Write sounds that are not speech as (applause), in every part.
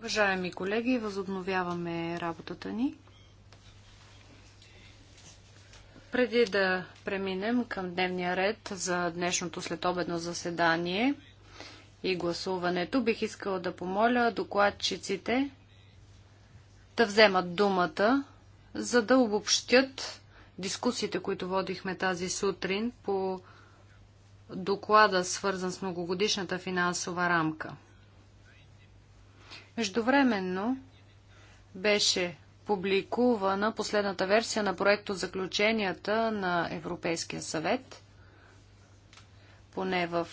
Уважаеми колеги, възобновяваме работата ни. Преди да преминем към дневния ред за днешното следобедно заседание и гласуването, бих искала да помоля докладчиците да вземат думата, за да обобщят дискусиите, които водихме тази сутрин по доклада, свързан с многогодишната финансова рамка. Междувременно беше публикувана последната версия на проекто заключенията на Европейския съвет, поне в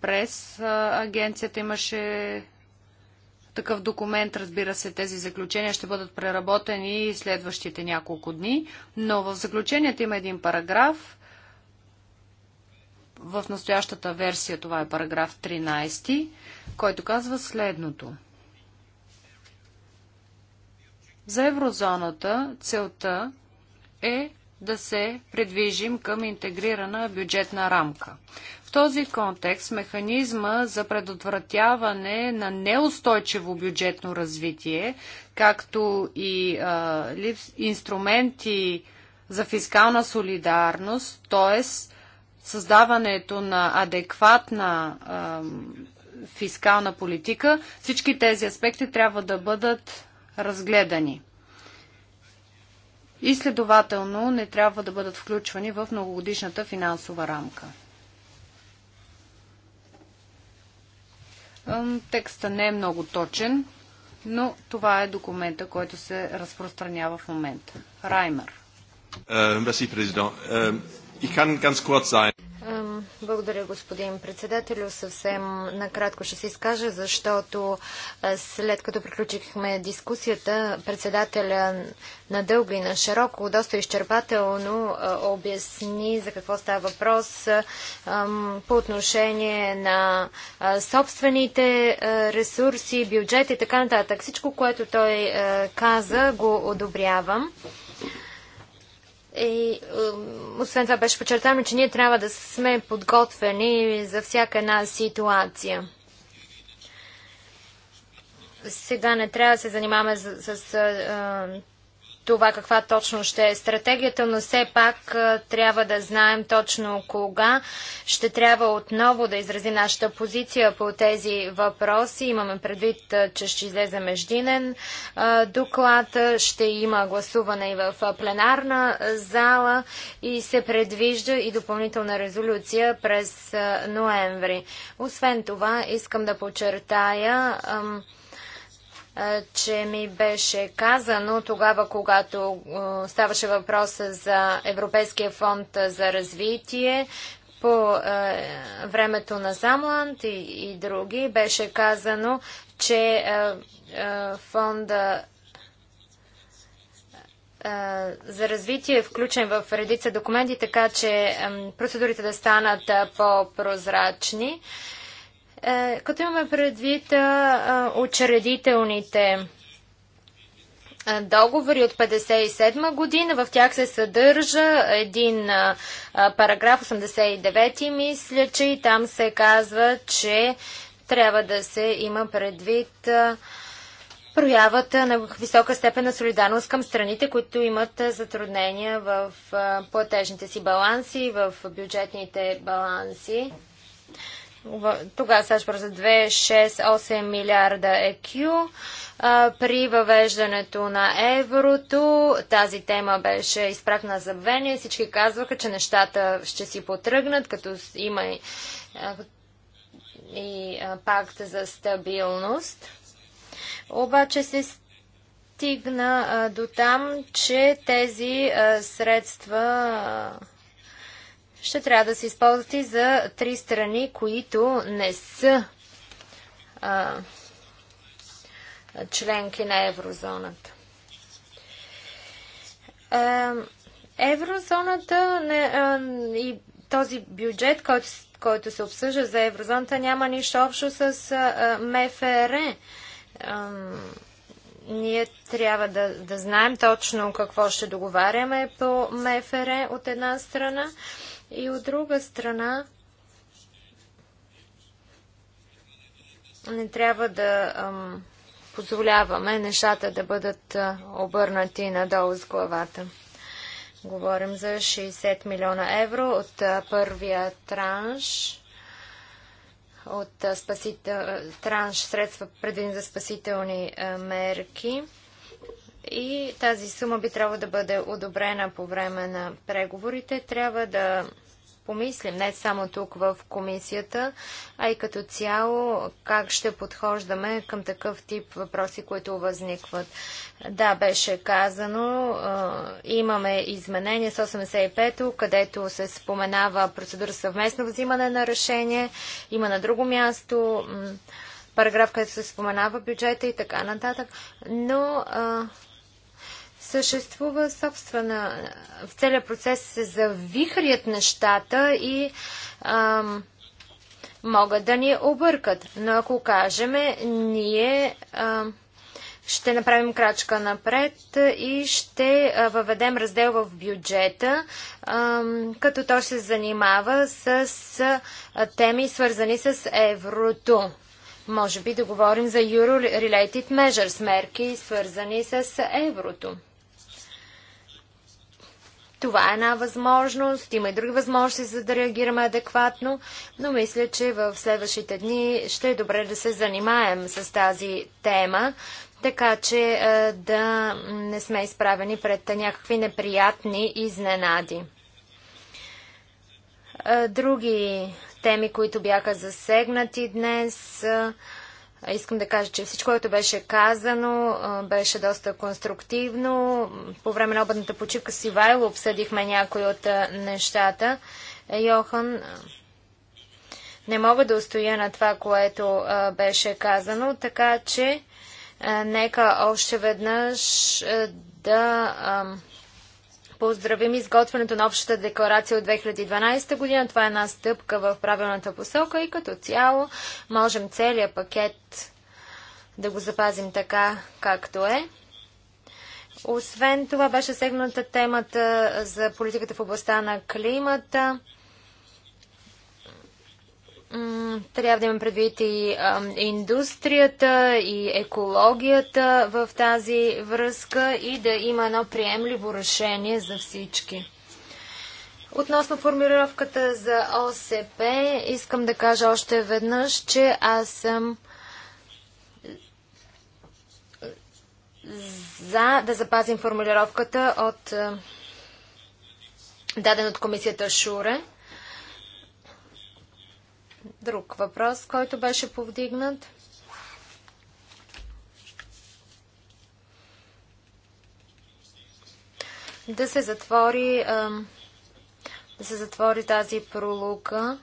прес агенцията имаше такъв документ, разбира се, тези заключения ще бъдат преработени следващите няколко дни, но в заключенията има един параграф, в настоящата версия това е параграф 13, който казва следното. За еврозоната целта е да се предвижим към интегрирана бюджетна рамка. В този контекст механизма за предотвратяване на неустойчиво бюджетно развитие, както и а, инструменти за фискална солидарност, т.е създаването на адекватна а, фискална политика, всички тези аспекти трябва да бъдат разгледани. И следователно не трябва да бъдат включвани в многогодишната финансова рамка. Текста не е много точен, но това е документа, който се разпространява в момента. Раймер. Uh, благодаря, господин председателю. Съвсем накратко ще се изкажа, защото след като приключихме дискусията, председателя на дълго и на широко, доста изчерпателно обясни за какво става въпрос по отношение на собствените ресурси, бюджет и така нататък. Всичко, което той каза, го одобрявам. И освен това беше подчертано, че ние трябва да сме подготвени за всяка една ситуация. Сега не трябва да се занимаваме с, с, с това каква точно ще е стратегията, но все пак трябва да знаем точно кога ще трябва отново да изрази нашата позиция по тези въпроси. Имаме предвид, че ще излезе междинен доклад, ще има гласуване и в пленарна зала и се предвижда и допълнителна резолюция през ноември. Освен това, искам да подчертая, че ми беше казано тогава, когато ставаше въпроса за Европейския фонд за развитие, по времето на Замланд и, и други беше казано, че фонда за развитие е включен в редица документи, така че процедурите да станат по-прозрачни. Е, като имаме предвид е, е, учредителните договори от 57 година. В тях се съдържа един параграф 89 и мисля, че и там се казва, че трябва да се има предвид проявата на висока степен на солидарност към страните, които имат затруднения в платежните си баланси и в бюджетните баланси. Тогава САЩ за 2,6-8 милиарда ЕКЮ. При въвеждането на еврото тази тема беше изпратна за Вене. Всички казваха, че нещата ще си потръгнат, като има и, и пакт за стабилност. Обаче се стигна до там, че тези средства ще трябва да се използват и за три страни, които не са а, членки на еврозоната. А, еврозоната не, а, и този бюджет, който, който се обсъжда за еврозоната, няма нищо общо с а, МФР. Е. А, ние трябва да, да знаем точно какво ще договаряме по МФР е от една страна. А, и от друга страна, не трябва да ам, позволяваме нещата да бъдат а, обърнати надолу с главата. Говорим за 60 милиона евро от а, първия транш от а, спасител, транш средства предвидени за спасителни мерки. И тази сума би трябва да бъде одобрена по време на преговорите. Трябва да помислим, не само тук в комисията, а и като цяло как ще подхождаме към такъв тип въпроси, които възникват. Да, беше казано, имаме изменение 185-то, където се споменава процедура съвместно взимане на решение, има на друго място параграф, където се споменава бюджета и така нататък, но съществува собствена... В целият процес се завихрят нещата и ам, могат да ни объркат. Но ако кажеме, ние ам, ще направим крачка напред и ще въведем раздел в бюджета, ам, като то се занимава с теми свързани с еврото може би да говорим за Euro-related measures, мерки свързани с еврото. Това е една възможност, има и други възможности, за да реагираме адекватно, но мисля, че в следващите дни ще е добре да се занимаем с тази тема, така че е, да не сме изправени пред някакви неприятни изненади. Е, други теми, които бяха засегнати днес, е, Искам да кажа, че всичко, което беше казано, беше доста конструктивно. По време на обедната почивка с Ивайло обсъдихме някои от нещата. Е, Йохан, не мога да устоя на това, което беше казано, така че нека още веднъж да поздравим изготвянето на общата декларация от 2012 година. Това е една стъпка в правилната посока и като цяло можем целият пакет да го запазим така, както е. Освен това беше сегната темата за политиката в областта на климата. Трябва да имам предвид и индустрията, и екологията в тази връзка и да има едно приемливо решение за всички. Относно формулировката за ОСП, искам да кажа още веднъж, че аз съм за да запазим формулировката от даден от комисията Шуре друг въпрос, който беше повдигнат. Да се затвори, да се затвори тази пролука,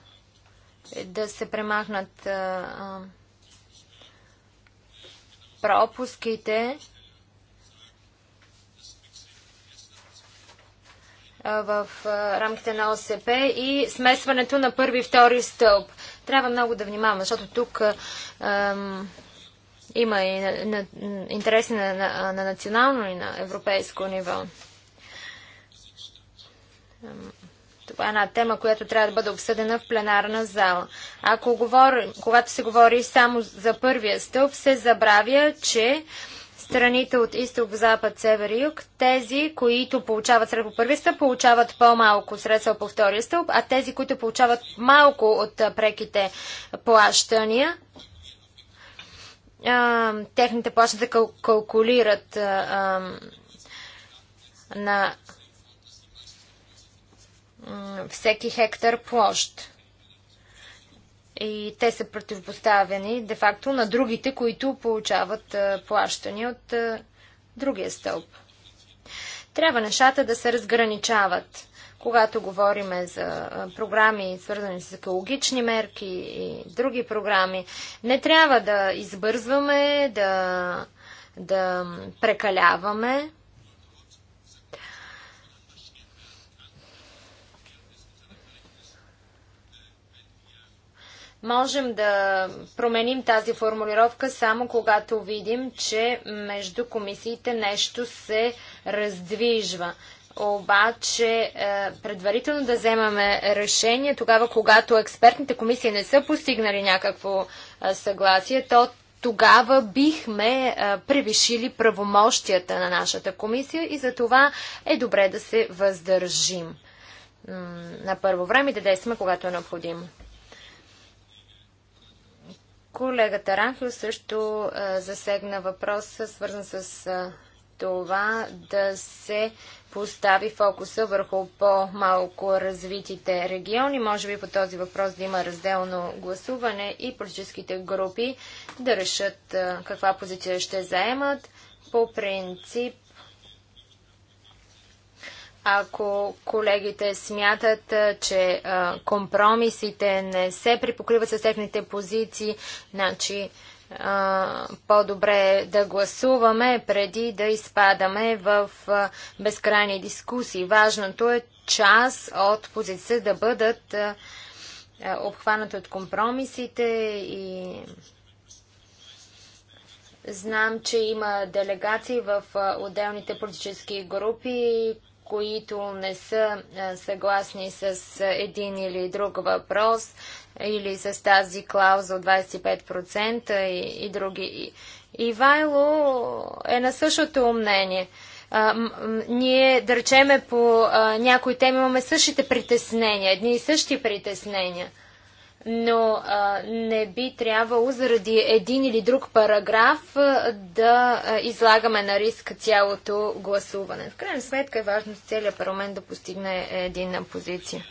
да се премахнат пропуските в рамките на ОСП и смесването на първи и втори стълб трябва много да внимаваме, защото тук има и на, на, интереси на, на, на национално и на европейско ниво. това е една тема, която трябва да бъде обсъдена в пленарна зала. Ако говори, когато се говори само за първия стълб, се забравя, че ем, страните от изток, запад, север и юг, тези, които получават средства по първи стълб, получават по-малко средства по втория стълб, а тези, които получават малко от преките плащания, техните плащания кал- калкулират а, на всеки хектар площ и те са противопоставени де-факто на другите, които получават плащане от другия стълб. Трябва нещата да се разграничават. Когато говорим за програми, свързани с екологични мерки и други програми, не трябва да избързваме, да, да прекаляваме. Можем да променим тази формулировка само когато видим, че между комисиите нещо се раздвижва. Обаче е, предварително да вземаме решение тогава, когато експертните комисии не са постигнали някакво е, съгласие, то тогава бихме е, превишили правомощията на нашата комисия и за това е добре да се въздържим на първо време и да действаме, когато е необходимо. Колегата Ранхил също засегна въпрос, свързан с това да се постави фокуса върху по-малко развитите региони. Може би по този въпрос да има разделно гласуване и политическите групи да решат каква позиция ще заемат. По принцип ако колегите смятат, че компромисите не се припокриват с техните позиции, значи по-добре е да гласуваме преди да изпадаме в безкрайни дискусии. Важното е част от позиция да бъдат обхванат обхванати от компромисите и Знам, че има делегации в отделните политически групи, които не са съгласни с един или друг въпрос или с тази клауза от 25% и, и други. Ивайло е на същото мнение. ние, да речеме, по някои теми имаме същите притеснения, едни и същи притеснения – но а, не би трябвало заради един или друг параграф а, да а, излагаме на риск цялото гласуване. В крайна сметка е важно целият парламент да постигне единна позиция.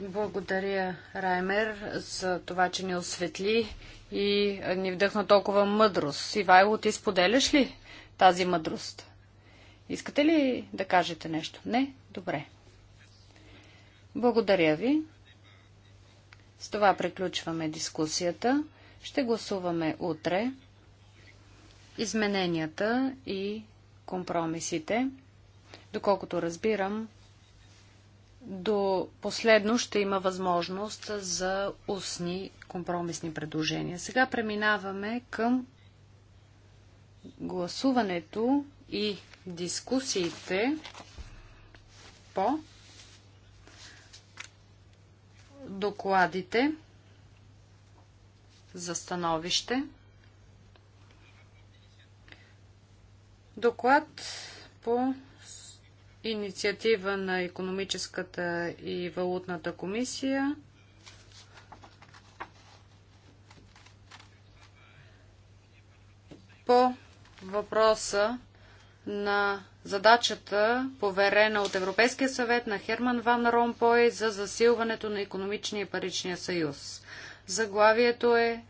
Благодаря, Раймер, за това, че ни осветли и ни вдъхна толкова мъдрост. Ивайло, ти споделяш ли тази мъдрост? Искате ли да кажете нещо? Не? Добре. Благодаря ви. С това приключваме дискусията. Ще гласуваме утре измененията и компромисите. Доколкото разбирам, до последно ще има възможност за устни компромисни предложения. Сега преминаваме към гласуването и дискусиите по докладите за становище. Доклад по инициатива на економическата и валутната комисия. По въпроса на задачата, поверена от Европейския съвет на Херман Ван Ромпой за засилването на економичния и паричния съюз. Заглавието е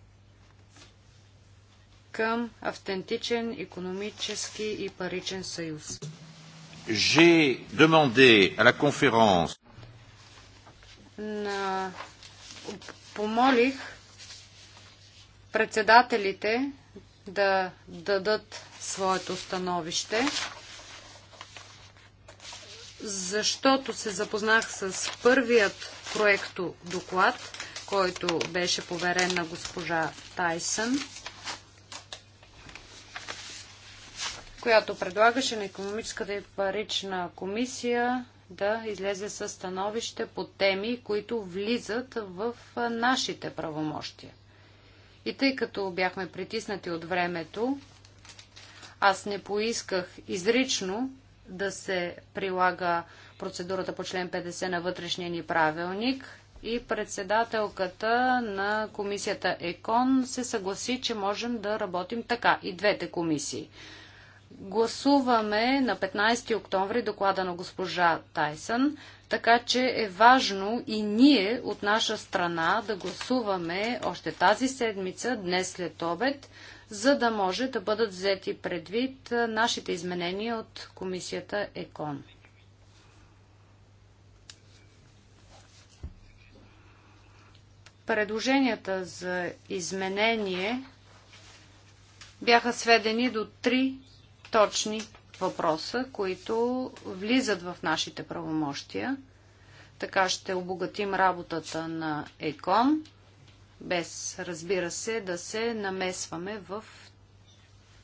към автентичен економически и паричен съюз. Conférence... На... Помолих председателите да дадат своето становище, защото се запознах с първият проекто доклад, който беше поверен на госпожа Тайсън, която предлагаше на економическата и парична комисия да излезе със становище по теми, които влизат в нашите правомощия. И тъй като бяхме притиснати от времето, аз не поисках изрично да се прилага процедурата по член 50 на вътрешния ни правилник и председателката на комисията ЕКОН се съгласи, че можем да работим така и двете комисии. Гласуваме на 15 октомври доклада на госпожа Тайсън, така че е важно и ние от наша страна да гласуваме още тази седмица, днес след обед, за да може да бъдат взети предвид нашите изменения от комисията ЕКОН. Предложенията за изменение бяха сведени до три точни въпроса, които влизат в нашите правомощия. Така ще обогатим работата на ЕКОН, без, разбира се, да се намесваме в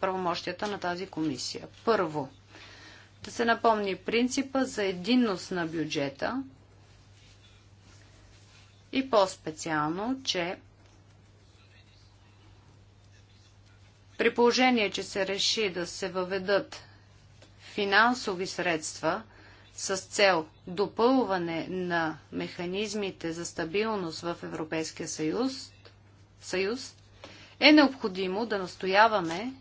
правомощията на тази комисия. Първо, да се напомни принципа за единност на бюджета и по-специално, че При положение, че се реши да се въведат финансови средства с цел допълване на механизмите за стабилност в Европейския съюз, съюз е необходимо да настояваме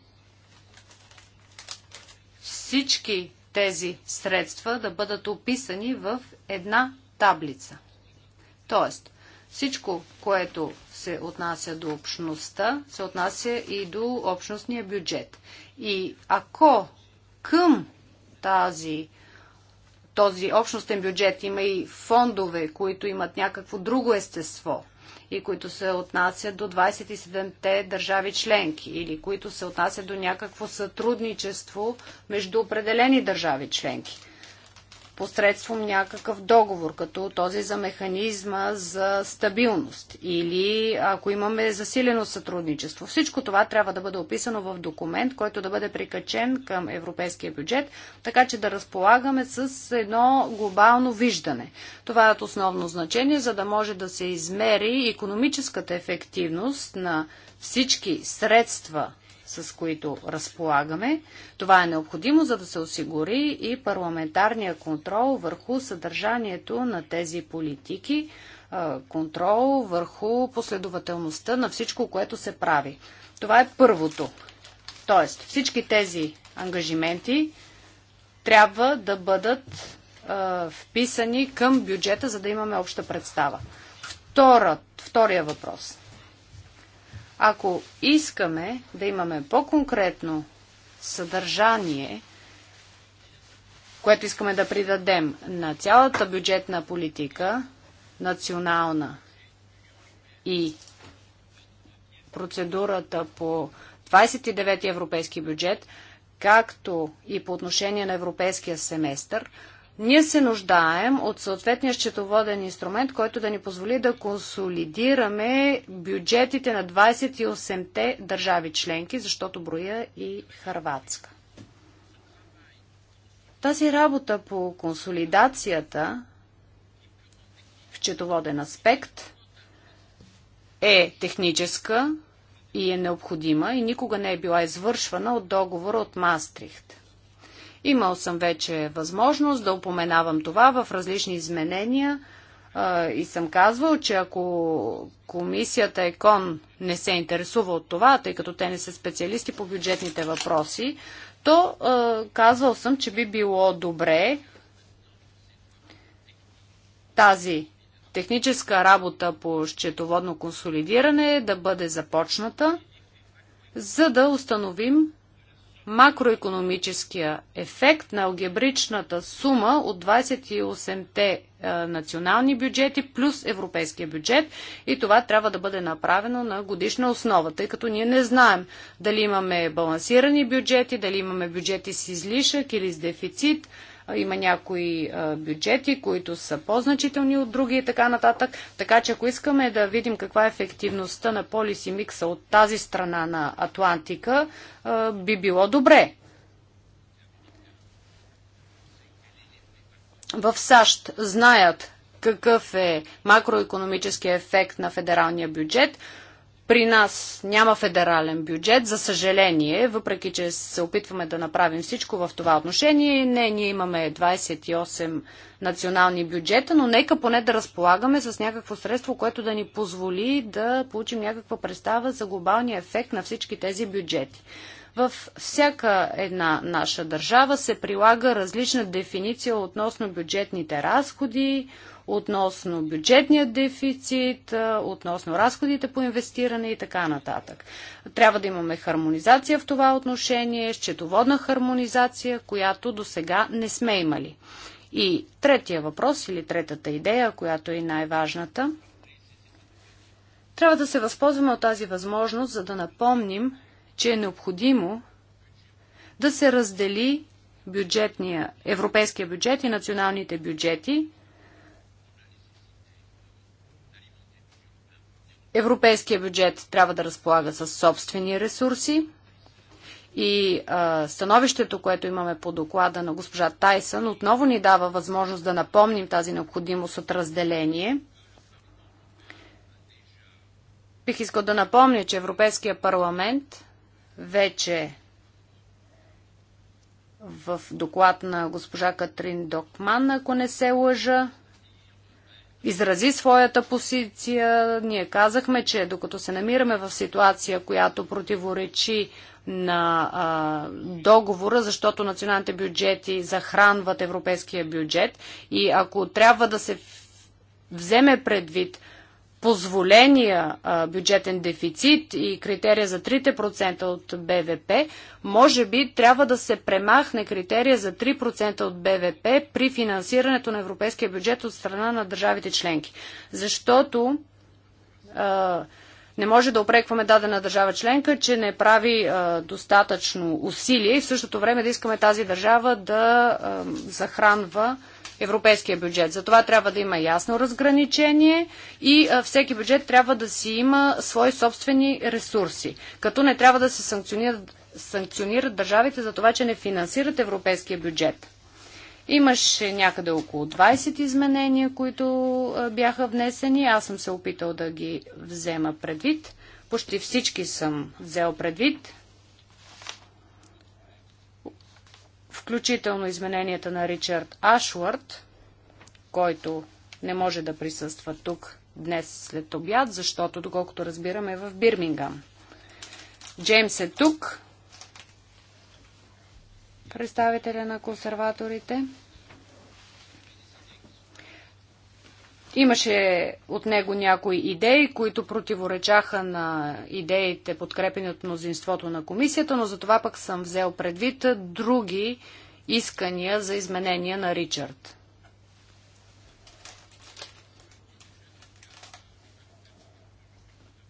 всички тези средства да бъдат описани в една таблица. Тоест, всичко, което се отнася до общността, се отнася и до общностния бюджет. И ако към тази, този общностен бюджет има и фондове, които имат някакво друго естество и които се отнасят до 27-те държави членки или които се отнасят до някакво сътрудничество между определени държави членки – посредством някакъв договор, като този за механизма за стабилност или ако имаме засилено сътрудничество. Всичко това трябва да бъде описано в документ, който да бъде прикачен към европейския бюджет, така че да разполагаме с едно глобално виждане. Това е от основно значение, за да може да се измери економическата ефективност на всички средства с които разполагаме. Това е необходимо, за да се осигури и парламентарния контрол върху съдържанието на тези политики, контрол върху последователността на всичко, което се прави. Това е първото. Тоест, всички тези ангажименти трябва да бъдат вписани към бюджета, за да имаме обща представа. втория въпрос. Ако искаме да имаме по-конкретно съдържание, което искаме да придадем на цялата бюджетна политика, национална и процедурата по 29 европейски бюджет, както и по отношение на европейския семестър, ние се нуждаем от съответния счетоводен инструмент, който да ни позволи да консолидираме бюджетите на 28-те държави членки, защото броя и Харватска. Тази работа по консолидацията в счетоводен аспект е техническа и е необходима и никога не е била извършвана от договора от Мастрихт. Имал съм вече възможност да упоменавам това в различни изменения а, и съм казвал, че ако комисията ЕКОН не се интересува от това, тъй като те не са специалисти по бюджетните въпроси, то а, казвал съм, че би било добре тази техническа работа по счетоводно консолидиране да бъде започната, за да установим макроекономическия ефект на алгебричната сума от 28-те е, национални бюджети плюс европейския бюджет и това трябва да бъде направено на годишна основа, тъй като ние не знаем дали имаме балансирани бюджети, дали имаме бюджети с излишък или с дефицит има някои бюджети, които са по-значителни от други и така нататък. Така че ако искаме да видим каква е ефективността на полиси микса от тази страна на Атлантика, би било добре в САЩ знаят какъв е макроекономическия ефект на федералния бюджет, при нас няма федерален бюджет, за съжаление, въпреки че се опитваме да направим всичко в това отношение. Не, ние имаме 28 национални бюджета, но нека поне да разполагаме с някакво средство, което да ни позволи да получим някаква представа за глобалния ефект на всички тези бюджети. Във всяка една наша държава се прилага различна дефиниция относно бюджетните разходи, относно бюджетния дефицит, относно разходите по инвестиране и така нататък. Трябва да имаме хармонизация в това отношение, счетоводна хармонизация, която до сега не сме имали. И третия въпрос или третата идея, която е най-важната, трябва да се възползваме от тази възможност, за да напомним, че е необходимо да се раздели бюджетния, европейския бюджет и националните бюджети, Европейския бюджет трябва да разполага с собствени ресурси. И а, становището, което имаме по доклада на госпожа Тайсън, отново ни дава възможност да напомним тази необходимост от разделение. Бих искал да напомня, че Европейския парламент вече в доклад на госпожа Катрин Докман, ако не се лъжа, изрази своята позиция. Ние казахме, че докато се намираме в ситуация, която противоречи на а, договора, защото националните бюджети захранват европейския бюджет и ако трябва да се вземе предвид позволения бюджетен дефицит и критерия за 3% от БВП, може би трябва да се премахне критерия за 3% от БВП при финансирането на европейския бюджет от страна на държавите членки. Защото а, не може да опрекваме дадена държава членка, че не прави а, достатъчно усилие и в същото време да искаме тази държава да а, захранва европейския бюджет. Затова трябва да има ясно разграничение и всеки бюджет трябва да си има свои собствени ресурси, като не трябва да се санкционират, санкционират държавите за това, че не финансират европейския бюджет. Имаше някъде около 20 изменения, които бяха внесени. Аз съм се опитал да ги взема предвид. Почти всички съм взел предвид. включително измененията на Ричард Ашвард, който не може да присъства тук днес след обяд, защото, доколкото разбираме, в Бирмингам. Джеймс е тук, представителя на консерваторите. Имаше от него някои идеи, които противоречаха на идеите, подкрепени от мнозинството на комисията, но за това пък съм взел предвид други искания за изменения на Ричард.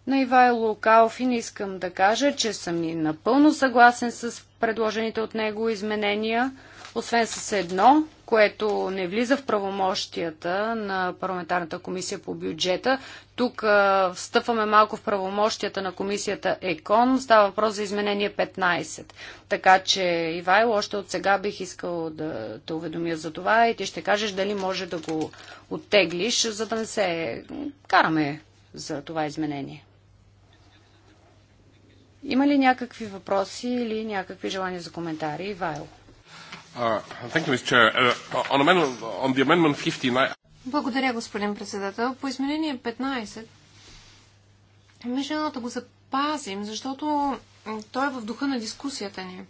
На Ивайло Калфин искам да кажа, че съм и напълно съгласен с предложените от него изменения – освен с едно, което не влиза в правомощията на парламентарната комисия по бюджета. Тук а, встъпваме малко в правомощията на комисията ЕКОН. Става въпрос за изменение 15. Така че, Ивайло, още от сега бих искал да те уведомя за това и ти ще кажеш дали може да го оттеглиш, за да не се караме за това изменение. Има ли някакви въпроси или някакви желания за коментари, Ивайло? Uh, uh, Благодаря, господин председател. По изменение 15 мисля е да го запазим, защото той е в духа на дискусията ни.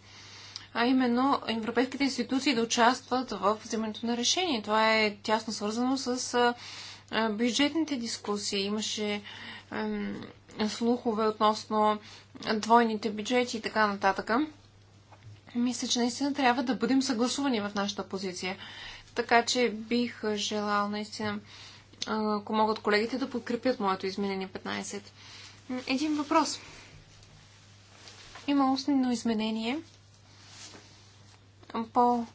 А именно европейските институции да участват в вземането на решение. Това е тясно свързано с бюджетните дискусии. Имаше слухове относно двойните бюджети и така нататък. Мисля, че наистина трябва да бъдем съгласувани в нашата позиция. Така че бих желал наистина, ако могат колегите да подкрепят моето изменение 15. Един въпрос. Има устно изменение по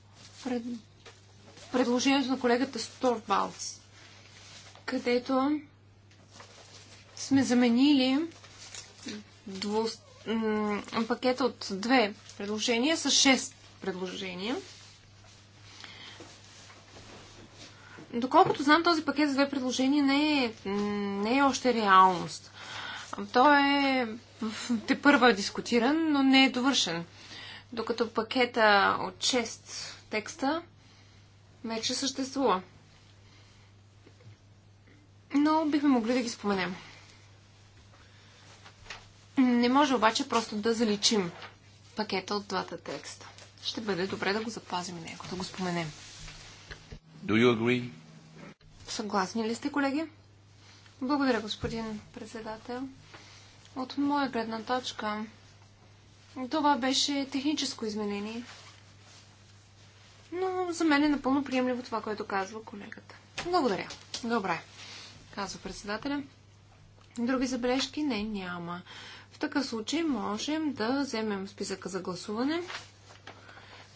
пред... предложението на колегата Сторбалц, където сме заменили двуст пакет от две предложения с 6 предложения. Доколкото знам, този пакет с две предложения не е, не е още реалност. Той е те първа е дискутиран, но не е довършен. Докато пакета от 6 текста вече съществува. Но бихме могли да ги споменем. Не може обаче просто да заличим пакета от двата текста. Ще бъде добре да го запазим него, да го споменем. Do you agree? Съгласни ли сте, колеги? Благодаря, господин председател. От моя гледна точка, това беше техническо изменение. Но за мен е напълно приемливо това, което казва колегата. Благодаря. Добре, казва председателя. Други забележки? Не, няма. В такъв случай можем да вземем списъка за гласуване.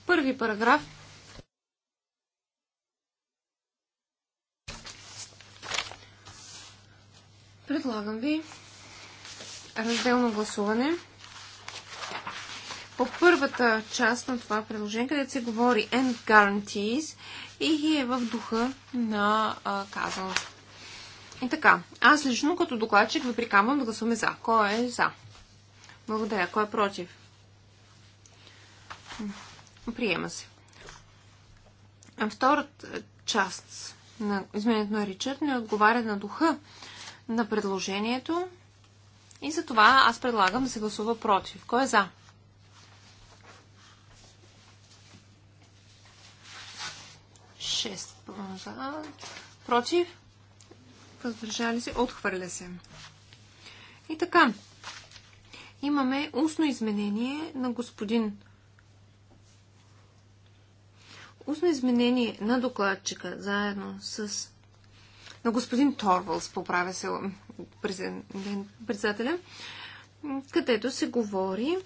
Първи параграф. Предлагам ви разделно гласуване по първата част на това предложение, където се говори and guarantees и е в духа на казаното. И така, аз лично като докладчик ви прикамвам да гласуваме за. Кой е за? Благодаря. Кой е против? Приема се. втората част на изменението на Ричард не отговаря на духа на предложението и за това аз предлагам да се гласува против. Кой е за? Шест за. Против? Въздържали се? Отхвърля се. И така имаме устно изменение на господин. Устно изменение на докладчика, заедно с... на господин Торвалс, поправя се председателя, където се говори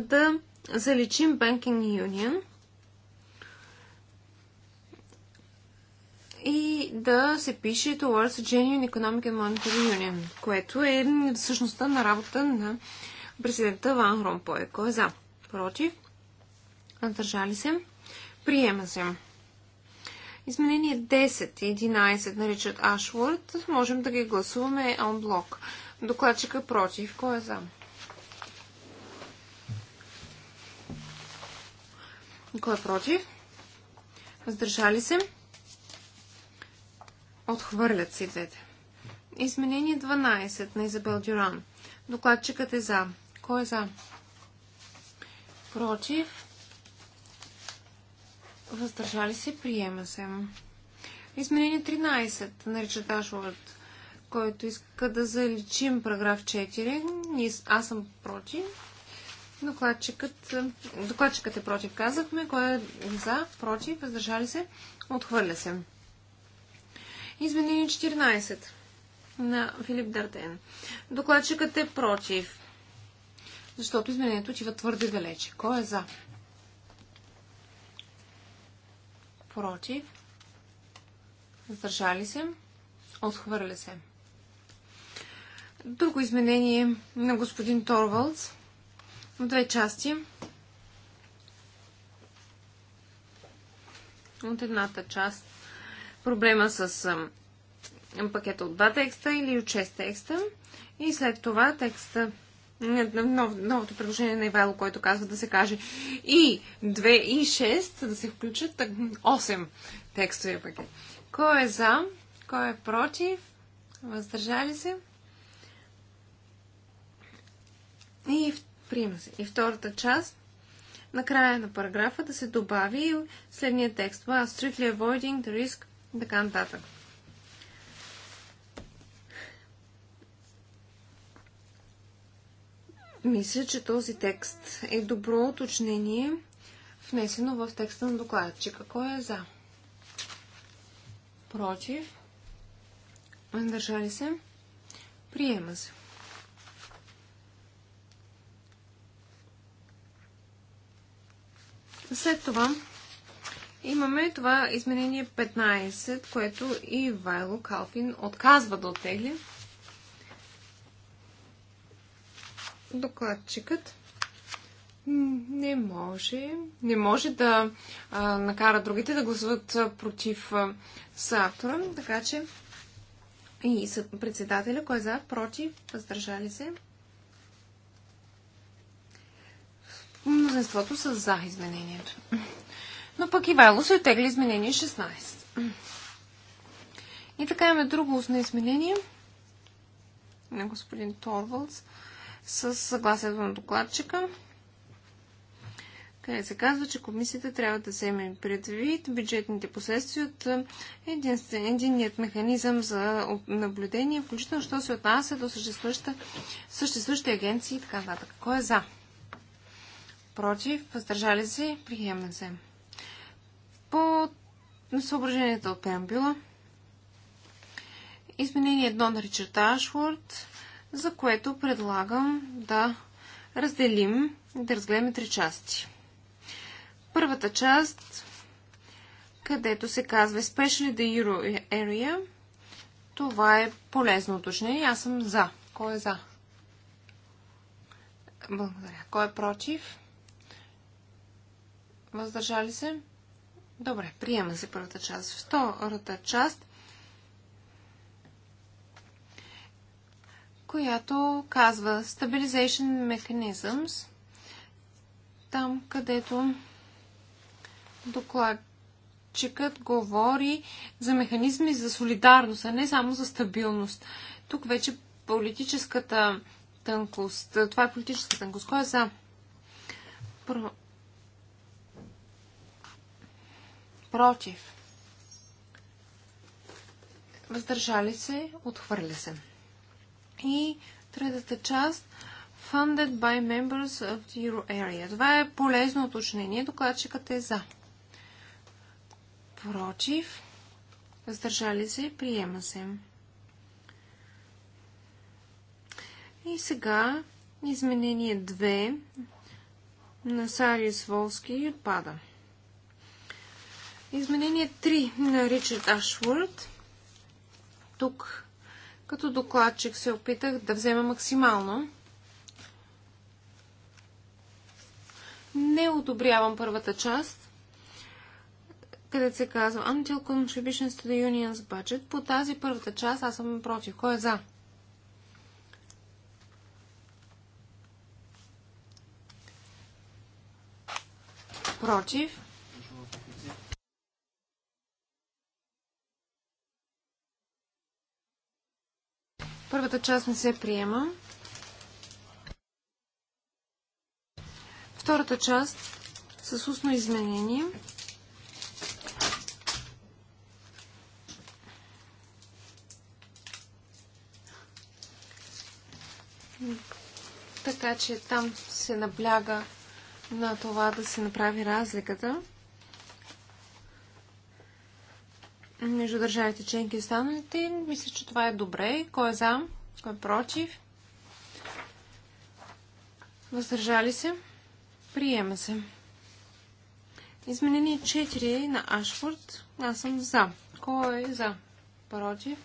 да заличим Banking Union и да се пише Towards Genuine Economic and Monetary Union, което е същността на работа на президента Ван Ромпой. Кой е за? Против? Въздържали се? Приема се. Изменение 10 и 11 наричат Ашворд. Можем да ги гласуваме онблок. Докладчика против. Кой е за? Кой е против? Въздържали се? Отхвърлят се двете. Изменение 12 на Изабел Дюран. Докладчикът е за. Кой е за? Против. Въздържали се, приема се. Изменение 13 нарича Дашовът, който иска да заличим параграф 4. Аз съм против. Докладчикът, докладчикът е против, казахме. Кой е за, против, въздържали се, отхвърля се. Изменение 14 на Филип Дартен. Докладчикът е против защото изменението отива твърде далече. Кой е за? Против. Задържали се. Отхвърля се. Друго изменение на господин Торвалдс в две части. От едната част проблема с пакета от два текста или от 6 текста. И след това текста нов, новото предложение на Ивайло, който казва да се каже и 2 и 6, да се включат 8 текстове пък. Кой е за? Кой е против? Въздържали се? И приема се. И втората част на края на параграфа да се добави следния текст. strictly avoiding the risk, така нататък. Мисля, че този текст е добро уточнение, внесено в текста на докладчика. Кой е за? Против? Въздържали се? Приема се. След това имаме това изменение 15, което и Вайло Калфин отказва да оттегли. докладчикът не може, не може да а, накара другите да гласуват против а, с автора, така че и председателя, кой е за, против, въздържали се. Мнозинството са за изменението. Но пък Ивайло се отегли изменение 16. И така имаме друго устно изменение на господин Торвалдс с съгласието на докладчика, къде се казва, че комисията трябва да вземе предвид бюджетните последствия от е, единният механизъм за наблюдение, включително що се отнася до съществуващите агенции и така нататък. Кой е за? Против? Въздържали се? Приема се. По съображенията от преамбюла. Изменение 1 на Ричард Ашфорд за което предлагам да разделим, да разгледаме три части. Първата част, където се казва Especially the Euro Area, това е полезно уточнение. Аз съм за. Кой е за? Благодаря. Кой е против? Въздържали се? Добре, приема се първата част. Втората част която казва Stabilization Mechanisms, там където докладчикът говори за механизми за солидарност, а не само за стабилност. Тук вече политическата тънкост, това е политическа тънкост. Кой е за? Про... Против. Въздържали се, отхвърля се. И третата част Funded by members of the Euro area. Това е полезно уточнение. Докладчикът е за. Против. Въздържали се. Приема се. И сега изменение 2 на Сариус Волски отпада. Изменение 3 на Ричард Ашворд. Тук като докладчик се опитах да взема максимално. Не одобрявам първата част, където се казва Until е Contributions to the Union's Budget. По тази първата част аз съм против. Кой е за? Против. Първата част не се приема. Втората част с устно изменение. Така че там се набляга на това да се направи разликата. между държавите членки и останалите. Мисля, че това е добре. Кой е за? Кой е против? Въздържали се? Приема се. Изменение 4 на Ашфорд. Аз съм за. Кой е за? Против?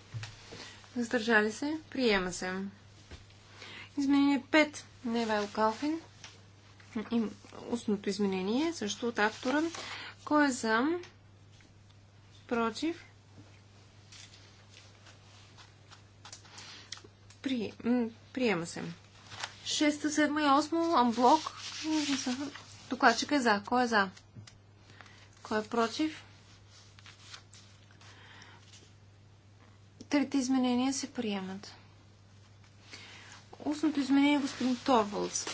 Въздържали се? Приема се. Изменение 5 на Евайл Калфин. Устното изменение също от автора. Кой е за? Против. При... Приема се. 6, 7 и 8 амблок. Докладчика е за. Кой е за? Кой е против? Трите изменения се приемат. Устното изменение е господин Торвалдс.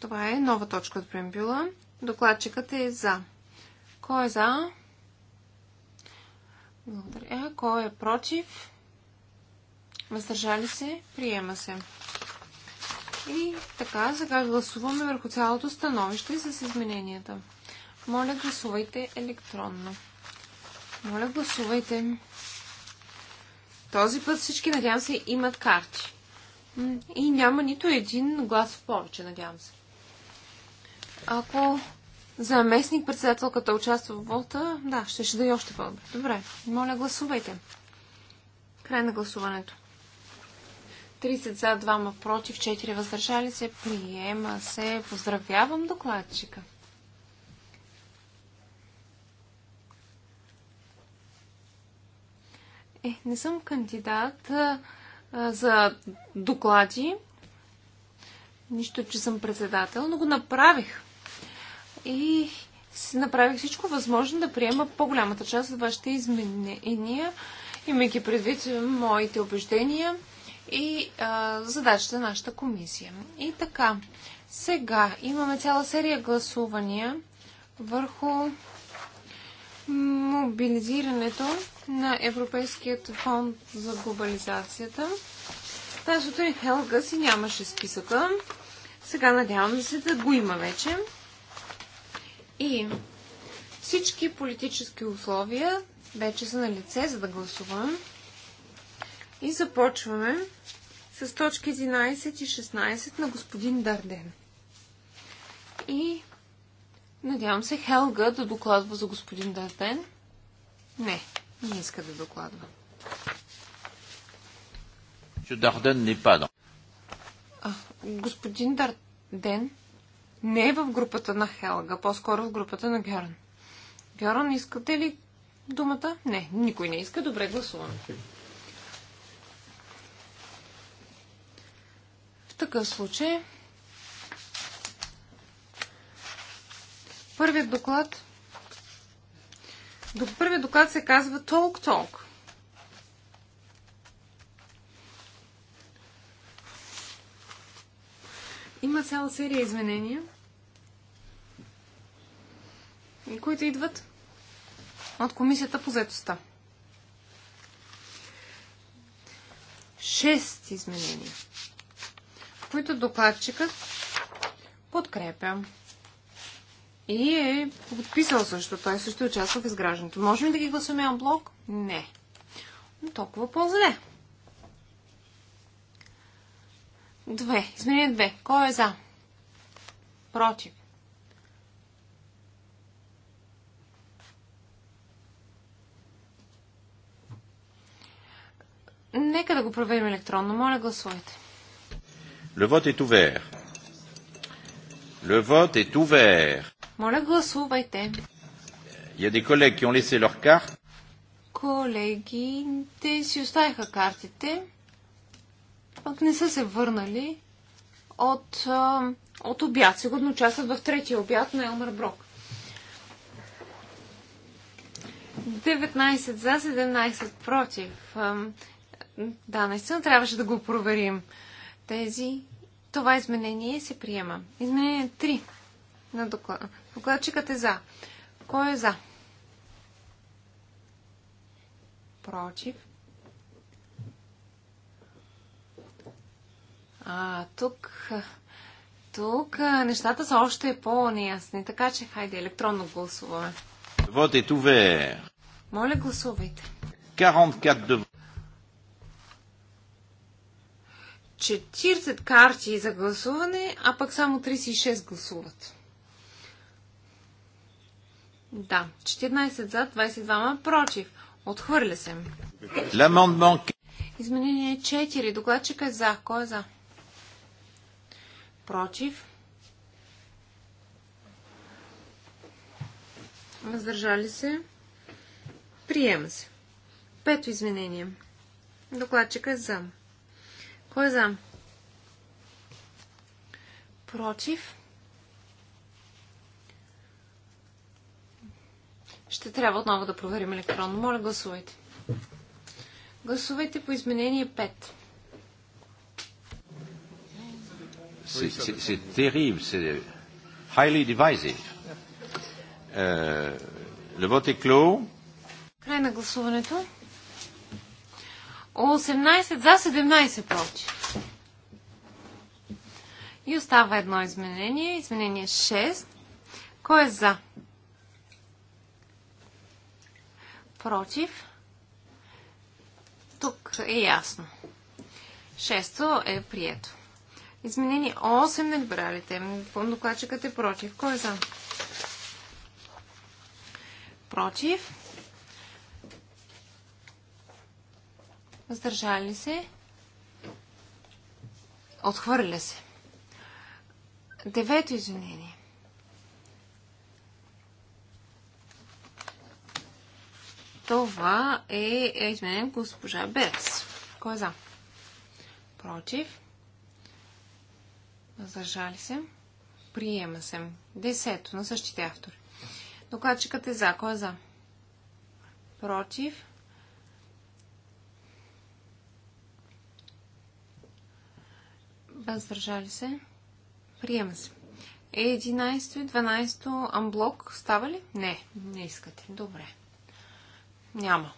Това е нова точка от преамбюла. Докладчикът е за. Кой е за? Благодаря. Кой е против? Въздържали се? Приема се. И така, сега гласуваме върху цялото становище с измененията. Моля, гласувайте електронно. Моля, гласувайте. Този път всички, надявам се, имат карти. И няма нито един глас в повече, надявам се. Ако заместник председателката участва в вота, да, ще ще да и още по-добре. Добре, моля гласувайте. Край на гласуването. 30 за, 2 против, 4 въздържали се. Приема се. Поздравявам докладчика. Е, не съм кандидат а, за доклади. Нищо, че съм председател, но го направих и направих всичко възможно да приема по-голямата част от вашите изменения, имайки предвид моите убеждения и а, задачата на нашата комисия. И така, сега имаме цяла серия гласувания върху мобилизирането на Европейският фонд за глобализацията. Тази сутрин Хелга си нямаше списъка. Сега надявам се да го има вече. И всички политически условия вече са на лице, за да гласувам. И започваме с точки 11 и 16 на господин Дарден. И надявам се Хелга да докладва за господин Дарден. Не, не иска да докладва. Дарден не пада. Господин Дарден не е в групата на Хелга, по-скоро в групата на Гьоран. Гьоран, искате ли думата? Не, никой не иска. Добре, гласуваме. В такъв случай първият доклад до първият доклад се казва Talk Talk. Има цяла серия изменения – които идват от Комисията по заедостта. Шест изменения, които докладчикът подкрепя. И е подписал също. Той също е участва в изграждането. Можем ли да ги гласуваме блок? Не. Но толкова по-зле. Две. Изменение две. Кой е за? Против. Нека да го проверим електронно. Моля, гласувайте. Le vote est ouvert. Le vote est ouvert. Моля, гласувайте. Il y a des collègues qui ont laissé leurs cartes. Колегите си оставиха картите, пък не са се върнали от, от обяд. Сигурно участват в третия обяд на Елмар Брок. 19 за, 17 против. Да, наистина трябваше да го проверим. Тези... Това изменение се приема. Изменение 3 на доклада. Докладчикът е за. Кой е за? Против. А, тук... Тук нещата са още по-неясни, така че хайде електронно гласуваме. Вот е Моля, гласувайте. 44 de 40 карти за гласуване, а пък само 36 гласуват. Да, 14 за, 22 против. Отхвърля се. Изменение 4. Докладчик е за. Кой е за? Против. Въздържали се. Приема се. Пето изменение. Докладчик е за. Кой е за? Против. Ще трябва отново да проверим електронно. Моля, гласувайте. Гласувайте по изменение 5. C'est terrible, c'est highly divisive. Euh, le vote est clos. Край на гласуването. 18 за 17 против. И остава едно изменение. Изменение 6. Кой е за? Против. Тук е ясно. Шесто е прието. Изменение 8 на либералите. Докладчикът е против. Кой е за? Против. Въздържали се. Отхвърля се. Девето извинение. Това е, изменен госпожа Берц. Кой е за? Против. Въздържали се. Приема се. Десето на същите автори. Докладчикът е за. Кой е за? Против. Въздържали се. Приема се. 11 е, и 12 амблок става ли? Не, не искате. Добре. Няма.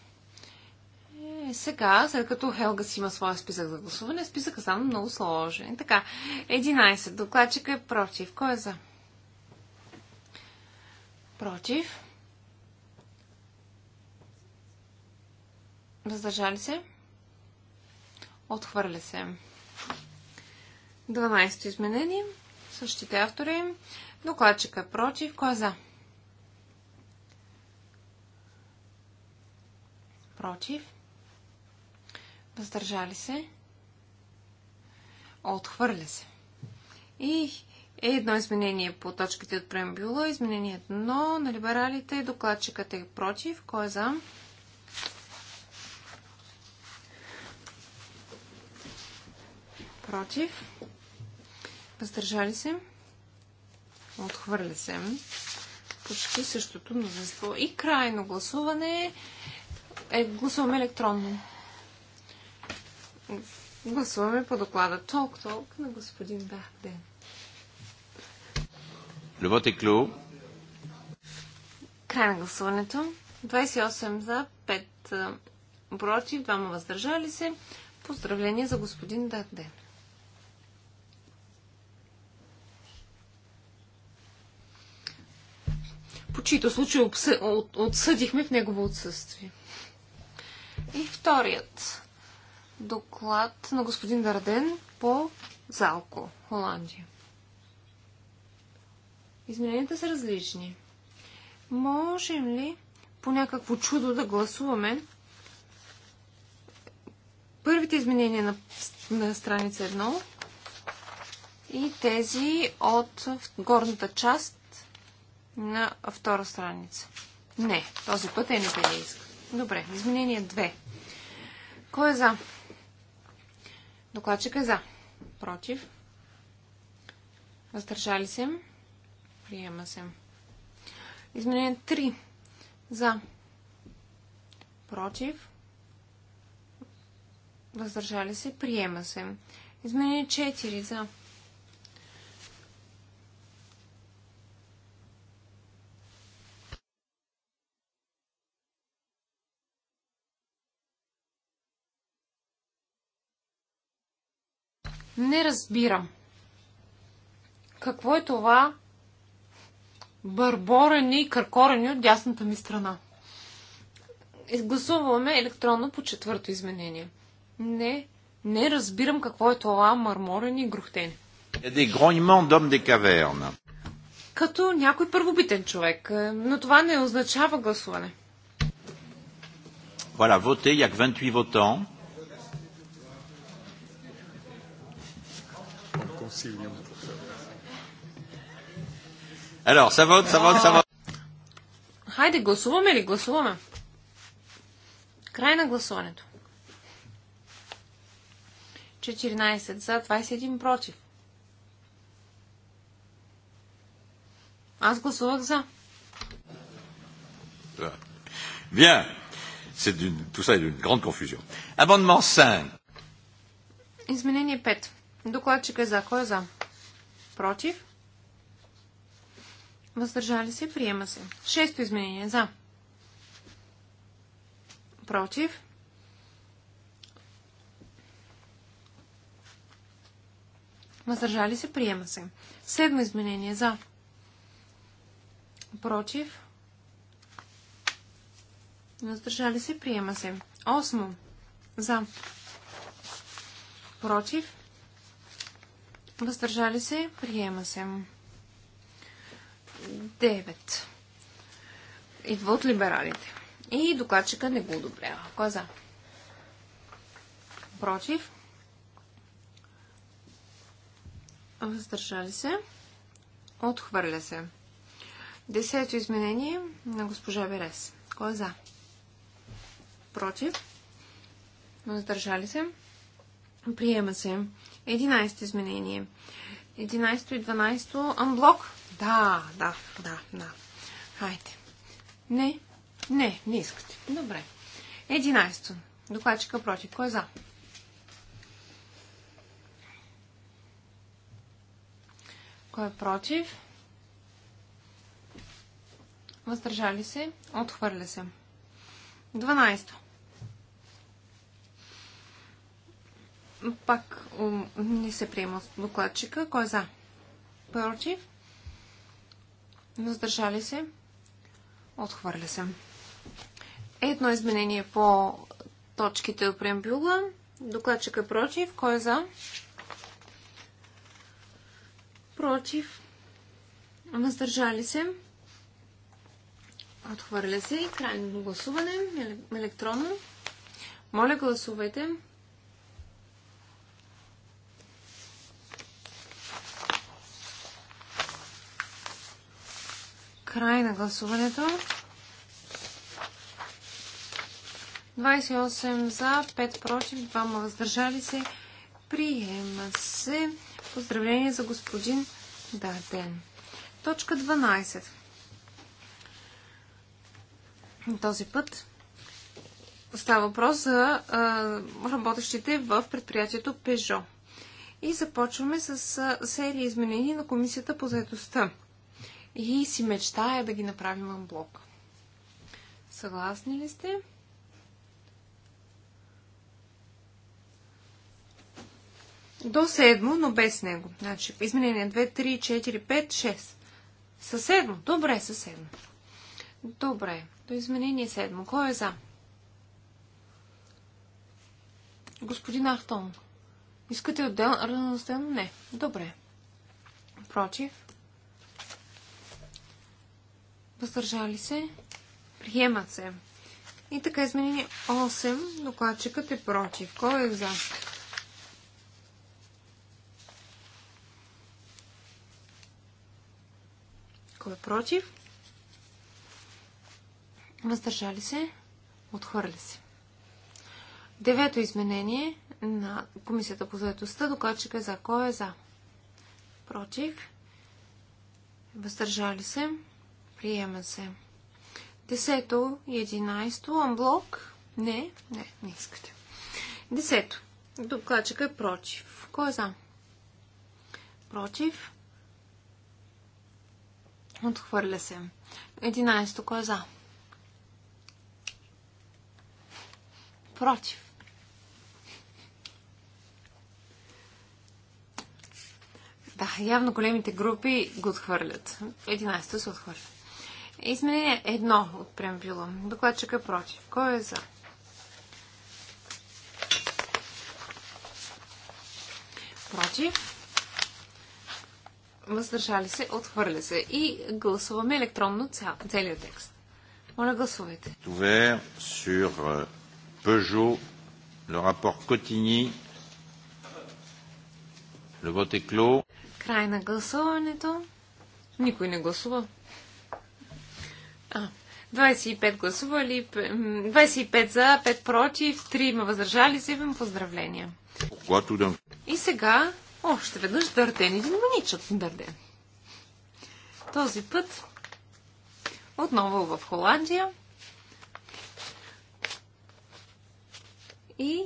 Е, сега, след като Хелга си има своя списък за гласуване, списъка стана много сложен. Така, 11. Докладчика е против. Кой е за? Против. Въздържали се? Отхвърля се. 12 изменение. Същите автори. Докладчика е против. Кой е за? Против. Въздържали се. Отхвърля се. И е едно изменение по точките от преамбюла. Изменение 1 на либералите. Докладчикът е против. Кой е за? Против. Въздържали се. Отхвърля се. Почти същото множество. И крайно гласуване. Е, гласуваме електронно. Гласуваме по доклада Толк-Толк на господин Бахден. Любът клю. Край на гласуването. 28 за, 5 против, 2 въздържали се. Поздравление за господин Дахден. по чието случай отсъдихме в негово отсъствие. И вторият доклад на господин Дарден по Залко, Холандия. Измененията са различни. Можем ли по някакво чудо да гласуваме първите изменения на, на страница 1 и тези от горната част на втора страница. Не, този път е не те не иска. Добре, изменение 2. Кой е за? Докладчик е за. Против. Въздържали се. Приема се. Изменение 3. За. Против. Въздържали се. Приема се. Изменение 4. За. Не разбирам. Какво е това бърборене и къркорене от дясната ми страна? Гласуваме електронно по четвърто изменение. Не, не разбирам какво е това мърморене и грухтене. Des grognements d'hommes Като някой първобитен човек. Е, но това не означава гласуване. Voilà, il y a que 28 votants. Concilium. Alors, ça vote, ça vote, ça vote. Хайде, гласуваме ли? Гласуваме. Край на гласуването. 14 за, 21 против. Аз гласувах за. Bien. C'est tout ça est d'une grande confusion. Amendement 5. Изменение 5. Докладчик е за. Кой е за? Против? Въздържали се? Приема се. Шесто изменение. За. Против? Въздържали се? Приема се. Седмо изменение. За. Против? Въздържали се? Приема се. Осмо. За. Против? Въздържали се? Приема се. Девет. Идва от либералите. И докладчика не го одобрява. Кой е за? Против? Въздържали се? Отхвърля се. Десето изменение на госпожа Верес. Кой е за? Против? Въздържали се? Приема се. Единайсто изменение. 11 и 12 амблок. Да, да, да, да. Хайде. Не, не, не искате. Добре. Единайсто. Докладчика против. Кой е за? Кой е против? Въздържали се? Отхвърля се. 12. Пак не се приема от докладчика. Кой е за? Против? Въздържали се? Отхвърля се. Едно изменение по точките от преамбюла. Докладчика е против. Кой е за? Против. Въздържали се. Отхвърля се и крайно гласуване електронно. Моля, гласувайте. Край на гласуването. 28 за, 5 против, 2 ма въздържали се. Приема се. Поздравление за господин Даден. Точка 12. Този път става въпрос за а, работещите в предприятието Peugeot. И започваме с серия изменения на Комисията по заедостта и си мечтая да ги направим блок. Съгласни ли сте? До седмо, но без него. Значи, изменение 2, 3, 4, 5, 6. Със седмо. Добре, със седмо. Добре. До изменение седмо. Кой е за? Господин Ахтон. Искате отделно? Не. Добре. Против. Въздържали се. Приемат се. И така изменени 8. Докладчикът е против. Кой е за? Кой е против? Въздържали се. Отхвърля се. Девето изменение на Комисията по заедостта. Докладчикът е за. Кой е за? Против. Въздържали се. Приема се. Десето и единайсто. Амблок? Не, не, не искате. Десето. Докладчика е против. Кой е за? Против. Отхвърля се. Единайсто. Кой е за? Против. Да, явно големите групи го отхвърлят. Единайсто се отхвърлят. Изменение едно от преамбюла. Докладчика е против. Кой е за? Против. Въздържали се, отхвърля се. И гласуваме електронно цял, целият текст. Моля, гласувайте. Довер сур Пъжо, le rapport Котини, Le вот е кло. Край на гласуването. Никой не гласува. А, 25 гласували, 25 за, 5 против, 3 ма въздържали се. Имам поздравления. И сега още веднъж дърден един маничък дърден. Този път отново в Холандия. И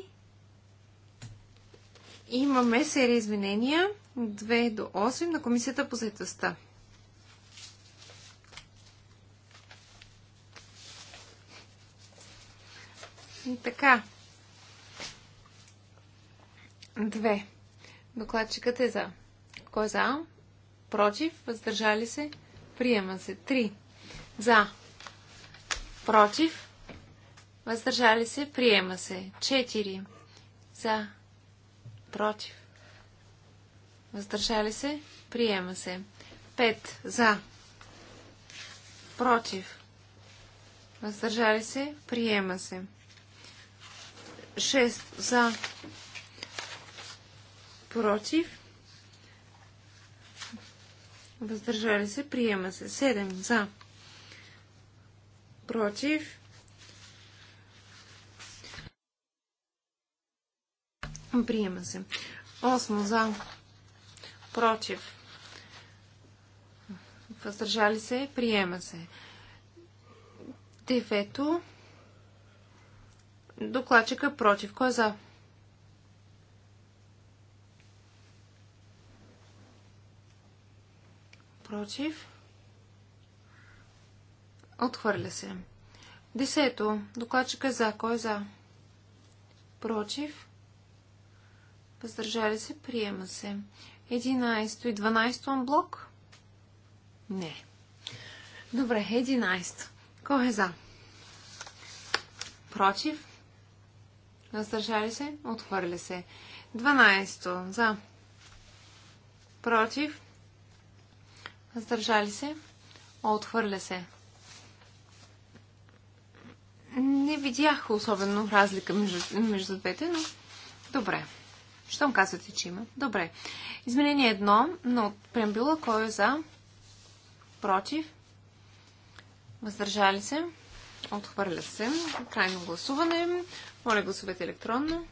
имаме серия изменения 2 до 8 на Комисията по заедостта. Така. Две. Докладчикът е за. Кой е за? Против. Въздържали се. Приема се. Три. За. Против. Въздържали се. Приема се. Четири. За. Против. Въздържали се. Приема се. Пет. За. Против. Въздържали се. Приема се. 6 за, против, въздържали се, приема се. 7 за, против, приема се. 8 за, против, въздържали се, приема се. Девето Докладчика против. Кой е за? Против. Отхвърля се. Десето. Докладчика е за. Кой е за? Против. Въздържали се. Приема се. Единайсто и дванайсто блок? Не. Добре, единайсто. Кой е за? Против. Въздържали се? Отхвърля се. 12. За. Против. Въздържали се? Отхвърля се. Не видях особено разлика между, между двете, но добре. Щом казвате, че има. Добре. Изменение едно но прембила, кой е за? Против. Въздържали се? Отхвърля се. Крайно гласуване. Моля, гласувайте електронно.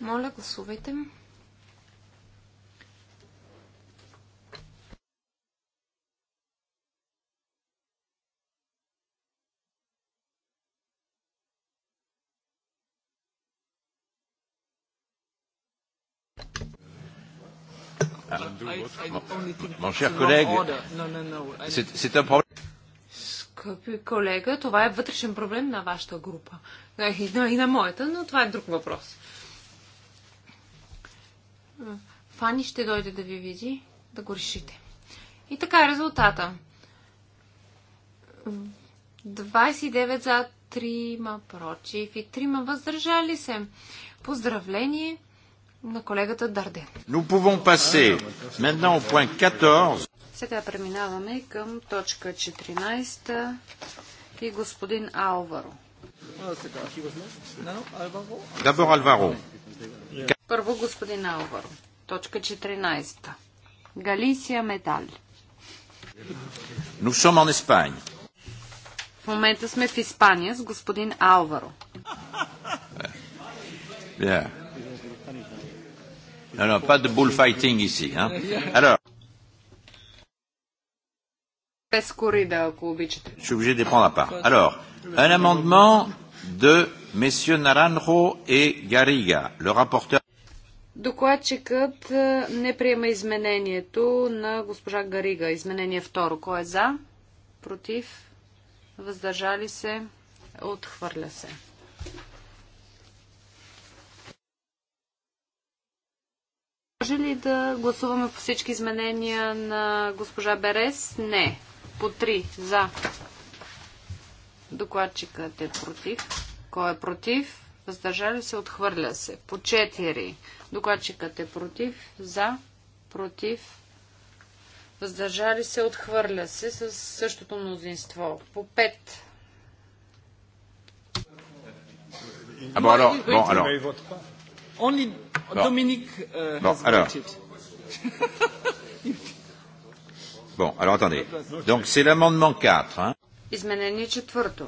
Моля, гласувайте. Mon cher collègue, c'est un problème скъпи колега, това е вътрешен проблем на вашата група. Е, и на, и на моята, но това е друг въпрос. Е, Фани ще дойде да ви види, да го решите. И така е резултата. 29 за, 3 против и 3 въздържали се. Поздравление! на колегата Дарден. Сега преминаваме към точка 14 и господин Алваро. Първо господин Алваро. Точка 14. Галисия Метал. Nous sommes en Espagne. В момента сме в Испания с господин Алваро. Yeah. Non, non, pas de bullfighting ici. Hein. Alors. Je suis obligé de prendre la part. Alors, un amendement de messieurs Naranjo et Garriga, le rapporteur. Докладчикът не приема изменението на госпожа Гарига. Изменение второ. Кой е за? Против? Въздържали се? Отхвърля се. Може ли да гласуваме по всички изменения на госпожа Берес? Не. По три. За. Докладчикът е против. Кой е против? Въздържали се, отхвърля се. По 4. Докладчикът е против. За. Против. Въздържали се, отхвърля се с същото мнозинство. По 5. Абонирайте се! Only Dominique uh, bon, has alors. (laughs) bon, alors attendez. Donc c'est l'amendement 4. Изменение четвърто.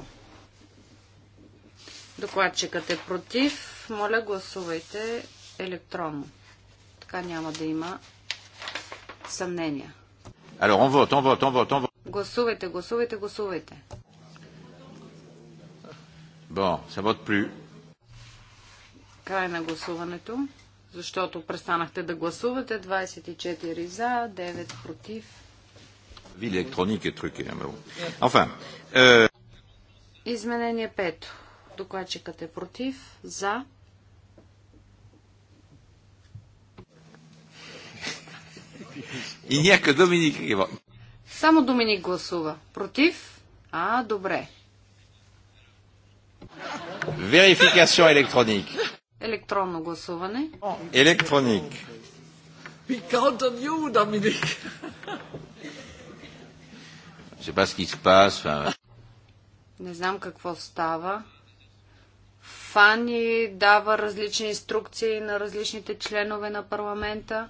Докладчикът е против. Моля, гласувайте електронно. Така няма да има съмнения. Alors, on vote, on vote, on vote, on vote. Гласувайте, гласувайте, гласувайте. Bon, ça vote plus. Край на гласуването, защото престанахте да гласувате. 24 за, 9 против. Ви електроник е трюки. Enfin, е... Изменение 5. Докладчикът е против, за. И някъде Доминик е Само Доминик гласува. Против? А, добре. Верификация електроник. Електронно гласуване. Електроник. We count on you, Не знам какво става. Фани дава различни инструкции на различните членове на парламента.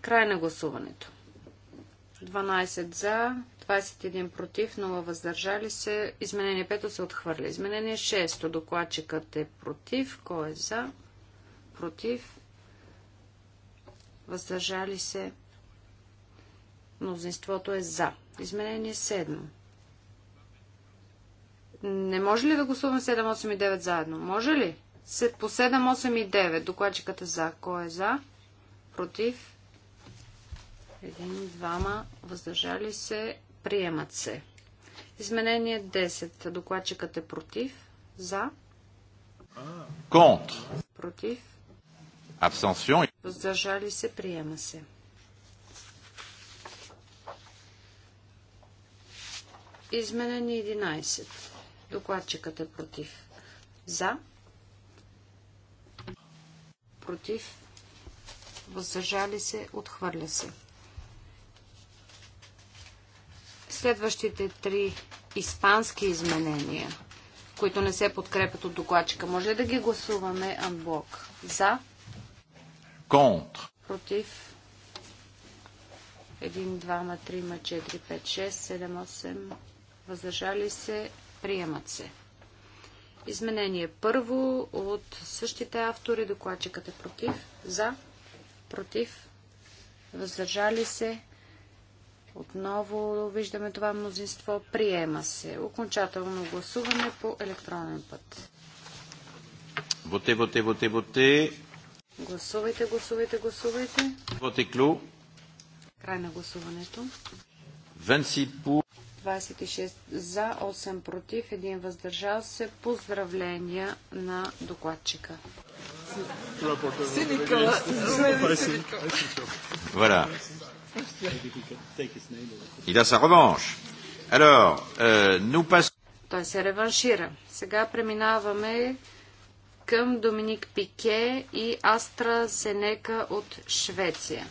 Край на гласуването. 12 за, 21 против, 0 въздържали се. Изменение 5 се отхвърля. Изменение 6. Докладчикът е против. Кой е за? Против. Въздържали се. Мнозинството е за. Изменение 7. Не може ли да гласувам 7, 8 и 9 заедно? Може ли? По 7, 8 и 9. Докладчикът е за. Кой е за? Против. Един, двама. Въздържали се. Приемат се. Изменение 10. Докладчикът е против. За. Конт. Против. Абсенсион. Въздържали се. Приема се. Изменение 11. Докладчикът е против. За. Против. Въздържали се. Отхвърля се. следващите три испански изменения, които не се подкрепят от докладчика. Може ли да ги гласуваме анблок? За? Контр. Против? 1, 2, 3, 4, 5, 6, 7, 8. Въздържали се? Приемат се. Изменение първо от същите автори. Докладчикът е против. За? Против? Въздържали се? Отново виждаме това мнозинство. Приема се. Окончателно гласуване по електронен път. Воте, воте, воте, воте. Гласувайте, гласувайте, гласувайте. Воте клю. Край на гласуването. 26 по... 26 за, 8 против, 1 въздържал се. Поздравления на докладчика. Синикала. Il a sa revanche. Alors, euh, nous passons... Той се реваншира. Сега преминаваме към Доминик Пике и Астра Сенека от Швеция.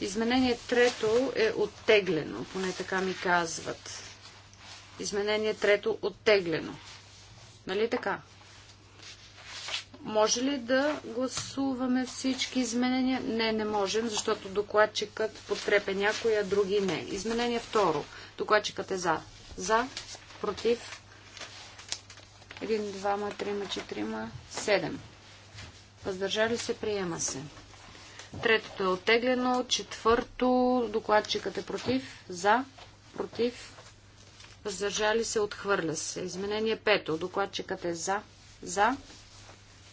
Изменение трето е оттеглено, поне така ми казват. Изменение трето оттеглено. Нали така? Може ли да гласуваме всички изменения? Не, не можем, защото докладчикът подкрепя някои, а други не. Изменение второ. Докладчикът е за. За, против, 1, 2, 3, 4, 7. Въздържали се, приема се. Третото е оттеглено. Четвърто, докладчикът е против. За, против, въздържали се, отхвърля се. Изменение пето. Докладчикът е за. За,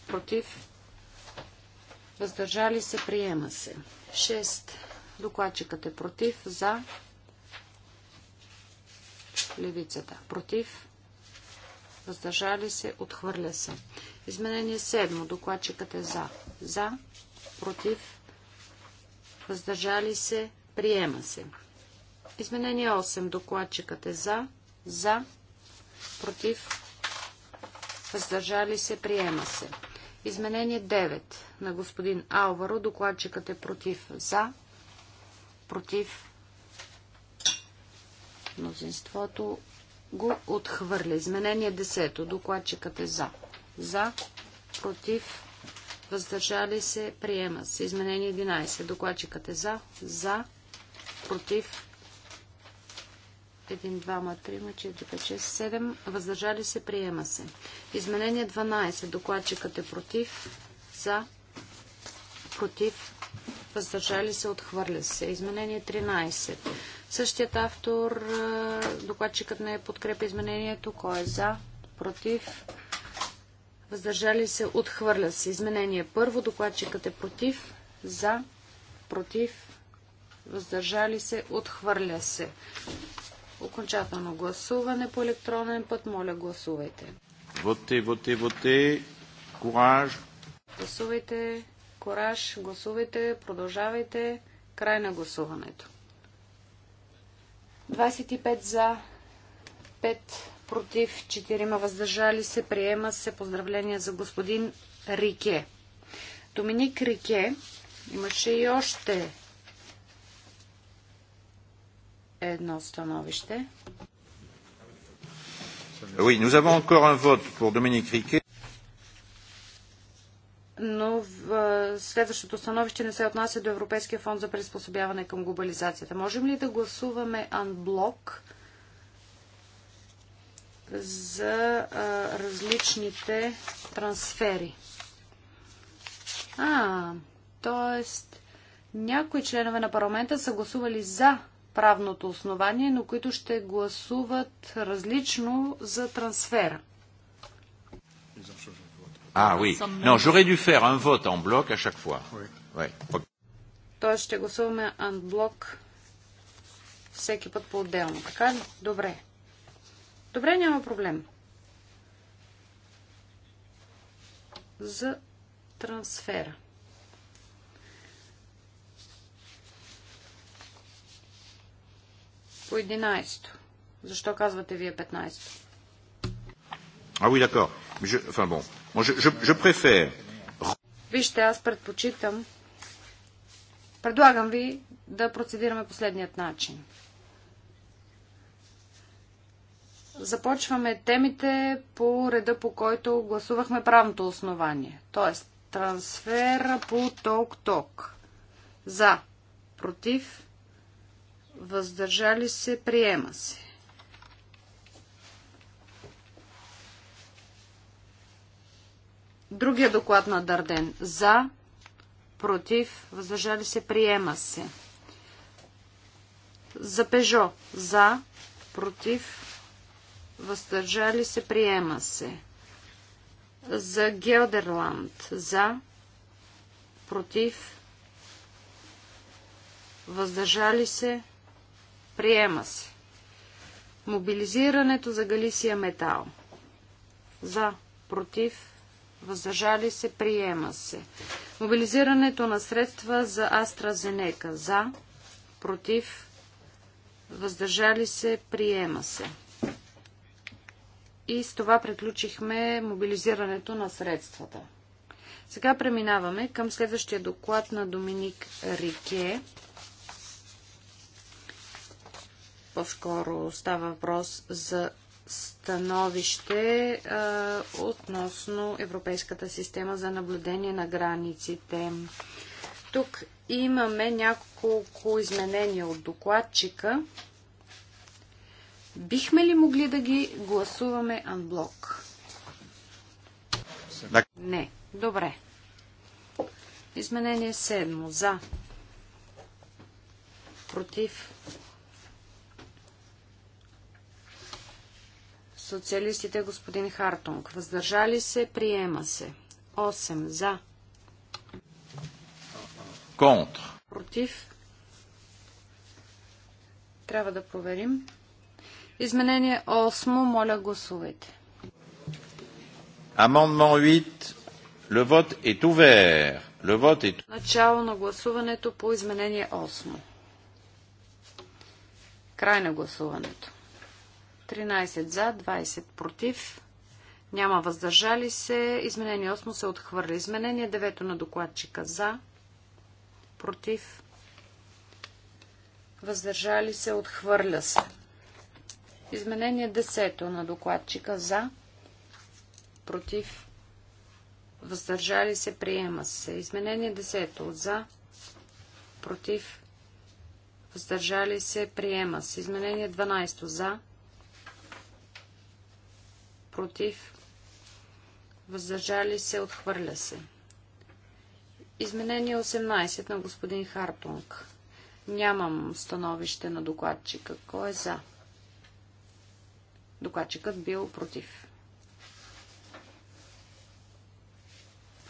против, въздържали се, приема се. 6. Докладчикът е против, за, левицата, против, въздържали се, отхвърля се. Изменение 7. Докладчикът е за, за, против, въздържали се, приема се. Изменение 8. Докладчикът е за, за, против, въздържали се, приема се. Изменение 9 на господин Алваро. Докладчикът е против. За. Против. Мнозинството го отхвърля. Изменение 10. Докладчикът е за. За. Против. Въздържали се. Приема се. Изменение 11. Докладчикът е за. За. Против. 1, 2, 3, 4, 5, 6, 7. Въздържали се, приема се. Изменение 12. Докладчикът е против. За. Против. Въздържали се, отхвърля се. Изменение 13. Същият автор, докладчикът не подкрепя изменението. Кой е за? Против. Въздържали се, отхвърля се. Изменение първо. Докладчикът е против. За. Против. Въздържали се, отхвърля се. Окончателно гласуване по електронен път. Моля, гласувайте. Воте, воте, воте. Кураж. Гласувайте. Кораж. Гласувайте. Продължавайте. Край на гласуването. 25 за, 5 против, 4 въздържали се. Приема се поздравления за господин Рике. Доминик Рике имаше и още едно становище. Oui, nous avons encore un vote pour Dominique Riquet. Но в следващото становище не се отнася до Европейския фонд за приспособяване към глобализацията. Можем ли да гласуваме анблок за а, различните трансфери? А, т.е. някои членове на парламента са гласували за правното основание, но които ще гласуват различно за трансфера. А, ah oui. Non, j'aurais dû faire un vote en bloc à chaque fois. Oui. Тоест ще гласуваме анблок всеки път по-отделно. Така ли? Добре. Добре, няма проблем. За трансфера. По 11. Защо казвате вие 15? А, oui, d'accord. Je, enfin bon, je, je, je préfère... Вижте, аз предпочитам. Предлагам ви да процедираме последният начин. Започваме темите по реда, по който гласувахме правното основание. Тоест, трансфера по ток-ток. За, против, въздържали се, приема се. Другия доклад на Дарден. За, против, въздържали се, приема се. За Пежо. За, против, въздържали се, приема се. За Гелдерланд. За, против, въздържали се, Приема се. Мобилизирането за Галисия метал. За, против, въздържали се, приема се. Мобилизирането на средства за Астразенека. За, против, въздържали се, приема се. И с това приключихме мобилизирането на средствата. Сега преминаваме към следващия доклад на Доминик Рике. по-скоро става въпрос за становище а, относно Европейската система за наблюдение на границите. Тук имаме няколко изменения от докладчика. Бихме ли могли да ги гласуваме анблок? Не. Добре. Изменение 7. За. Против. социалистите господин Хартунг. Въздържали се, приема се. 8 за. Контр. Против. Трябва да проверим. Изменение 8. Моля, гласувайте. Amendement 8. Le vote est ouvert. Le vote est... Начало на гласуването по изменение 8. Край на гласуването. 13 за, 20 против. Няма въздържали се. Изменение 8 се отхвърля. Изменение 9 на докладчика за, против. Въздържали се, отхвърля се. Изменение 10 на докладчика за, против. Въздържали се, приема се. Изменение 10 за, против. Въздържали се, приема се. Изменение 12 за, против, въздържали се, отхвърля се. Изменение 18 на господин Хартунг. Нямам становище на докладчика. Кой е за? Докладчикът бил против.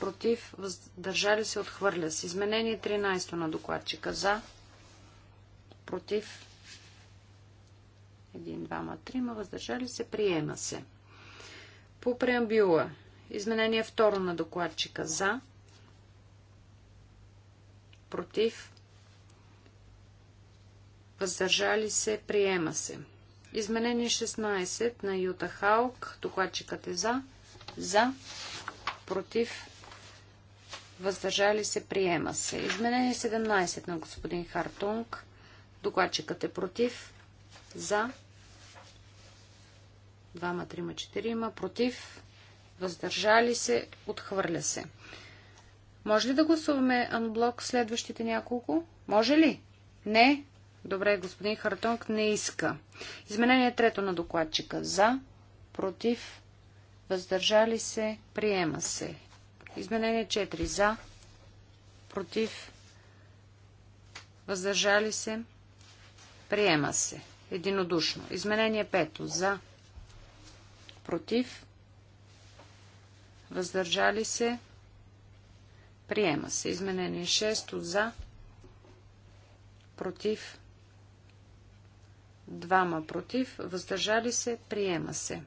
Против, въздържали се, отхвърля се. Изменение 13 на докладчика. За? Против? Един, двама, трима, въздържали се, приема се. По преамбюла. Изменение второ на докладчика. За. Против. Въздържали се. Приема се. Изменение 16 на Юта Халк. Докладчикът е за. За. Против. Въздържали се. Приема се. Изменение 17 на господин Хартунг. Докладчикът е против. За. 2, 3, 4, против, въздържали се, отхвърля се. Може ли да гласуваме анблок следващите няколко? Може ли? Не? Добре, господин Хартонг не иска. Изменение трето на докладчика. За, против, въздържали се, приема се. Изменение 4. За, против, въздържали се, приема се. Единодушно. Изменение 5. За, против, въздържали се, приема се. Изменение 6 за, против, двама против, въздържали се, приема се.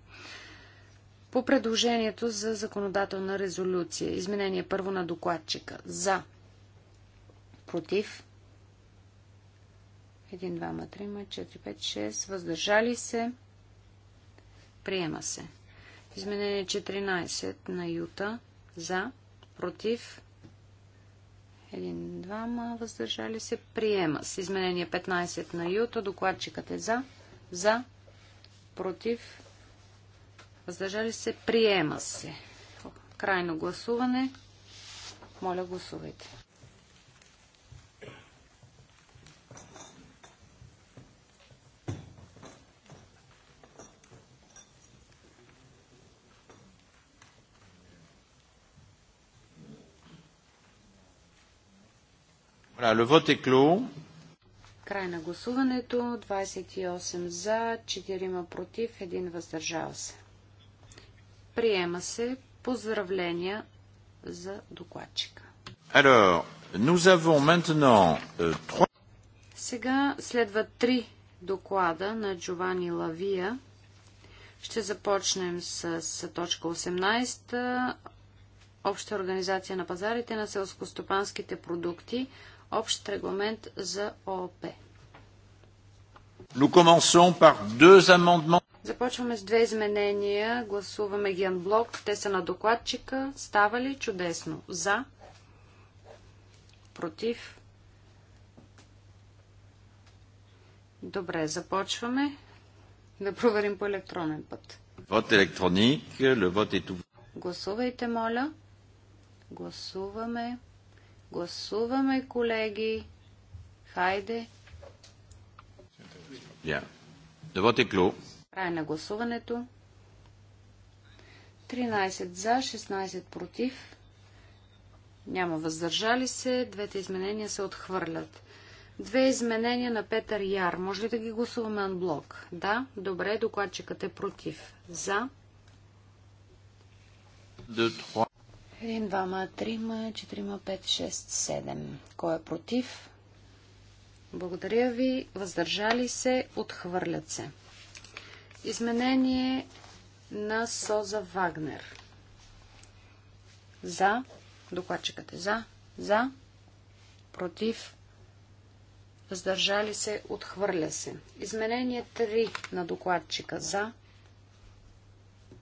По предложението за законодателна резолюция, изменение първо на докладчика, за, против, 1, 2, 3, 4, 5, 6, въздържали се, Приема се. Изменение 14 на Юта. За. Против. Един, двама. Въздържали се. Приема се. Изменение 15 на Юта. Докладчикът е за. За. Против. Въздържали се. Приема се. Крайно гласуване. Моля, гласувайте. Край на гласуването. 28 за, 4 против, 1 въздържал се. Приема се. Поздравления за докладчика. Alors, nous avons maintenant, euh, 3... Сега следват три доклада на Джовани Лавия. Ще започнем с, с точка 18. Обща организация на пазарите на селскостопанските продукти – общ регламент за ООП. Започваме с две изменения. Гласуваме ги анблок. Те са на докладчика. Става ли чудесно? За? Против? Добре, започваме. Да проверим по електронен път. Вот електроник, le vote est Гласувайте, моля. Гласуваме. Гласуваме, колеги. Хайде. Yeah. Давате клю. Край на гласуването. 13 за, 16 против. Няма въздържали се. Двете изменения се отхвърлят. Две изменения на Петър Яр. Може ли да ги гласуваме анблок? Да. Добре, докладчикът е против. За. 1, 2, 3, 4, 5, 6, 7. Кой е против? Благодаря ви. Въздържали се, отхвърлят се. Изменение на Соза Вагнер. За. Докладчикът е за. За. Против. Въздържали се, отхвърля се. Изменение 3 на докладчика. За.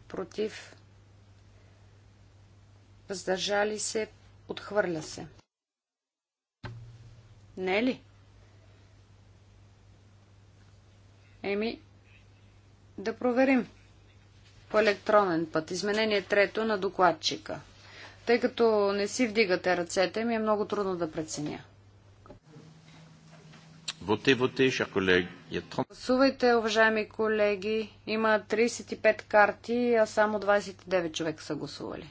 Против въздържали се, отхвърля се. Не е ли? Еми, да проверим. По електронен път. Изменение трето на докладчика. Тъй като не си вдигате ръцете, ми е много трудно да преценя. Воте, воте, шер колег. Гласувайте, уважаеми колеги. Има 35 карти, а само 29 човека са гласували.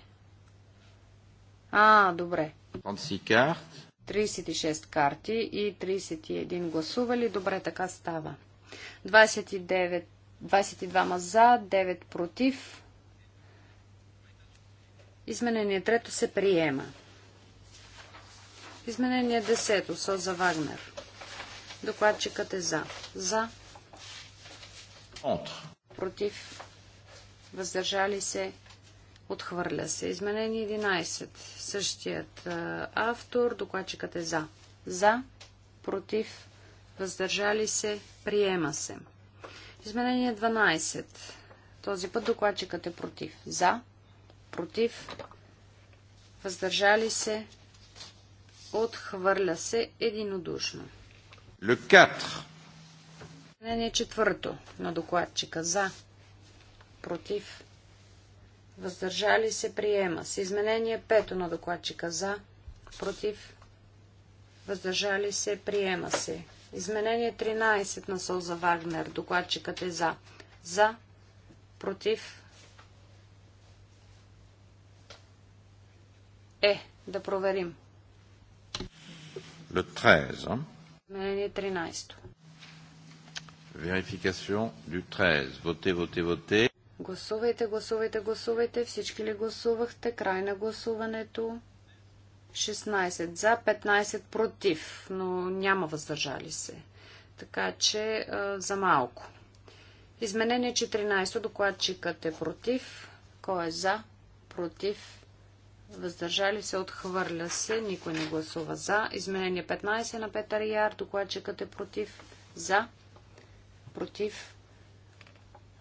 А, добре. 36 карти и 31 гласували. Добре, така става. 29, 22 за, 9 против. Изменение трето се приема. Изменение десето са за Вагнер. Докладчикът е за. За. Против. Въздържали се. Отхвърля се. Изменение 11. Същият автор. Докладчикът е за. За. Против. Въздържали се. Приема се. Изменение 12. Този път докладчикът е против. За. Против. Въздържали се. Отхвърля се единодушно. Le 4. Изменение 4 на докладчика. За. Против въздържали се, приема се. Изменение пето на докладчика за, против, въздържали се, приема се. Изменение 13 на Солза Вагнер, докладчикът е за, за, против, е, да проверим. Le 13. Изменение 13. Верификация du 13. Воте, воте, воте. Гласувайте, гласувайте, гласувайте. Всички ли гласувахте? Край на гласуването. 16 за, 15 против, но няма въздържали се. Така че а, за малко. Изменение 14. Докладчикът е против. Кой е за? Против. Въздържали се, отхвърля се. Никой не гласува за. Изменение 15 на Петър Яр. Докладчикът е против. За. Против.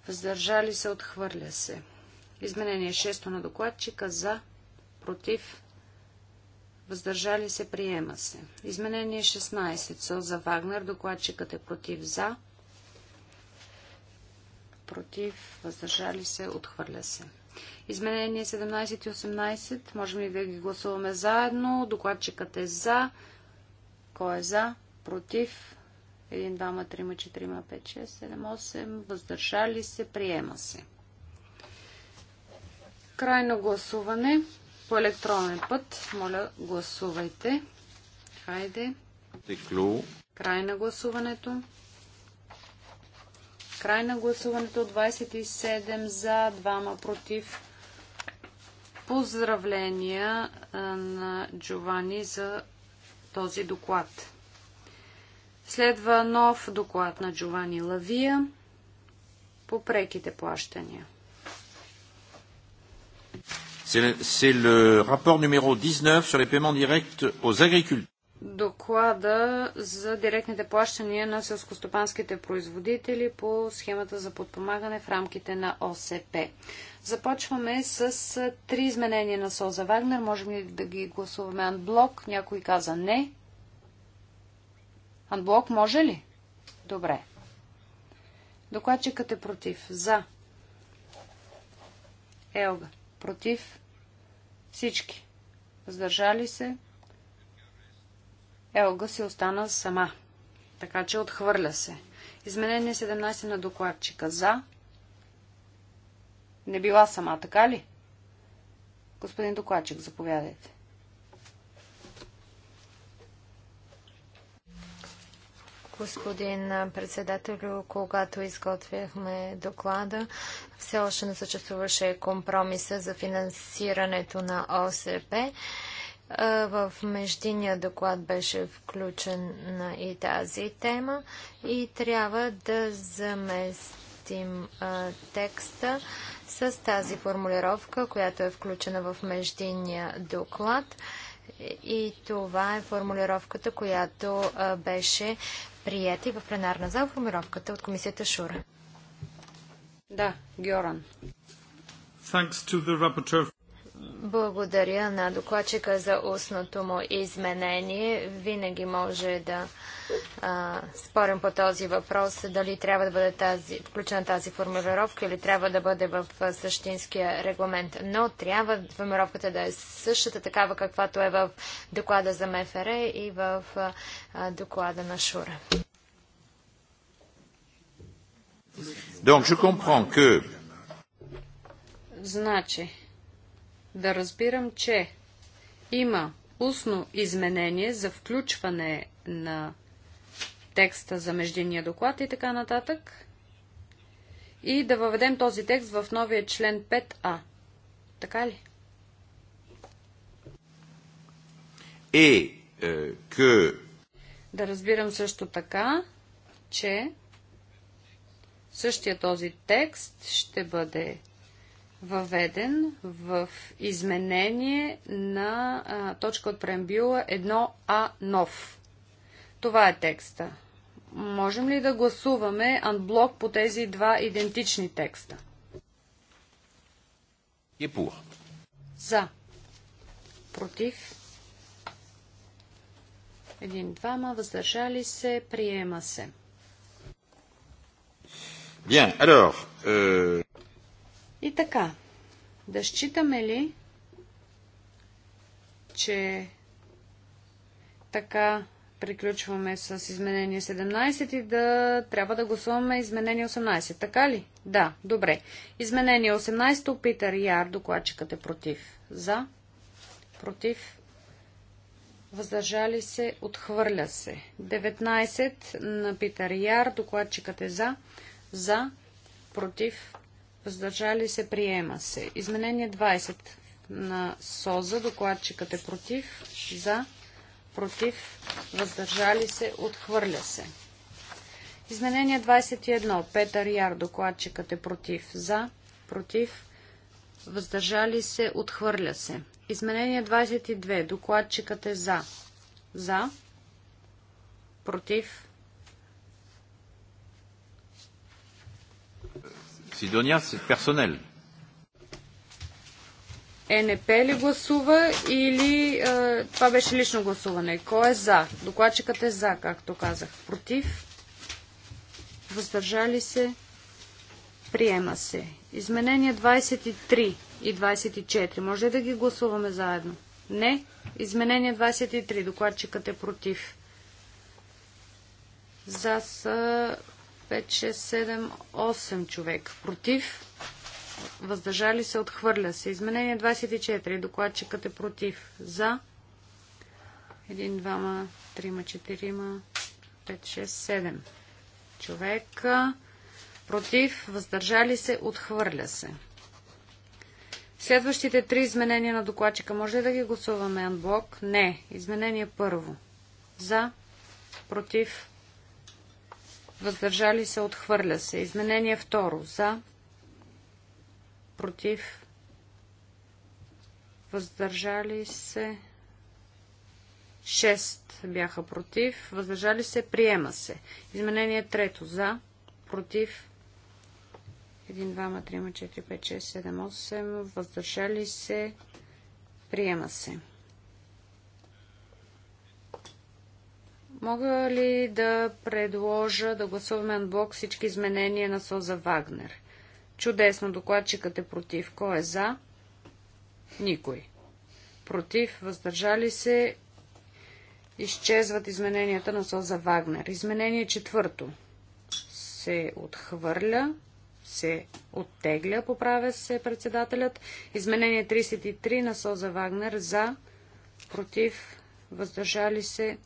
Въздържали се, отхвърля се. Изменение 6 на докладчика за, против, въздържали се, приема се. Изменение 16, СО за Вагнер, докладчикът е против за, против, въздържали се, отхвърля се. Изменение 17 и 18, можем ли да ги гласуваме заедно? Докладчикът е за, кой е за, против, един, двама, трима, 4, 5, 6, 7, 8. Въздържали се. Приема се. Крайно гласуване по електронен път. Моля, гласувайте. Хайде. Текло. Край на гласуването. Край на гласуването. 27 за, 2 против. Поздравления на Джовани за този доклад. Следва нов доклад на Джовани Лавия по преките плащания. C'est le rapport numéro 19 sur les paiements directs aux agriculteurs. Доклада за директните плащания на селскостопанските производители по схемата за подпомагане в рамките на ОСП. Започваме с три изменения на Соза Вагнер. Можем ли да ги гласуваме анблок? Някой каза не. Анблок може ли? Добре. Докладчикът е против. За. Елга. Против. Всички. Въздържали се. Елга си остана сама. Така че отхвърля се. Изменение 17 на докладчика. За. Не била сама, така ли? Господин докладчик, заповядайте. господин председател, когато изготвяхме доклада, все още не съществуваше компромиса за финансирането на ОСП. В междинния доклад беше включен и тази тема и трябва да заместим текста с тази формулировка, която е включена в междинния доклад. И това е формулировката, която беше приета в пленарна зал формировката от комисията Шура. Да, Георан. Thanks to the rapporteur. Благодаря на докладчика за устното му изменение. Винаги може да а, спорим по този въпрос, дали трябва да бъде тази, включена тази формулировка или трябва да бъде в същинския регламент. Но трябва формулировката да е същата такава, каквато е в доклада за МФР и в а, доклада на Шура. Donc, je comprends que... Значи, да разбирам, че има устно изменение за включване на текста за междинния доклад и така нататък. И да въведем този текст в новия член 5а. Така ли? Е, е, Да разбирам също така, че същия този текст ще бъде въведен в изменение на а, точка от преамбюла 1А нов. Това е текста. Можем ли да гласуваме анблок по тези два идентични текста? И е пур. За. Против. Един-двама. Въздържали се. Приема се. Bien, alors, euh... И така, да считаме ли, че така приключваме с изменение 17 и да трябва да гласуваме изменение 18. Така ли? Да, добре. Изменение 18, Питър Яр, докладчикът е против. За? Против? Въздържали се? Отхвърля се. 19 на Питър Яр, докладчикът е за. За? Против? въздържали се, приема се. Изменение 20 на СОЗа, докладчикът е против, за, против, въздържали се, отхвърля се. Изменение 21. Петър Яр, докладчикът е против, за, против, въздържали се, отхвърля се. Изменение 22. Докладчикът е за, за, против, Сидония, ЕНП ли гласува или е, това беше лично гласуване? Кой е за? Докладчикът е за, както казах. Против? Въздържали се? Приема се. Изменения 23 и 24. Може ли да ги гласуваме заедно? Не. Изменение 23. Докладчикът е против. За са 5, 6, 7, 8 човек. Против. Въздържали се. Отхвърля се. Изменение 24. Докладчикът е против. За. 1, 2, 3, 4, 5, 6, 7 човека. Против. Въздържали се. Отхвърля се. Следващите три изменения на докладчика. Може ли да ги гласуваме анблок? Не. Изменение първо. За. Против въздържали се, отхвърля се. Изменение второ. За, против, въздържали се. 6 бяха против, въздържали се, приема се. Изменение трето. За, против, 1, 2, 3, 4, 5, 6, 7, 8, въздържали се, приема се. Мога ли да предложа да гласуваме анблок всички изменения на Соза Вагнер? Чудесно, докладчикът е против. Кой е за? Никой. Против, въздържали се, изчезват измененията на Соза Вагнер. Изменение четвърто се отхвърля, се оттегля, поправя се председателят. Изменение 33 на Соза Вагнер за, против, въздържали се,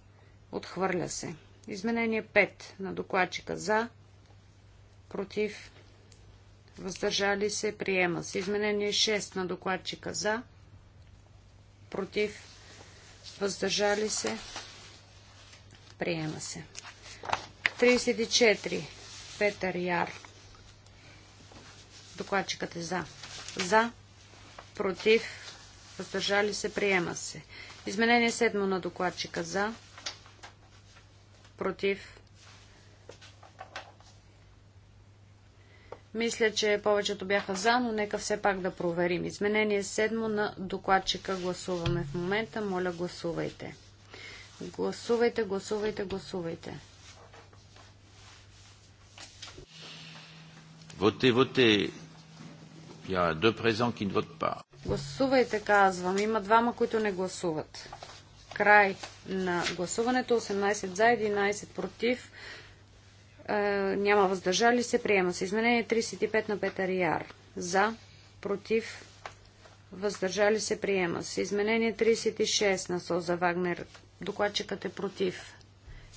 Отхвърля се. Изменение 5 на докладчика за, против, въздържали се, приема се. Изменение 6 на докладчика за, против, въздържали се, приема се. 34. Петър Яр. Докладчикът е за. За, против, въздържали се, приема се. Изменение 7 на докладчика за, против. Мисля, че повечето бяха за, но нека все пак да проверим. Изменение седмо на докладчика гласуваме в момента. Моля, гласувайте. Гласувайте, гласувайте, гласувайте. Воте, воте. Я две презент, ки не вот па. Гласувайте, казвам. Има двама, които не гласуват. Край на гласуването. 18 за, 11 против. Е, няма въздържали се. Приема се. Изменение 35 на Петър Яр. За, против, въздържали се. Приема се. Изменение 36 на Соза Вагнер. Докладчикът е против.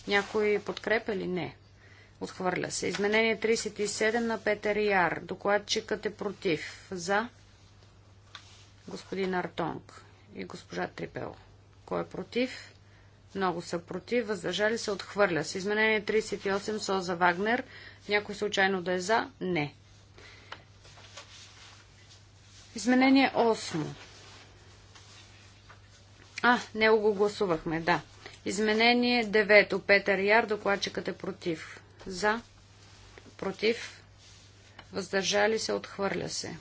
Някой подкрепя ли? Не. Отхвърля се. Изменение 37 на Петър Яр. Докладчикът е против. За господин Артонг и госпожа Трипел. Кой е против? Много са против. Въздържали се. Отхвърля се. Изменение 38. СО за Вагнер. Някой случайно да е за? Не. Изменение 8. А, не го гласувахме, да. Изменение 9. Петър Яр. Докладчикът е против. За. Против. Въздържали се. Отхвърля се.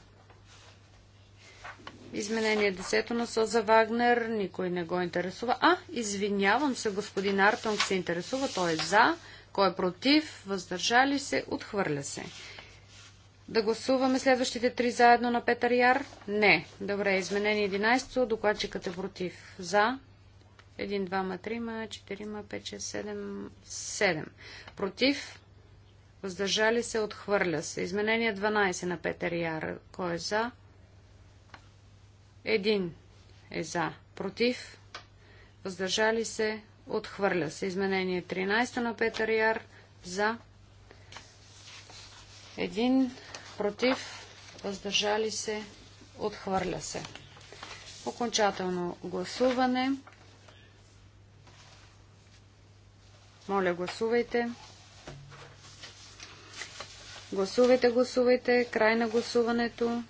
Изменение 10 на Соза Вагнер. Никой не го интересува. А, извинявам се, господин Артонг се интересува. Той е за. Кой е против? Въздържали се? Отхвърля се. Да гласуваме следващите три заедно на Петър Яр? Не. Добре, изменение 11. Докладчикът е против. За. 1, 2, 3, 4, 5, 6, 7, 7. Против? Въздържали се? Отхвърля се. Изменение 12 на Петър Яр. Кой е за? Един е за, против, въздържали се, отхвърля се. Изменение 13 на Петър Яр, за, един, против, въздържали се, отхвърля се. Окончателно гласуване. Моля, гласувайте. Гласувайте, гласувайте. Край на гласуването.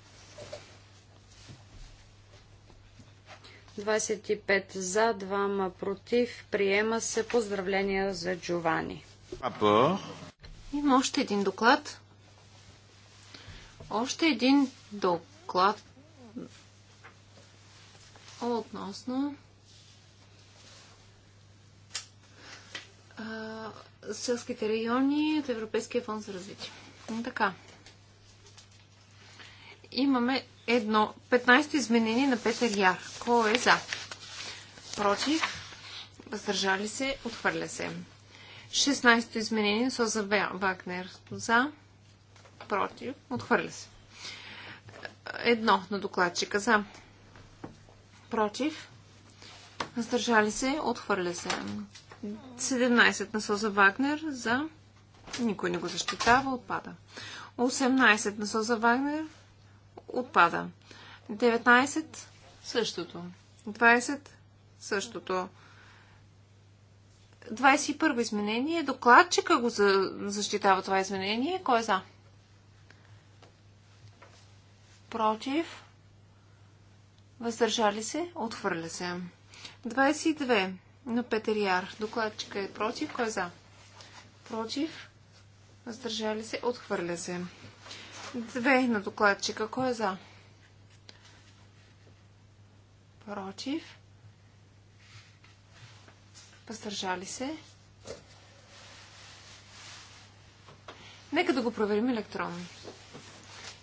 25 за, 2 против. Приема се. Поздравления за Джовани. Има още един доклад. Още един доклад относно а, селските райони от Европейския фонд за развитие. Така. Имаме едно, 15 изменение на Петър Яр. Кой е за? Против? Въздържали се? Отхвърля се. 16-то изменение са за Вагнер. За? Против? Отхвърля се. Едно на докладчика. За? Против? Въздържали се? Отхвърля се. 17 на Соза Вагнер за. Никой не го защитава, отпада. 18 на Соза Вагнер отпада. 19 същото. 20 същото. 21 изменение. Докладчика го защитава това изменение. Кой е за? Против. Въздържали се. Отхвърля се. 22 на Петър Яр. Докладчика е против. Кой е за? Против. Въздържали се. Отхвърля се. Две на докладчика. Кой е за? Против. Въздържали се. Нека да го проверим електронно.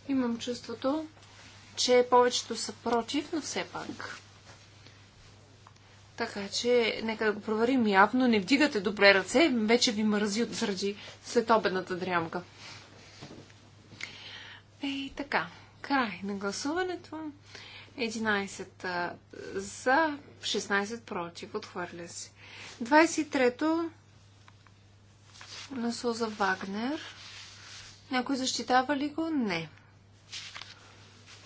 Имам чувството, че повечето са против, но все пак. Така че, нека да го проверим явно. Не вдигате добре ръце, вече ви мързи от заради обедната дрямка. И е, така, край на гласуването. 11 за, 16 против, отхвърля се. 23-то на Суза Вагнер. Някой защитава ли го? Не.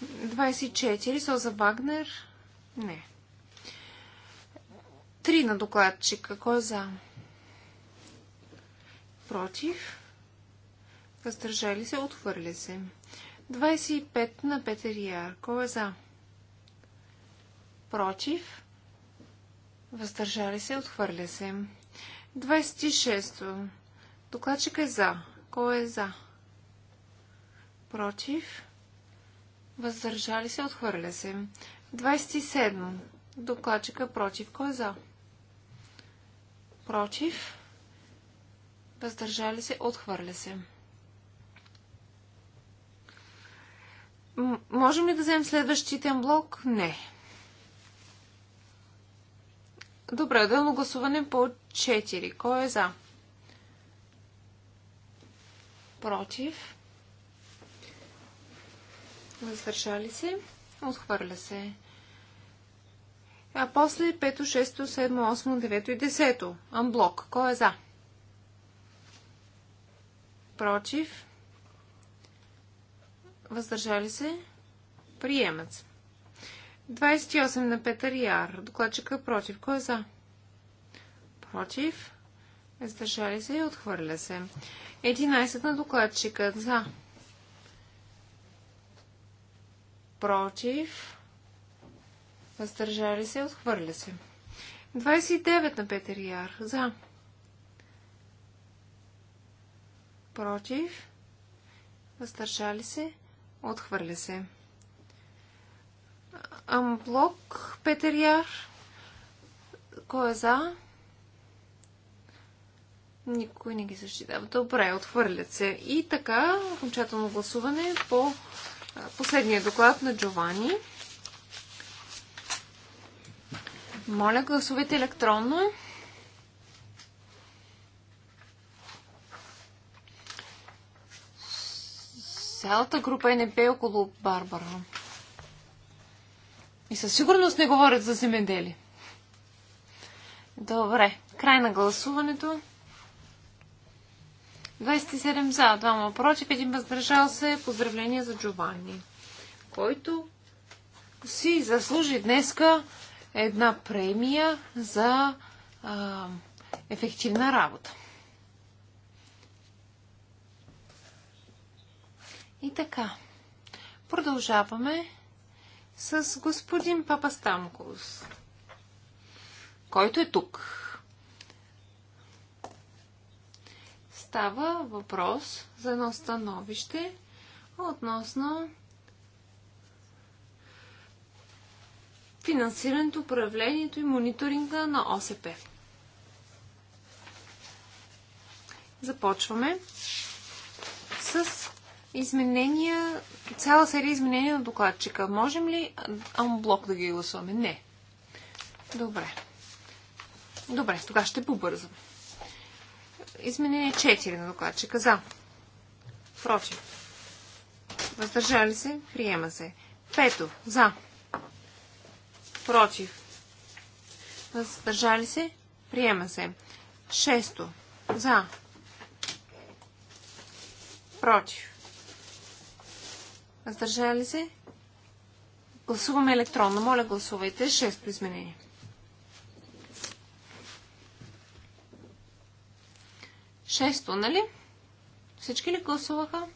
24 Соза Вагнер? Не. 3 на докладчика. Кой е за? Против. Въздържали се, отхвърля се. 25 на Петър Яр. е за? Против? Въздържали се, отхвърля се. 26. Докладчик е за. Кой е за? Против? Въздържали се, отхвърля се. 27. е против. Кой е за? Против? Въздържали се, отхвърля се. можем ли да вземем следващите блок? Не. Добре, дълно гласуване по 4. Кой е за? Против. Възвършали се. Отхвърля се. А после 5, 6, 7, 8, 9 и 10. Анблок, Кой е за? Против. Въздържали се? Приемат се. 28 на Петър Яр. Докладчика против. Кой е за? Против. Въздържали се и отхвърля се. 11 на докладчика. За. Против. Въздържали се и отхвърля се. 29 на Петър Яр. За. Против. Въздържали се. Отхвърля се. Амблок, Петър Яр. Кой е за? Никой не ги защитава. Добре, отхвърлят се. И така, окончателно гласуване по последния доклад на Джовани. Моля, гласувайте електронно. цялата група НП е около Барбара. И със сигурност не говорят за земедели. Добре, край на гласуването. 27 за, 2 против, 1 въздържал се. Поздравления за Джованни, който си заслужи днеска една премия за а, ефективна работа. И така, продължаваме с господин Папа Стамкус, който е тук. Става въпрос за едно становище относно финансирането, управлението и мониторинга на ОСП. Започваме с изменения, цяла серия изменения на докладчика. Можем ли анблок да ги гласуваме? Не. Добре. Добре, тогава ще побързам. Изменение 4 на докладчика. За. Против. Въздържали се. Приема се. Пето. За. Против. Въздържали се. Приема се. Шесто. За. Против. Въздържали се? Гласуваме електронно. Моля, гласувайте. Шесто изменение. Шесто, нали? Всички ли гласуваха?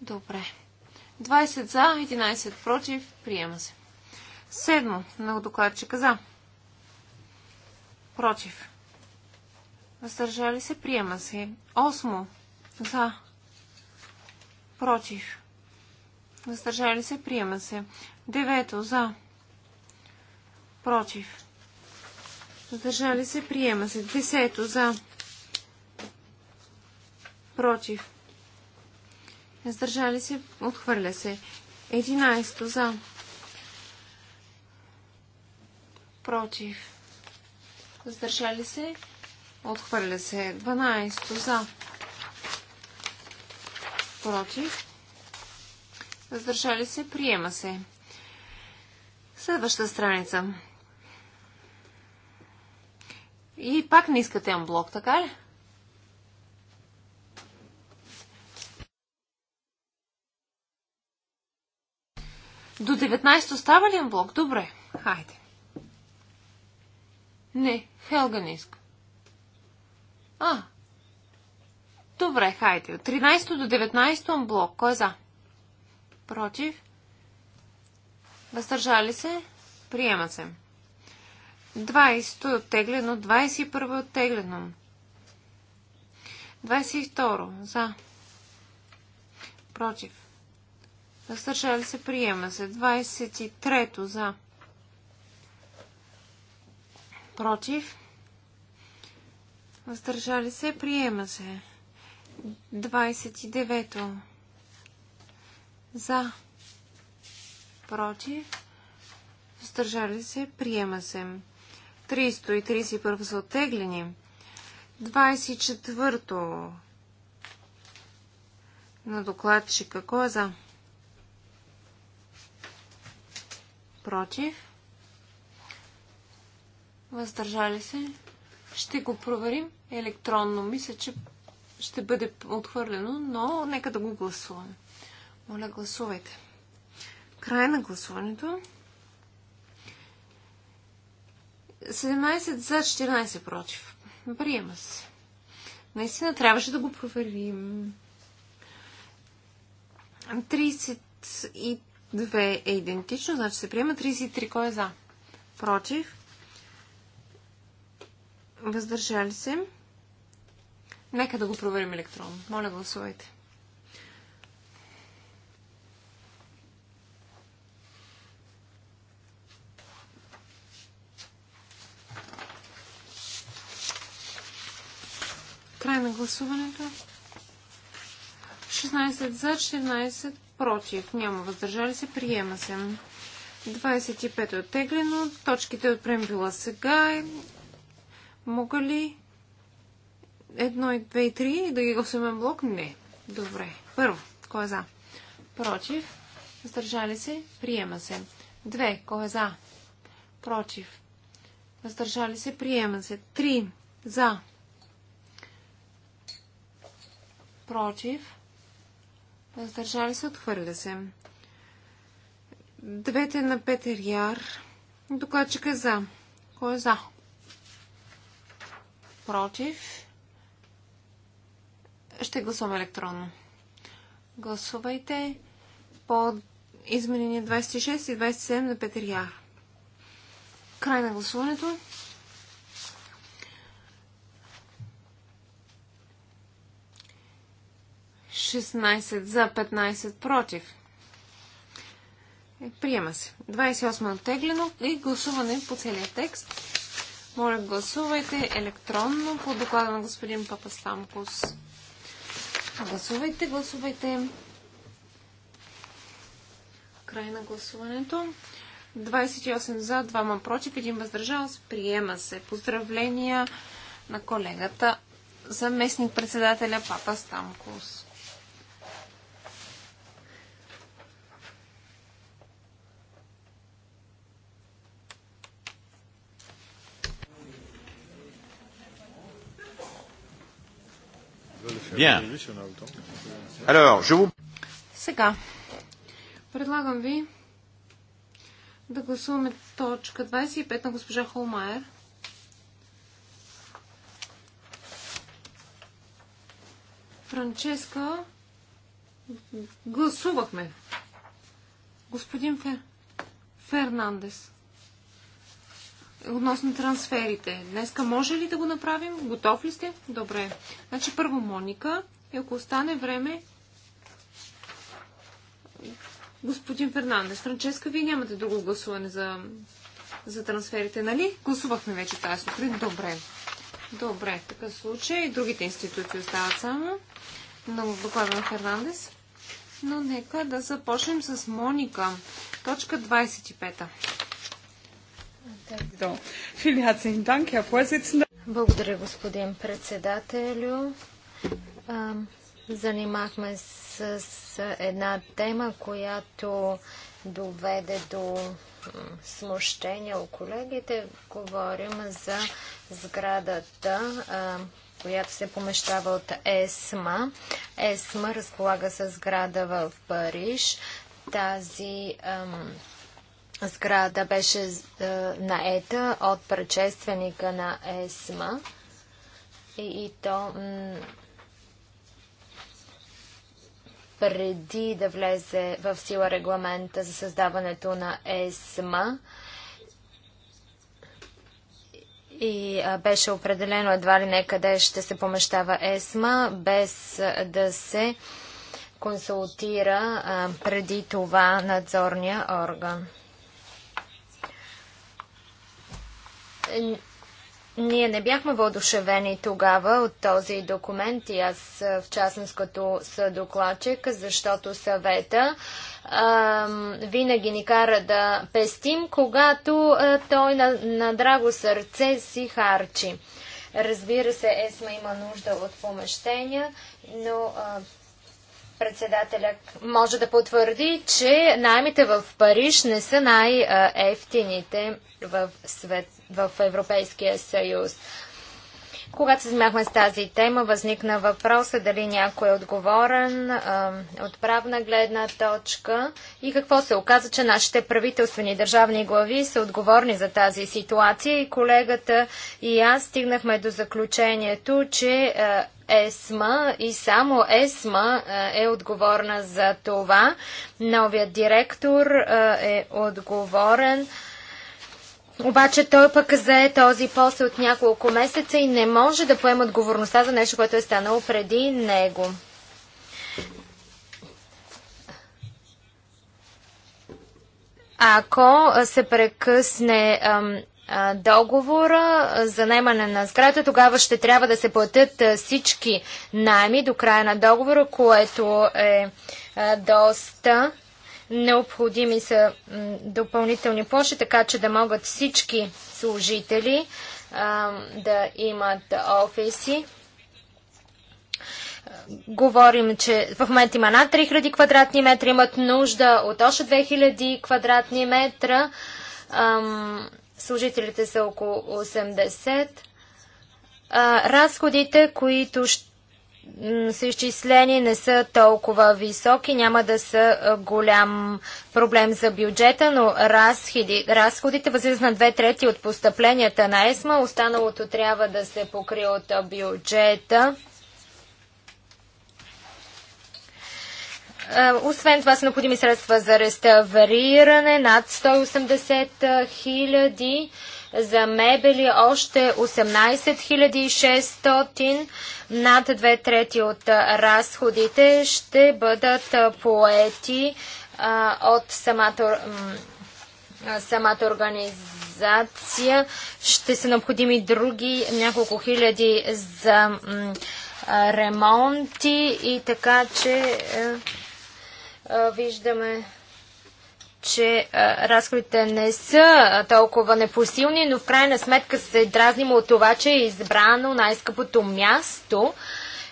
Добре. 20 за, 11 против. Приема се. Седмо на докладчика за. Против. Въздържали се. Приема се. Осмо за. Против. Въздържали се, приема се. Девето за. Против. Въздържали се, приема се. Десето за. Против. Въздържали се, отхвърля се. Единайсто за. Против. Въздържали се, отхвърля се. Дванайсто за. Против. Въздържали се. Приема се. Следваща страница. И пак не искате блок, така ли? До 19 става ли блок? Добре, хайде. Не, Хелга не иска. А, добре, хайде. От 13 до 19 блок. Кой е за? против, въздържали се, приема се. 20 е оттеглено, 21 е оттеглено. 22 за, против, въздържали се, приема се. 23 за, против, въздържали се, приема се. 29 за. Против. Въздържали се. Приема се. 331 и 31 са оттеглени. 24-то на докладчика. какво е за? Против. Въздържали се. Ще го проверим електронно. Мисля, че ще бъде отхвърлено, но нека да го гласуваме. Моля, гласувайте. Край на гласуването. 17 за, 14 против. Приема се. Наистина трябваше да го проверим. 32 е идентично, значи се приема 33. Кой е за? Против. Въздържали се. Нека да го проверим електронно. Моля, гласувайте. гласуването. 16 за, 14 против. Няма въздържали се. Приема се. 25 е оттеглено. Точките от била сега. Мога ли 1, 2 и 3 да ги гласуваме блок? Не. Добре. Първо. Кой е за? Против. Въздържали се. Приема се. 2. Кой е за? Против. Въздържали се. Приема се. 3. За. против, въздържали се, отхвърля се. Двете на Петър Яр. Докладчик е за. Кой е за? Против. Ще гласуваме електронно. Гласувайте по изменение 26 и 27 на Петър Яр. Край на гласуването. 16 за, 15 против. Е, приема се. 28 оттеглено и гласуване по целия текст. Моля, гласувайте електронно по доклада на господин Папа Стамкус. Гласувайте, гласувайте. Край на гласуването. 28 за, 2 против, 1 въздържал се. Приема се. Поздравления на колегата заместник председателя Папа Стамкус. Bien. Alors, je vous... Сега, предлагам ви да гласуваме точка 25 на госпожа Холмайер. Франческа, гласувахме. Господин Фер... Фернандес относно трансферите. Днеска може ли да го направим? Готов ли сте? Добре. Значи първо Моника и ако остане време, господин Фернандес, Франческа, вие нямате друго гласуване за, за трансферите, нали? Гласувахме вече тази сутрин. Добре. Добре, в такъв случай другите институции остават само Много доклада на Фернандес. Но нека да започнем с Моника. Точка 25. Благодаря, господин председателю. Занимахме с, с една тема, която доведе до смущение у колегите. Говорим за сградата, която се помещава от ЕСМА. ЕСМА разполага с сграда в Париж. Тази ам, сграда беше е, наета от предшественика на ЕСМА и, и то преди да влезе в сила регламента за създаването на ЕСМА и а, беше определено едва ли не къде ще се помещава ЕСМА, без а, да се консултира а, преди това надзорния орган. Ние не бяхме въодушевени тогава от този документ и аз в частност като съдокладчик, защото съвета а, винаги ни кара да пестим, когато а, той на, на драго сърце си харчи. Разбира се, ЕСМА има нужда от помещения, но а, Председателя може да потвърди, че наймите в Париж не са най-ефтините в, свет, в Европейския съюз. Когато се занимахме с тази тема, възникна въпроса дали някой е отговорен а, от правна гледна точка и какво се оказа, че нашите правителствени държавни глави са отговорни за тази ситуация и колегата и аз стигнахме до заключението, че а, е, ЕСМА и само ЕСМА е, е отговорна за това. Новият директор е, е отговорен. Обаче той пък зае този пост от няколко месеца и не може да поема отговорността за нещо, което е станало преди него. Ако се прекъсне договора за наймане на сграда, тогава ще трябва да се платят всички найми до края на договора, което е доста. Необходими са допълнителни площи, така че да могат всички служители да имат офиси. Говорим, че в момента има над 3000 квадратни метра, имат нужда от още 2000 квадратни метра служителите са около 80. А, разходите, които ще са изчислени, не са толкова високи, няма да са голям проблем за бюджета, но разходи, разходите възлизат на две трети от постъпленията на ЕСМА. Останалото трябва да се покрие от бюджета. Е, освен това са необходими средства за реставриране, над 180 е, хиляди, за мебели още 18 600, над две трети от е, разходите ще бъдат поети а, от самата, самата организация. Ще са необходими други няколко хиляди за ремонти и така, че виждаме, че разходите не са толкова непосилни, но в крайна сметка се дразним от това, че е избрано най-скъпото място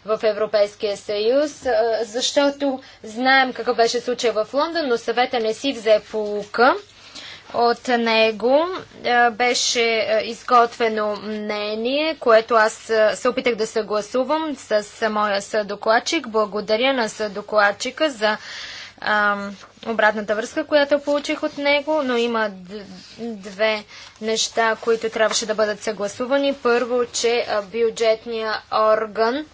в Европейския съюз, защото знаем какъв беше случай в Лондон, но съвета не си взе полука от него. Беше изготвено мнение, което аз се опитах да съгласувам с моя съдокладчик. Благодаря на съдокладчика за ам, обратната връзка, която получих от него, но има две неща, които трябваше да бъдат съгласувани. Първо, че бюджетния орган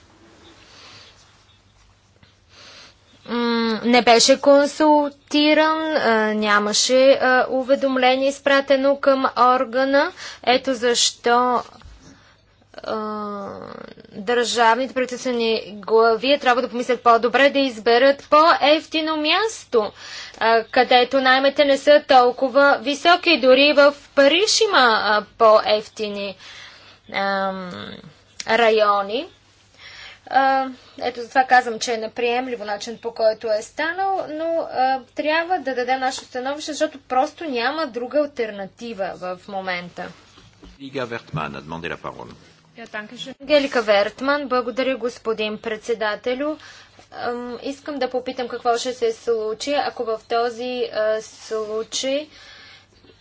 не беше консултиран, нямаше уведомление изпратено към органа. Ето защо държавните правителствени глави трябва да помислят по-добре да изберат по-ефтино място, където наймете не са толкова високи. Дори в Париж има по-ефтини райони. Ето затова казвам, че е неприемливо начин по който е станал, но а, трябва да дадем нашето становище, защото просто няма друга альтернатива в момента. Лига Вертман a demandé парола. Ангелика Вертман, благодаря господин председателю. Искам да попитам какво ще се случи, ако в този случай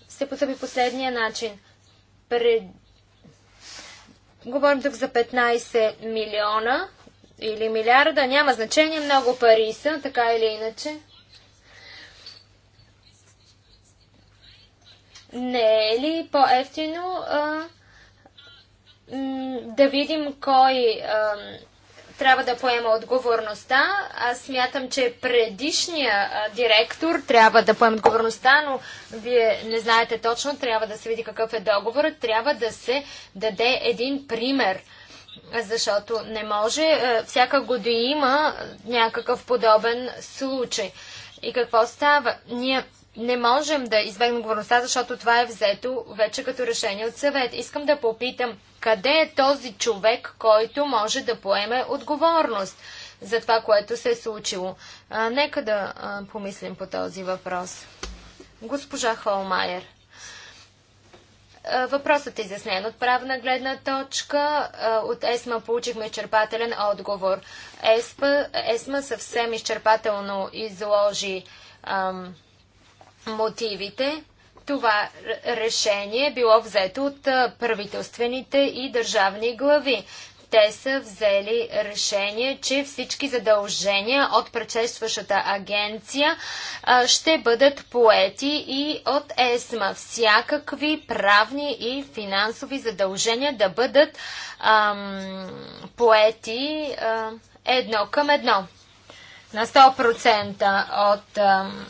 се постъпи последния начин. Пред... Говорим тук за 15 милиона или милиарда, няма значение, много пари са, така или иначе. Не е ли по-ефтино да видим кой а, трябва да поема отговорността. Аз смятам, че предишния а, директор трябва да поема отговорността, но вие не знаете точно, трябва да се види какъв е договорът, трябва да се даде един пример. Защото не може всяка година има някакъв подобен случай. И какво става? Ние не можем да избегнем отговорността, защото това е взето вече като решение от съвет. Искам да попитам, къде е този човек, който може да поеме отговорност за това, което се е случило? А, нека да а, помислим по този въпрос. Госпожа Холмайер. Въпросът е изяснен от правна гледна точка. От ЕСМА получихме изчерпателен отговор. ЕСМА, ЕСМА съвсем изчерпателно изложи ам, мотивите. Това решение било взето от правителствените и държавни глави. Те са взели решение, че всички задължения от предшестващата агенция ще бъдат поети и от ЕСМА. Всякакви правни и финансови задължения да бъдат ам, поети а, едно към едно. На 100% от ам,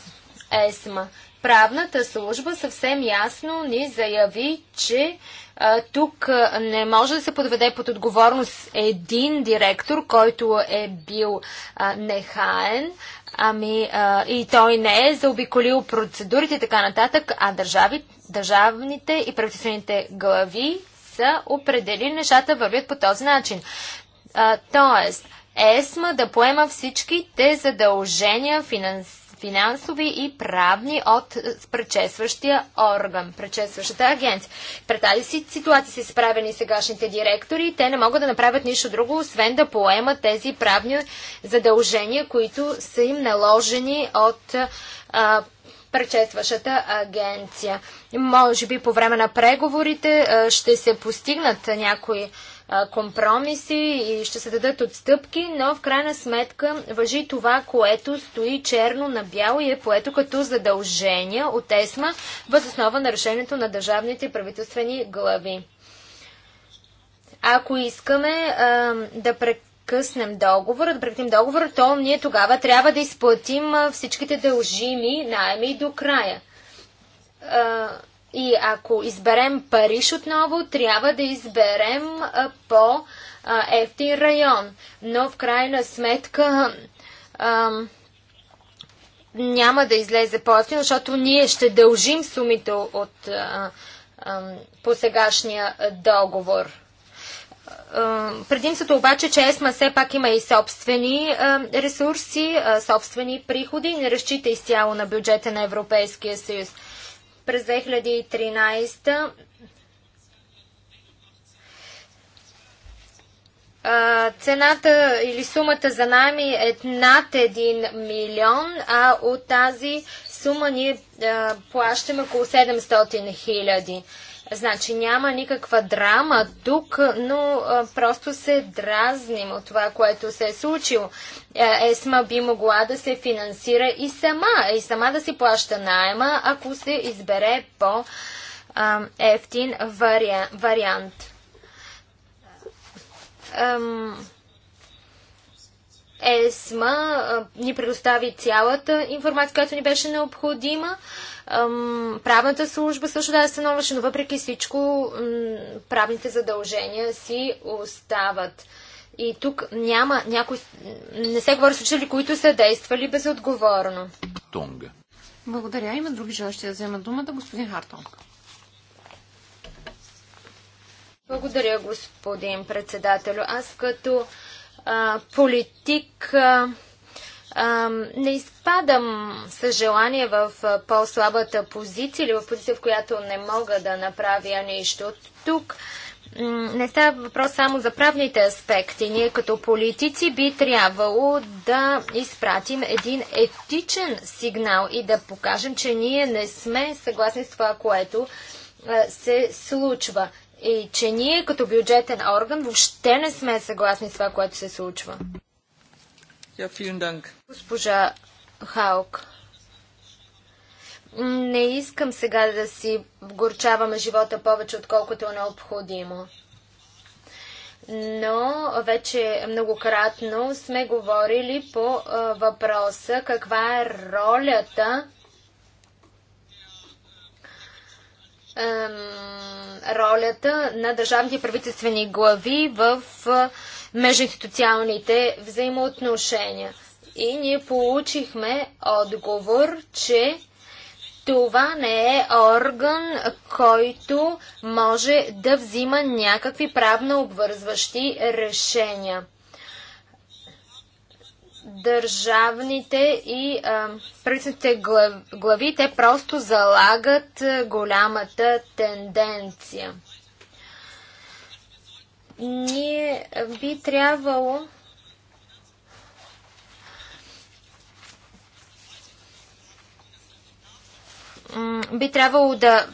ЕСМА. Правната служба съвсем ясно ни заяви, че а, тук а, не може да се подведе под отговорност един директор, който е бил а, нехаен, ами а, и той не е заобиколил процедурите и така нататък, а държави, държавните и правителствените глави са определили нещата вървят по този начин. А, тоест, ЕСМА да поема всичките задължения, финанс финансови и правни от предшестващия орган, предшестващата агенция. При тази ситуация са изправени сегашните директори. Те не могат да направят нищо друго, освен да поемат тези правни задължения, които са им наложени от а, предшестващата агенция. Може би по време на преговорите а, ще се постигнат някои компромиси и ще се дадат отстъпки, но в крайна сметка въжи това, което стои черно на бяло и е поето като задължение от ЕСМА въз основа на решението на държавните правителствени глави. Ако искаме а, да прекъснем договора, да прекратим договора, то ние тогава трябва да изплатим всичките дължими найми до края. И ако изберем Париж отново, трябва да изберем по-ефтин район. Но в крайна сметка няма да излезе по-ефтин, защото ние ще дължим сумите от по сегашния договор. Предимството обаче, че ЕСМА все пак има и собствени ресурси, собствени приходи и не разчита изцяло на бюджета на Европейския съюз. През 2013 цената или сумата за найми е над 1 милион, а от тази сума ние а, плащаме около 700 хиляди. Значи няма никаква драма тук, но а, просто се дразним от това, което се е случило. Е, ЕСМА би могла да се финансира и сама, и сама да си плаща найема, ако се избере по-ефтин вариан, вариант. Ам... ЕСМА а, ни предостави цялата информация, която ни беше необходима. А, правната служба също да е становище, но въпреки всичко правните задължения си остават. И тук няма някой... Не се говори случаи, които са действали безотговорно. Тонга. Благодаря. Има други желащи да вземат думата. Господин Хартонг. Благодаря, господин председател. Аз като а, политик... А, не изпадам с желание в по-слабата позиция или в позиция, в която не мога да направя нищо. Тук не става въпрос само за правните аспекти. Ние като политици би трябвало да изпратим един етичен сигнал и да покажем, че ние не сме съгласни с това, което се случва. И че ние като бюджетен орган въобще не сме съгласни с това, което се случва. Ja, vielen Dank. Госпожа Хаук. Не искам сега да си горчаваме живота повече, отколкото е необходимо. Но вече многократно сме говорили по а, въпроса каква е ролята ролята на държавните правителствени глави в междуинституционалните взаимоотношения. И ние получихме отговор, че това не е орган, който може да взима някакви правно обвързващи решения. Държавните и правителствените глави, те просто залагат голямата тенденция ние би трябвало би трябвало да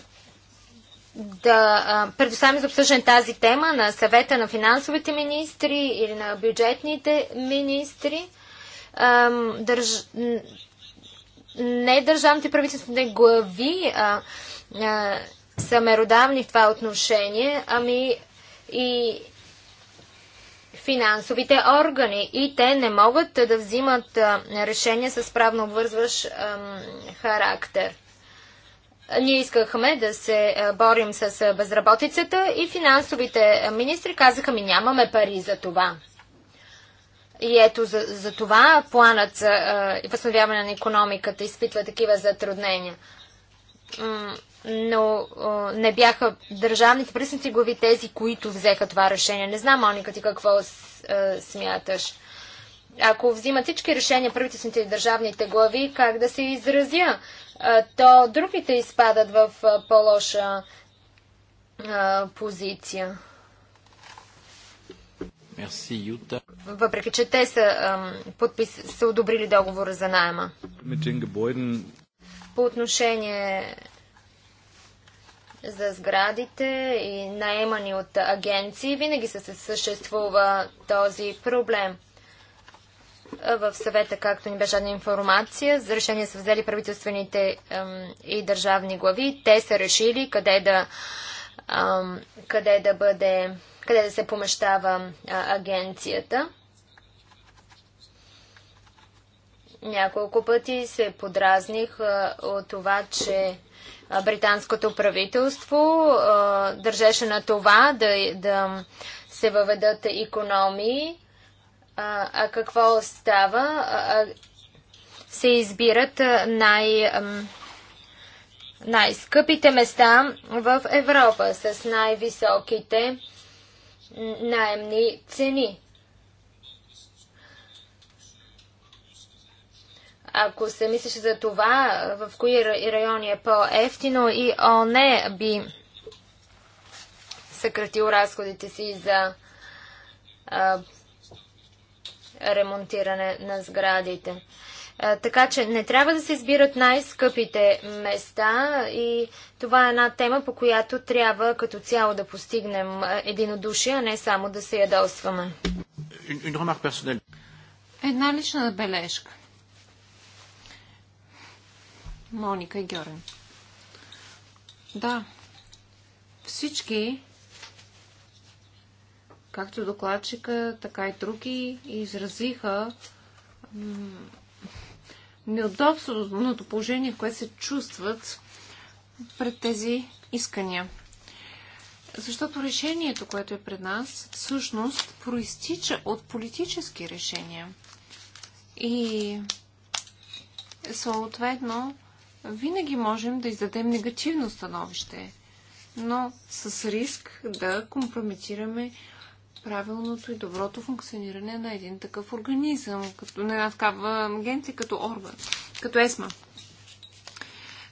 да предоставим за обсъждане тази тема на съвета на финансовите министри или на бюджетните министри. Държ... Не държавните правителствени глави а, а, са меродавни в това отношение, ами и финансовите органи и те не могат да взимат решения с правно обвързващ характер. Ние искахме да се борим с безработицата и финансовите министри казаха ми нямаме пари за това. И ето за, за това планът за възстановяване на економиката изпитва такива затруднения но не бяха държавните пръстници глави тези, които взеха това решение. Не знам, Моника, ти какво смяташ. Ако взимат всички решения правителствените и държавните глави, как да се изразя, то другите изпадат в по-лоша позиция. Merci, Въпреки, че те са, подпис, са одобрили договора за найема. По отношение за сградите и наемани от агенции, винаги се съществува този проблем. В съвета, както ни беше една информация, за решение са взели правителствените ем, и държавни глави. Те са решили къде да, ем, къде да бъде, къде да се помещава а, агенцията. Няколко пъти се подразних от това, че британското правителство държеше на това да, да се въведат економии. А, а какво става? А, се избират най, най-скъпите места в Европа с най-високите найемни цени. Ако се мислеше за това, в кои райони е по-ефтино и ОНЕ би съкратил разходите си за а, ремонтиране на сградите. А, така че не трябва да се избират най-скъпите места и това е една тема, по която трябва като цяло да постигнем единодушие, а не само да се ядолстваме. Една лична бележка. Моника и Георен. Да, всички, както докладчика, така и други, изразиха неудобственото положение, което се чувстват пред тези искания. Защото решението, което е пред нас, всъщност проистича от политически решения. И съответно винаги можем да издадем негативно становище, но с риск да компрометираме правилното и доброто функциониране на един такъв организъм, като на една такава агенция, като орган, като ЕСМА,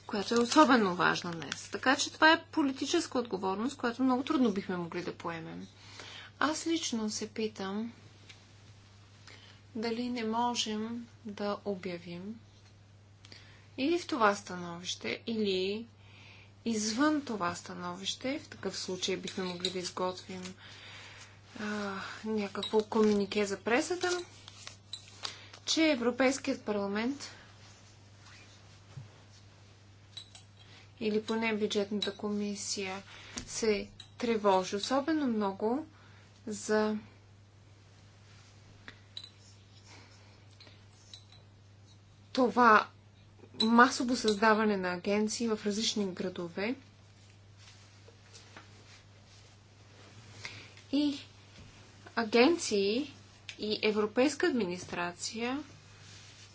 която е особено важна днес. Така че това е политическа отговорност, която много трудно бихме могли да поемем. Аз лично се питам дали не можем да обявим или в това становище, или извън това становище. В такъв случай бихме могли да изготвим а, някакво комюнике за пресата, че Европейският парламент или поне бюджетната комисия се тревожи особено много за това масово създаване на агенции в различни градове. И агенции и европейска администрация,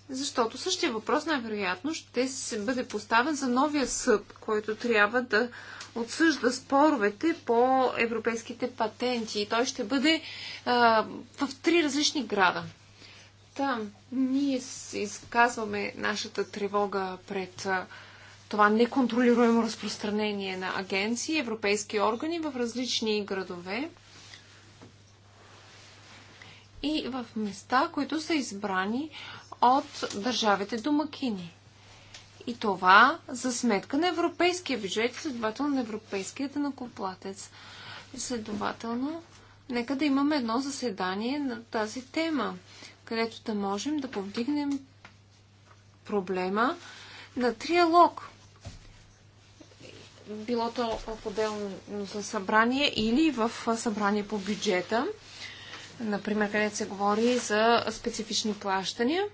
защото същия въпрос най-вероятно ще се бъде поставен за новия съд, който трябва да отсъжда споровете по европейските патенти. И той ще бъде а, в три различни града. Та, ние изказваме нашата тревога пред това неконтролируемо разпространение на агенции, европейски органи в различни градове и в места, които са избрани от държавите домакини. И това за сметка на европейския бюджет, следователно на европейския накоплатец. Следователно, нека да имаме едно заседание на тази тема където да можем да повдигнем проблема на триалог. Било то по-отделно за събрание или в събрание по бюджета, например, където се говори за специфични плащания.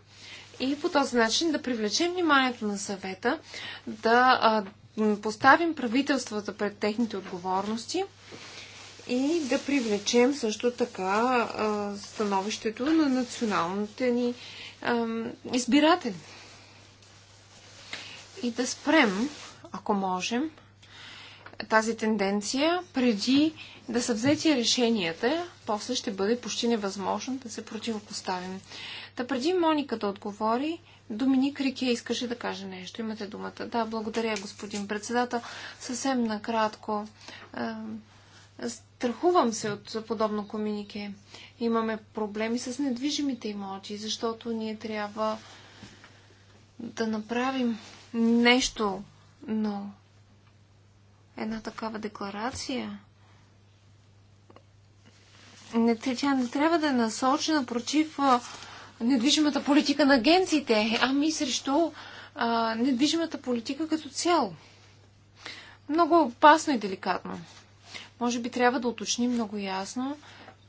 И по този начин да привлечем вниманието на съвета, да поставим правителствата пред техните отговорности и да привлечем също така становището на националните ни избиратели. И да спрем, ако можем, тази тенденция преди да са взети решенията, после ще бъде почти невъзможно да се противопоставим. Та преди Моника да отговори, Доминик Рике искаше да каже нещо. Имате думата. Да, благодаря, господин председател. Съвсем накратко. Страхувам се от подобно комюнике. Имаме проблеми с недвижимите имоти, защото ние трябва да направим нещо, но една такава декларация. Не, тя не трябва да е насочена против недвижимата политика на агенциите, ами срещу а, недвижимата политика като цяло. Много опасно и деликатно. Може би трябва да уточним много ясно,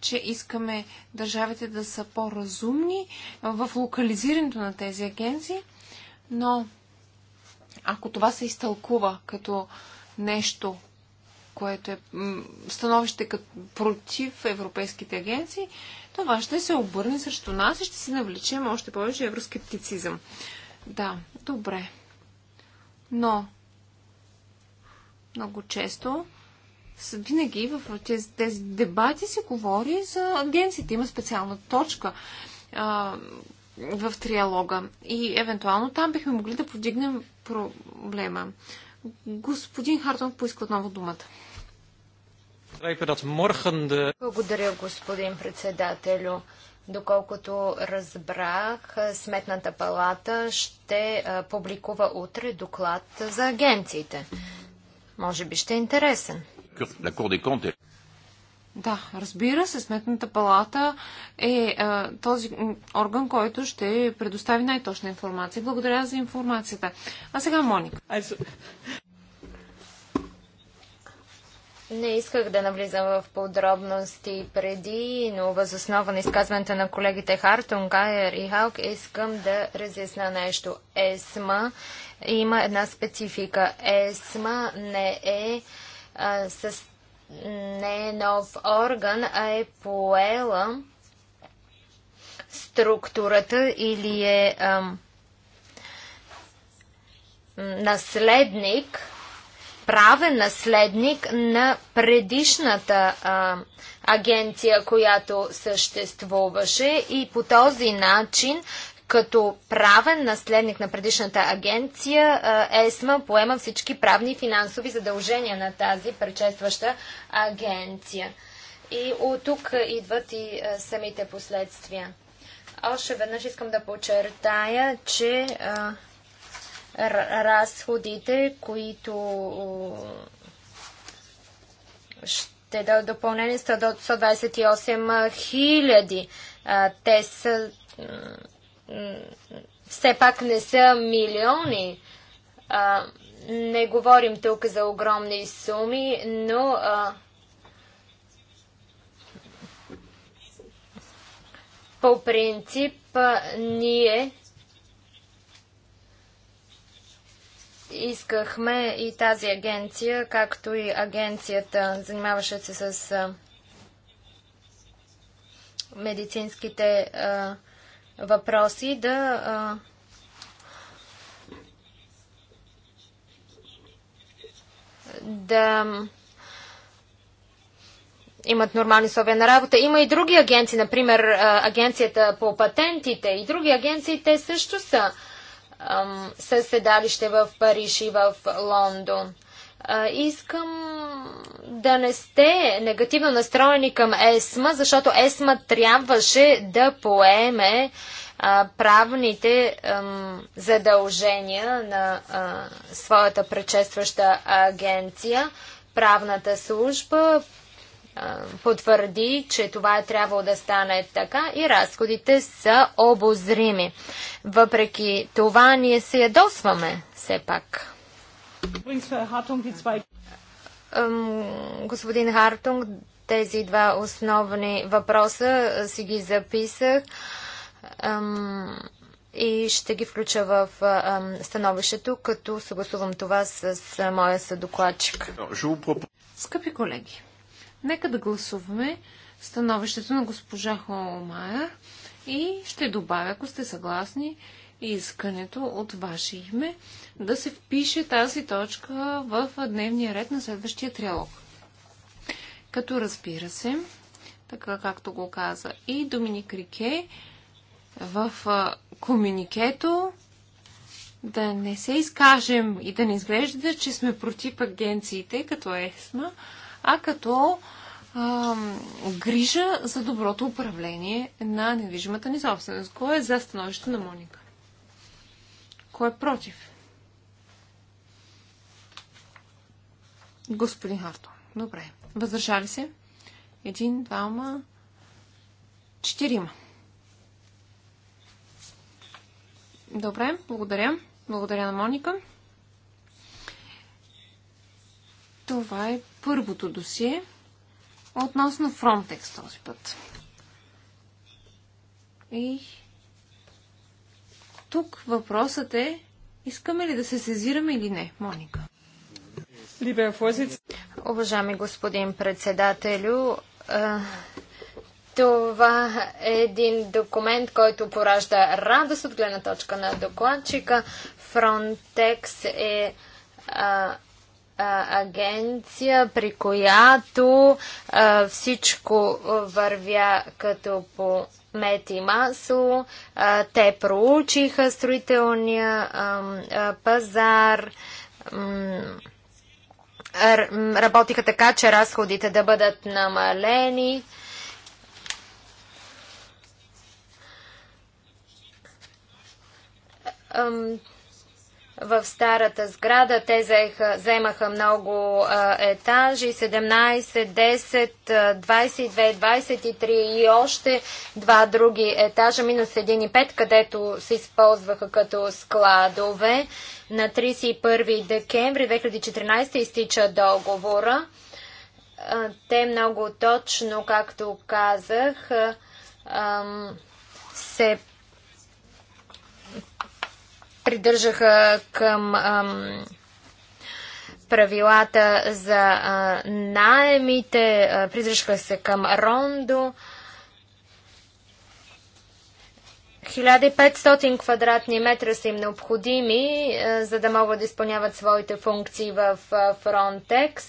че искаме държавите да са по-разумни в локализирането на тези агенции, но ако това се изтълкува като нещо, което е становище като против европейските агенции, това ще се обърне срещу нас и ще се навлечем още повече евроскептицизъм. Да, добре. Но много често винаги в тези, тези дебати се говори за агенциите. Има специална точка а, в триалога. И евентуално там бихме могли да подигнем проблема. Господин Хартон поиска отново думата. Благодаря, господин председателю. Доколкото разбрах, Сметната палата ще публикува утре доклад за агенциите. Може би ще е интересен. Да, разбира се, Сметната палата е а, този орган, който ще предостави най-точна информация. Благодаря за информацията. А сега Моник. Не исках да навлизам в подробности преди, но възоснова на изказването на колегите Хартон, Гайер и Халк искам да разясна нещо. ЕСМА има една специфика. ЕСМА не е а, с не е нов орган, а е поела структурата или е ам, наследник, правен наследник на предишната а, агенция, която съществуваше и по този начин като правен наследник на предишната агенция, ЕСМА поема всички правни и финансови задължения на тази предшестваща агенция. И от тук идват и самите последствия. Още веднъж искам да подчертая, че разходите, които ще дадат допълнение, са до 128 хиляди. Те са все пак не са милиони. А, не говорим тук за огромни суми, но а, по принцип а, ние искахме и тази агенция, както и агенцията, занимаваща се с а, медицинските а, въпроси, да а, да имат нормални условия на работа. Има и други агенции, например агенцията по патентите и други агенции, те също са със седалище в Париж и в Лондон. Искам да не сте негативно настроени към ЕСМА, защото ЕСМА трябваше да поеме правните задължения на своята предшестваща агенция. Правната служба потвърди, че това е трябвало да стане така и разходите са обозрими. Въпреки това ние се ядосваме все пак. Господин Хартунг, тези два основни въпроса си ги записах и ще ги включа в становището, като съгласувам това с моя съдокладчик. Скъпи колеги, нека да гласуваме становището на госпожа Холмайер и ще добавя, ако сте съгласни, искането от ваше име да се впише тази точка в дневния ред на следващия триалог. Като разбира се, така както го каза и Доминик Рике, в комуникето да не се изкажем и да не изглежда, че сме против агенциите като ЕСМА, а като а, грижа за доброто управление на недвижимата ни собственост. Кое е за становище на Моника? Кой е против? Господин Хартон. Добре. Въздържали се? Един, двама, четирима. Добре, благодаря. Благодаря на Моника. Това е първото досие относно Frontex този път. И тук въпросът е, искаме ли да се сезираме или не, Моника? Уважаеми господин председателю, това е един документ, който поражда радост от гледна точка на докладчика. Frontex е а, а, агенция, при която а, всичко вървя като по мет и масло. Те проучиха строителния пазар работиха така, че разходите да бъдат намалени. Um, в старата сграда. Те заеха, заемаха много а, етажи, 17, 10, 22, 23 и още два други етажа, минус 1 и 5, където се използваха като складове. На 31 декември 2014 изтича договора. А, те много точно, както казах, а, се придържаха към ам, правилата за а, найемите, а, придържаха се към рондо. 1500 квадратни метра са им необходими, а, за да могат да изпълняват своите функции в а, Frontex.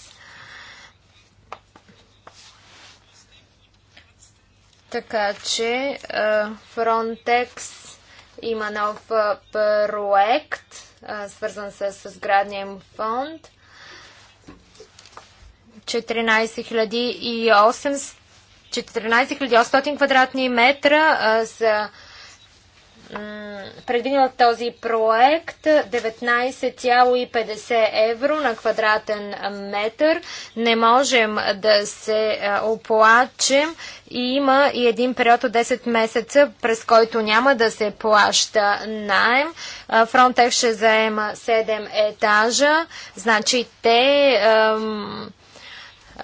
Така че а, Frontex има нов проект, свързан с сградния фонд. 14 800 14 800 квадратни метра са предвидила този проект 19,50 евро на квадратен метър. Не можем да се оплачем и има и един период от 10 месеца, през който няма да се плаща найем. Фронтех ще заема 7 етажа, значи те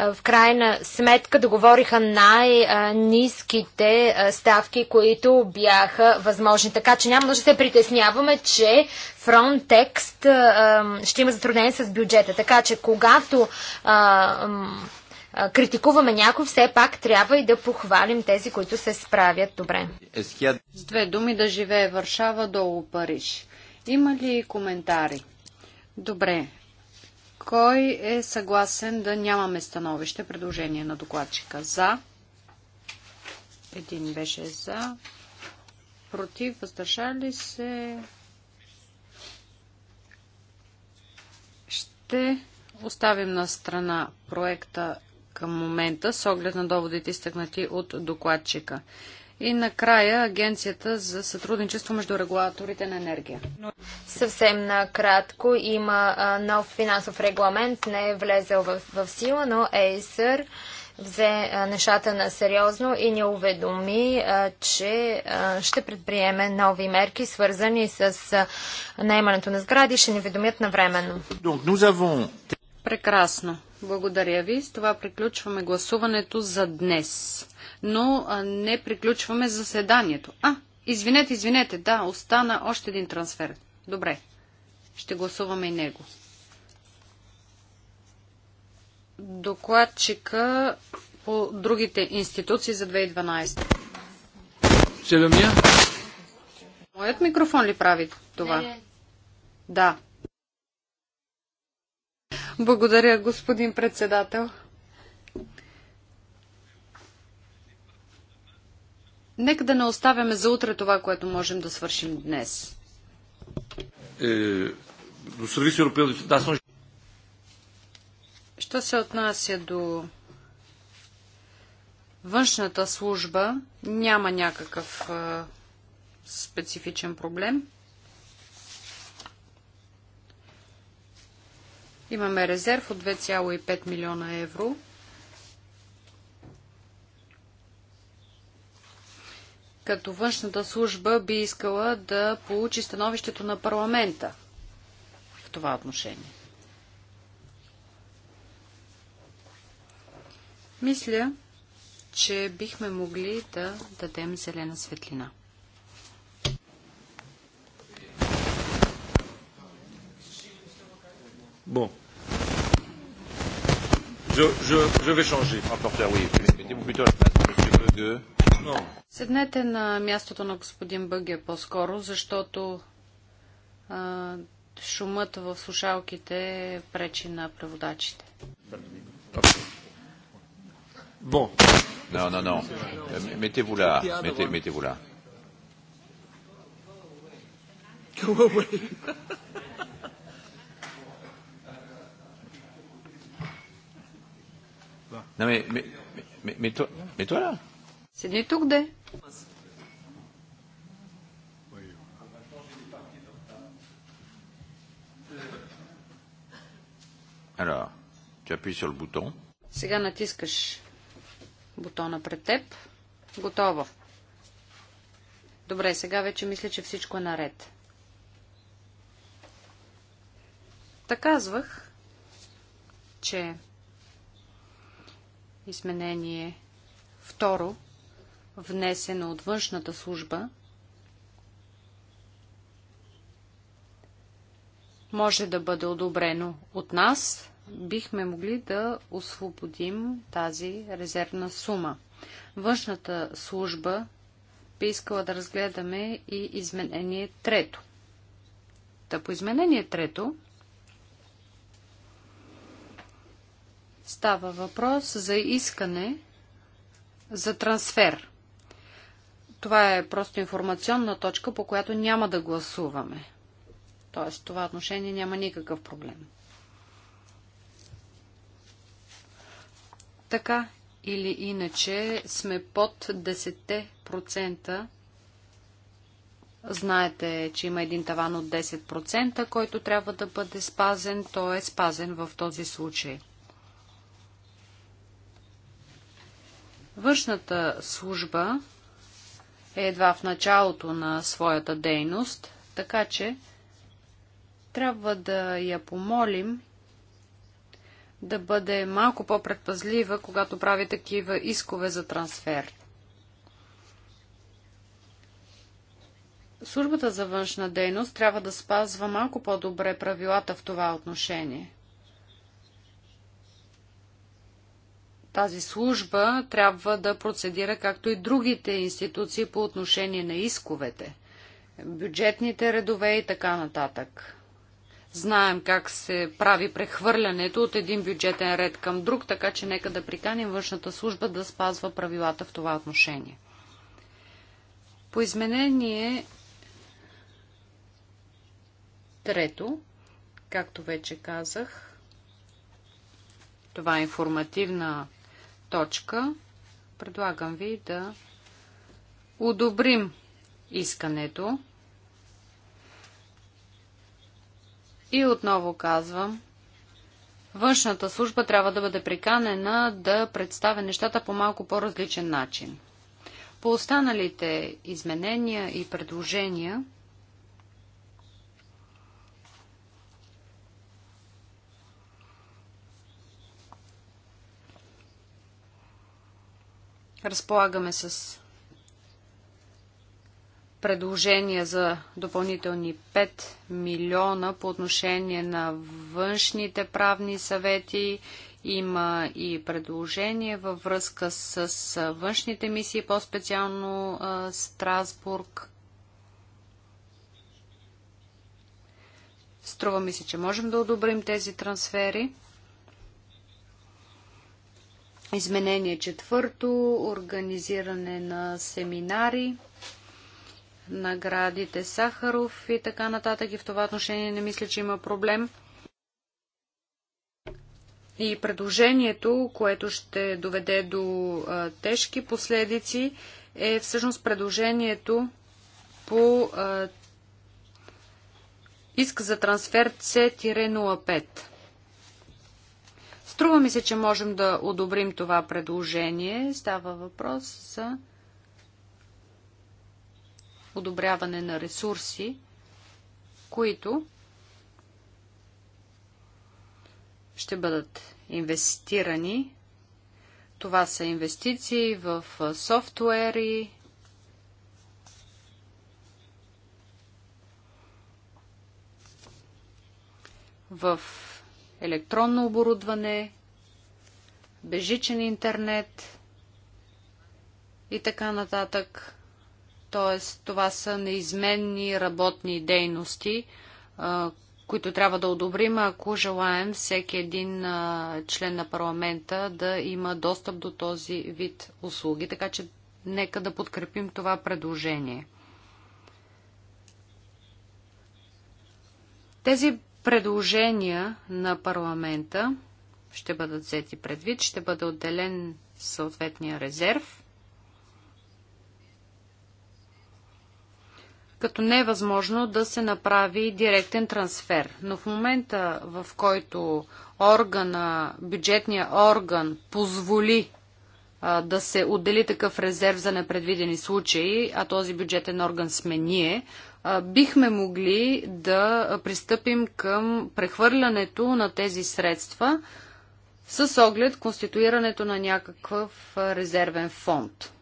в крайна сметка договориха най-низките ставки, които бяха възможни. Така че няма нужда да се притесняваме, че Frontex ще има затруднение с бюджета. Така че когато критикуваме някой, все пак трябва и да похвалим тези, които се справят добре. С две думи да живее Варшава долу Париж. Има ли коментари? Добре, кой е съгласен да нямаме становище? Предложение на докладчика. За. Един беше за. Против. Въздържали се. Ще оставим на страна проекта към момента с оглед на доводите стъгнати от докладчика. И накрая Агенцията за сътрудничество между регулаторите на енергия. Съвсем накратко има нов финансов регламент, не е влезел в, в сила, но ЕСР взе нещата на сериозно и ни уведоми, че ще предприеме нови мерки, свързани с наемането на сгради, ще ни уведомят навременно. Прекрасно. Благодаря ви. С това приключваме гласуването за днес. Но не приключваме заседанието. А, извинете, извинете, да, остана още един трансфер. Добре. Ще гласуваме и него. Докладчика по другите институции за 2012. Седемия? Моят микрофон ли прави това? Не, не. Да. Благодаря, господин председател. Нека да не оставяме за утре това, което можем да свършим днес. Е, Що се отнася до външната служба, няма някакъв е, специфичен проблем. Имаме резерв от 2,5 милиона евро. Като външната служба би искала да получи становището на парламента в това отношение. Мисля, че бихме могли да дадем зелена светлина. Bon. Je, je, je vais changer. Rapporteur, oui. Mettez-vous plutôt à la place de M. Beugueux. Non. Седнете на мястото на господин Бъге по-скоро, защото а, шумът в слушалките пречи на преводачите. Bon. Non, non, non. Mettez-vous là. Mettez, mettez-vous là. Go away. Non, mais, mais, mais, mais, toi, mais toi là Седи тук, де. Alors, tu appuies sur le bouton. Сега натискаш бутона пред теб. Готово. Добре, сега вече мисля, че всичко е наред. Та казвах, че изменение второ, внесено от външната служба, може да бъде одобрено от нас, бихме могли да освободим тази резервна сума. Външната служба би искала да разгледаме и изменение трето. Та по изменение трето Става въпрос за искане за трансфер. Това е просто информационна точка, по която няма да гласуваме. Тоест, това отношение няма никакъв проблем. Така или иначе сме под 10%. Знаете, че има един таван от 10%, който трябва да бъде спазен. Той е спазен в този случай. Външната служба е едва в началото на своята дейност, така че трябва да я помолим да бъде малко по-предпазлива, когато прави такива искове за трансфер. Службата за външна дейност трябва да спазва малко по-добре правилата в това отношение. Тази служба трябва да процедира както и другите институции по отношение на исковете, бюджетните редове и така нататък. Знаем как се прави прехвърлянето от един бюджетен ред към друг, така че нека да приканим външната служба да спазва правилата в това отношение. По изменение трето, както вече казах, това е информативна точка предлагам ви да одобрим искането. И отново казвам, външната служба трябва да бъде приканена да представя нещата по малко по-различен начин. По останалите изменения и предложения, разполагаме с предложения за допълнителни 5 милиона по отношение на външните правни съвети. Има и предложение във връзка с външните мисии, по-специално Страсбург. Струва ми се, че можем да одобрим тези трансфери. Изменение четвърто, организиране на семинари, наградите Сахаров и така нататък. И в това отношение не мисля, че има проблем. И предложението, което ще доведе до а, тежки последици, е всъщност предложението по а, иск за трансфер C-05. Струва ми се, че можем да одобрим това предложение. Става въпрос за одобряване на ресурси, които ще бъдат инвестирани. Това са инвестиции в софтуери, в електронно оборудване, бежичен интернет и така нататък. Тоест, това са неизменни работни дейности, които трябва да одобрим, ако желаем всеки един член на парламента да има достъп до този вид услуги. Така че нека да подкрепим това предложение. Тези предложения на парламента ще бъдат взети предвид, ще бъде отделен съответния резерв. Като не е възможно да се направи директен трансфер. Но в момента, в който органа, бюджетния орган позволи а, да се отдели такъв резерв за непредвидени случаи, а този бюджетен орган сме ние, бихме могли да пристъпим към прехвърлянето на тези средства с оглед конституирането на някакъв резервен фонд.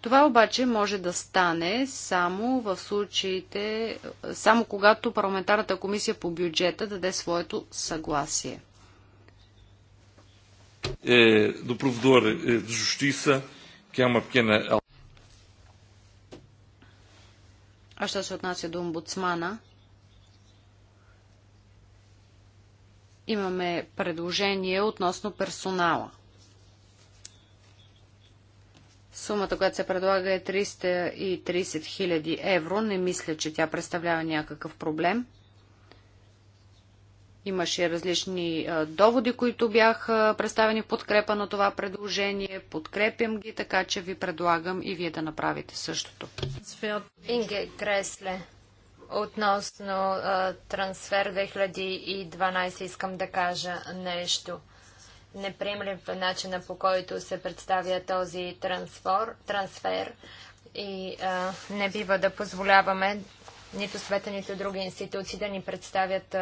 Това обаче може да стане само в случаите, само когато парламентарната комисия по бюджета даде своето съгласие. Е, до проведор е, до justiça, que А що се отнася до омбудсмана, имаме предложение относно персонала. Сумата, която се предлага е 330 000 евро. Не мисля, че тя представлява някакъв проблем – Имаше различни доводи, които бяха представени в подкрепа на това предложение. Подкрепям ги, така че ви предлагам и вие да направите същото. Инге Кресле, относно трансфер 2012 искам да кажа нещо. Неприемлив е начина по който се представя този трансфер, и не бива да позволяваме нито света, нито други институции да ни представят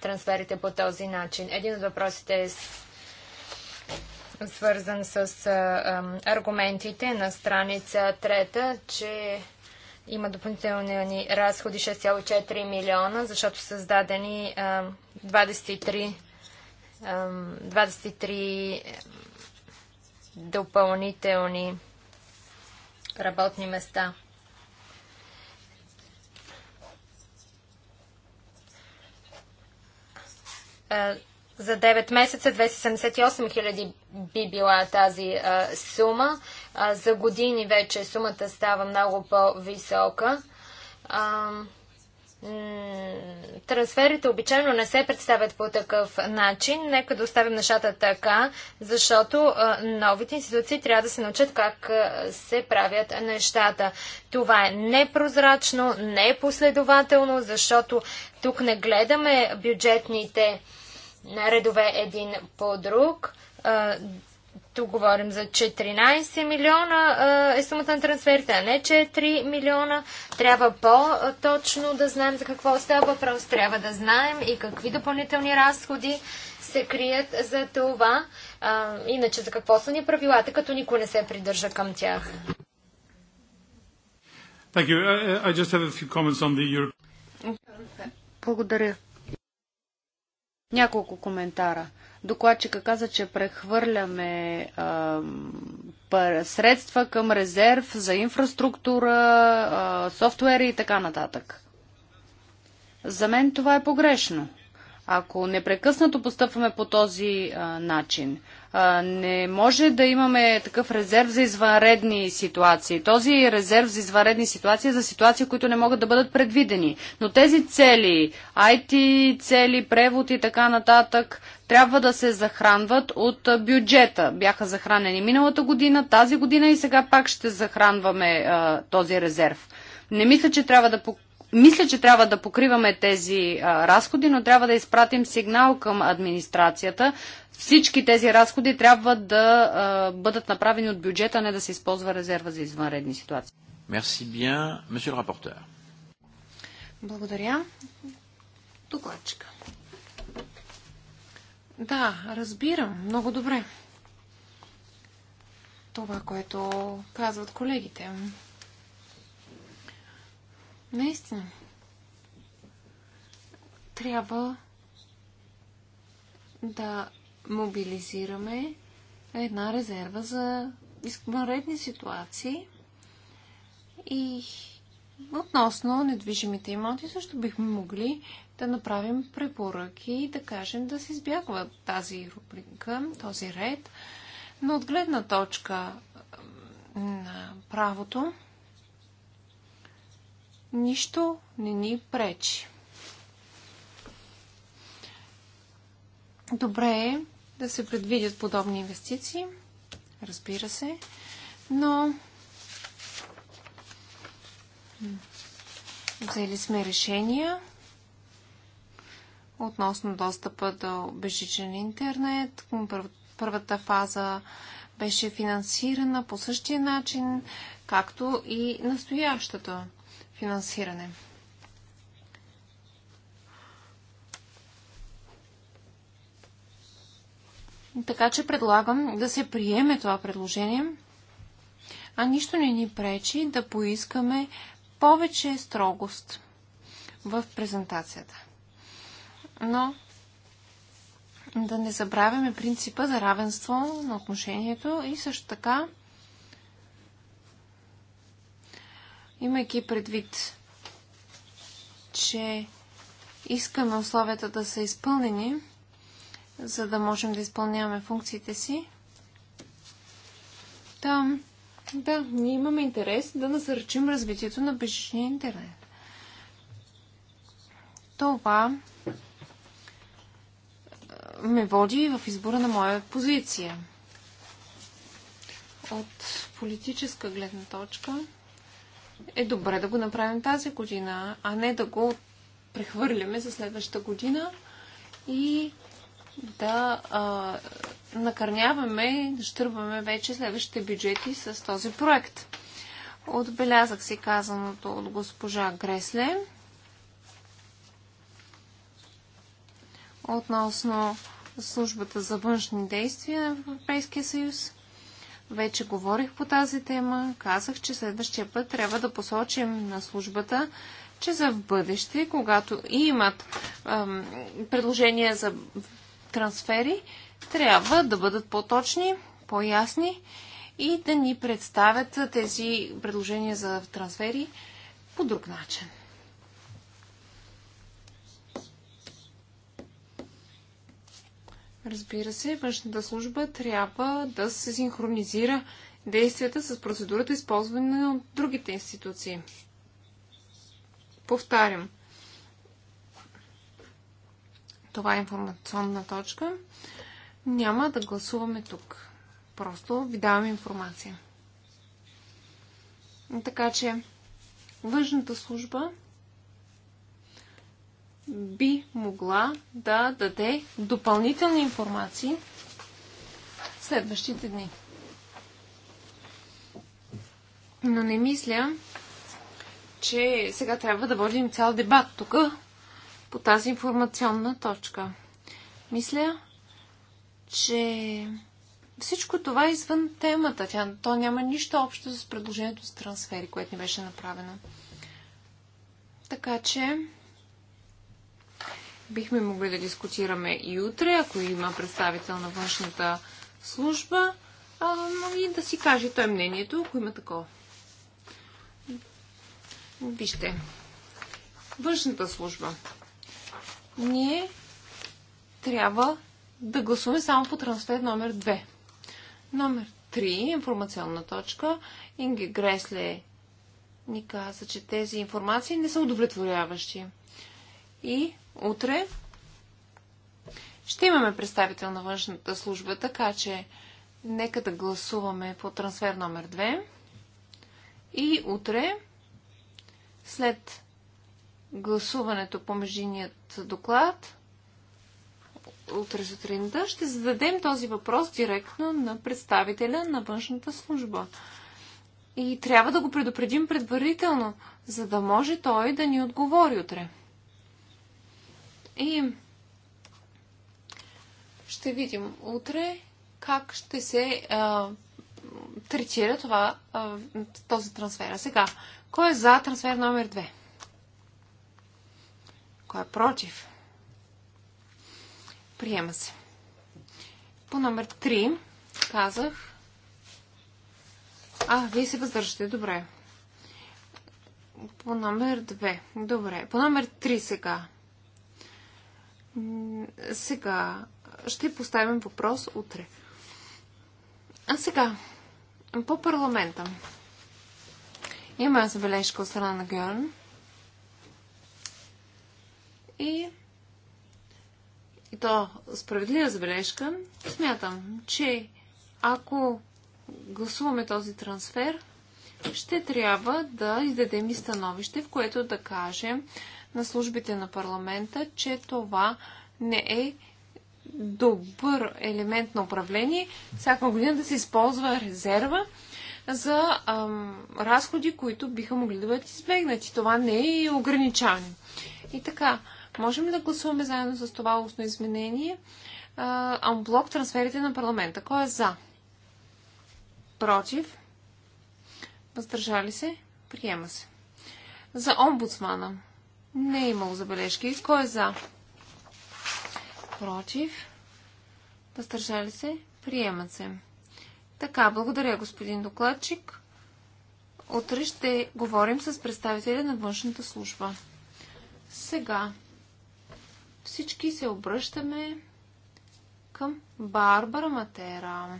трансферите по този начин. Един от въпросите е свързан с аргументите на страница трета, че има допълнителни разходи 6,4 милиона, защото са създадени 23, 23 допълнителни работни места. Е, за 9 месеца 278 хиляди би била тази а, е, сума. А, е, за години вече сумата става много по-висока трансферите обичайно не се представят по такъв начин. Нека да оставим нещата така, защото новите институции трябва да се научат как се правят нещата. Това е непрозрачно, непоследователно, защото тук не гледаме бюджетните редове един по друг. Тук говорим за 14 милиона е сумата на трансферите, а не 4 милиона. Трябва по-точно да знаем за какво става въпрос. Трябва да знаем и какви допълнителни разходи се крият за това. иначе за какво са ни правилата, като никой не се придържа към тях? Благодаря. Няколко коментара. Докладчика каза, че прехвърляме а, средства към резерв за инфраструктура, софтуери и така нататък. За мен това е погрешно ако непрекъснато постъпваме по този а, начин, а, не може да имаме такъв резерв за извънредни ситуации. Този резерв за извънредни ситуации е за ситуации, които не могат да бъдат предвидени. Но тези цели, IT цели, превод и така нататък, трябва да се захранват от бюджета. Бяха захранени миналата година, тази година и сега пак ще захранваме а, този резерв. Не мисля, че трябва да мисля, че трябва да покриваме тези а, разходи, но трябва да изпратим сигнал към администрацията. Всички тези разходи трябва да а, бъдат направени от бюджета, не да се използва резерва за извънредни ситуации. Мерси bien, месье рапортер. Благодаря. Докладчика. Да, разбирам. Много добре. Това, което казват колегите. Наистина. Трябва да мобилизираме една резерва за измаредни ситуации и относно недвижимите имоти също бихме могли да направим препоръки и да кажем да се избягва тази рубрика, този ред. Но от гледна точка на правото, нищо не ни пречи. Добре е да се предвидят подобни инвестиции, разбира се, но взели сме решения относно достъпа до бежичен интернет. Първата фаза беше финансирана по същия начин, както и настоящата финансиране. Така че предлагам да се приеме това предложение, а нищо не ни пречи да поискаме повече строгост в презентацията. Но да не забравяме принципа за равенство на отношението и също така Имайки предвид, че искаме условията да са изпълнени, за да можем да изпълняваме функциите си, там да, ние имаме интерес да насърчим развитието на бежичния интернет. Това ме води в избора на моя позиция. От политическа гледна точка е добре да го направим тази година, а не да го прехвърляме за следващата година и да а, накърняваме, да щърбваме вече следващите бюджети с този проект. Отбелязах си казаното от госпожа Гресле относно службата за външни действия на Европейския съюз. Вече говорих по тази тема. Казах, че следващия път трябва да посочим на службата, че за в бъдеще, когато имат ам, предложения за трансфери, трябва да бъдат по-точни, по-ясни и да ни представят тези предложения за трансфери по друг начин. Разбира се, външната служба трябва да се синхронизира действията с процедурата, използвана от другите институции. Повтарям. Това е информационна точка. Няма да гласуваме тук. Просто ви давам информация. Така че, външната служба би могла да даде допълнителни информации следващите дни. Но не мисля, че сега трябва да водим цял дебат тук по тази информационна точка. Мисля, че всичко това е извън темата. Тя, то няма нищо общо с предложението за трансфери, което ни беше направено. Така че, бихме могли да дискутираме и утре, ако има представител на външната служба, а, и да си каже той мнението, ако има такова. Вижте, външната служба. Ние трябва да гласуваме само по трансфер номер 2. Номер 3, информационна точка. Инги Гресле ни каза, че тези информации не са удовлетворяващи. И утре ще имаме представител на външната служба, така че нека да гласуваме по трансфер номер 2. И утре, след гласуването по междиният доклад, утре сутринта, ще зададем този въпрос директно на представителя на външната служба. И трябва да го предупредим предварително, за да може той да ни отговори утре. И ще видим утре как ще се а, третира това, а, този трансфер. А сега, кой е за трансфер номер 2? Кой е против? Приема се. По номер 3 казах. А, вие се въздържате. Добре. По номер 2. Добре. По номер 3 сега. Сега ще поставим въпрос утре. А сега, по парламента. Има забележка от страна на Гьорн. И, и то справедлива забележка. Смятам, че ако гласуваме този трансфер, ще трябва да издадем и становище, в което да кажем, на службите на парламента, че това не е добър елемент на управление всяка година да се използва резерва за ам, разходи, които биха могли да бъдат избегнати. Това не е ограничаване. И така, можем ли да гласуваме заедно с това устно изменение а, амблок трансферите на парламента? Кой е за? Против? Въздържали се? Приема се. За омбудсмана. Не е имало забележки. Кой е за? Против. Въздържали се? Приемат се. Така, благодаря, господин докладчик. Утре ще говорим с представителя на външната служба. Сега всички се обръщаме към Барбара Матера.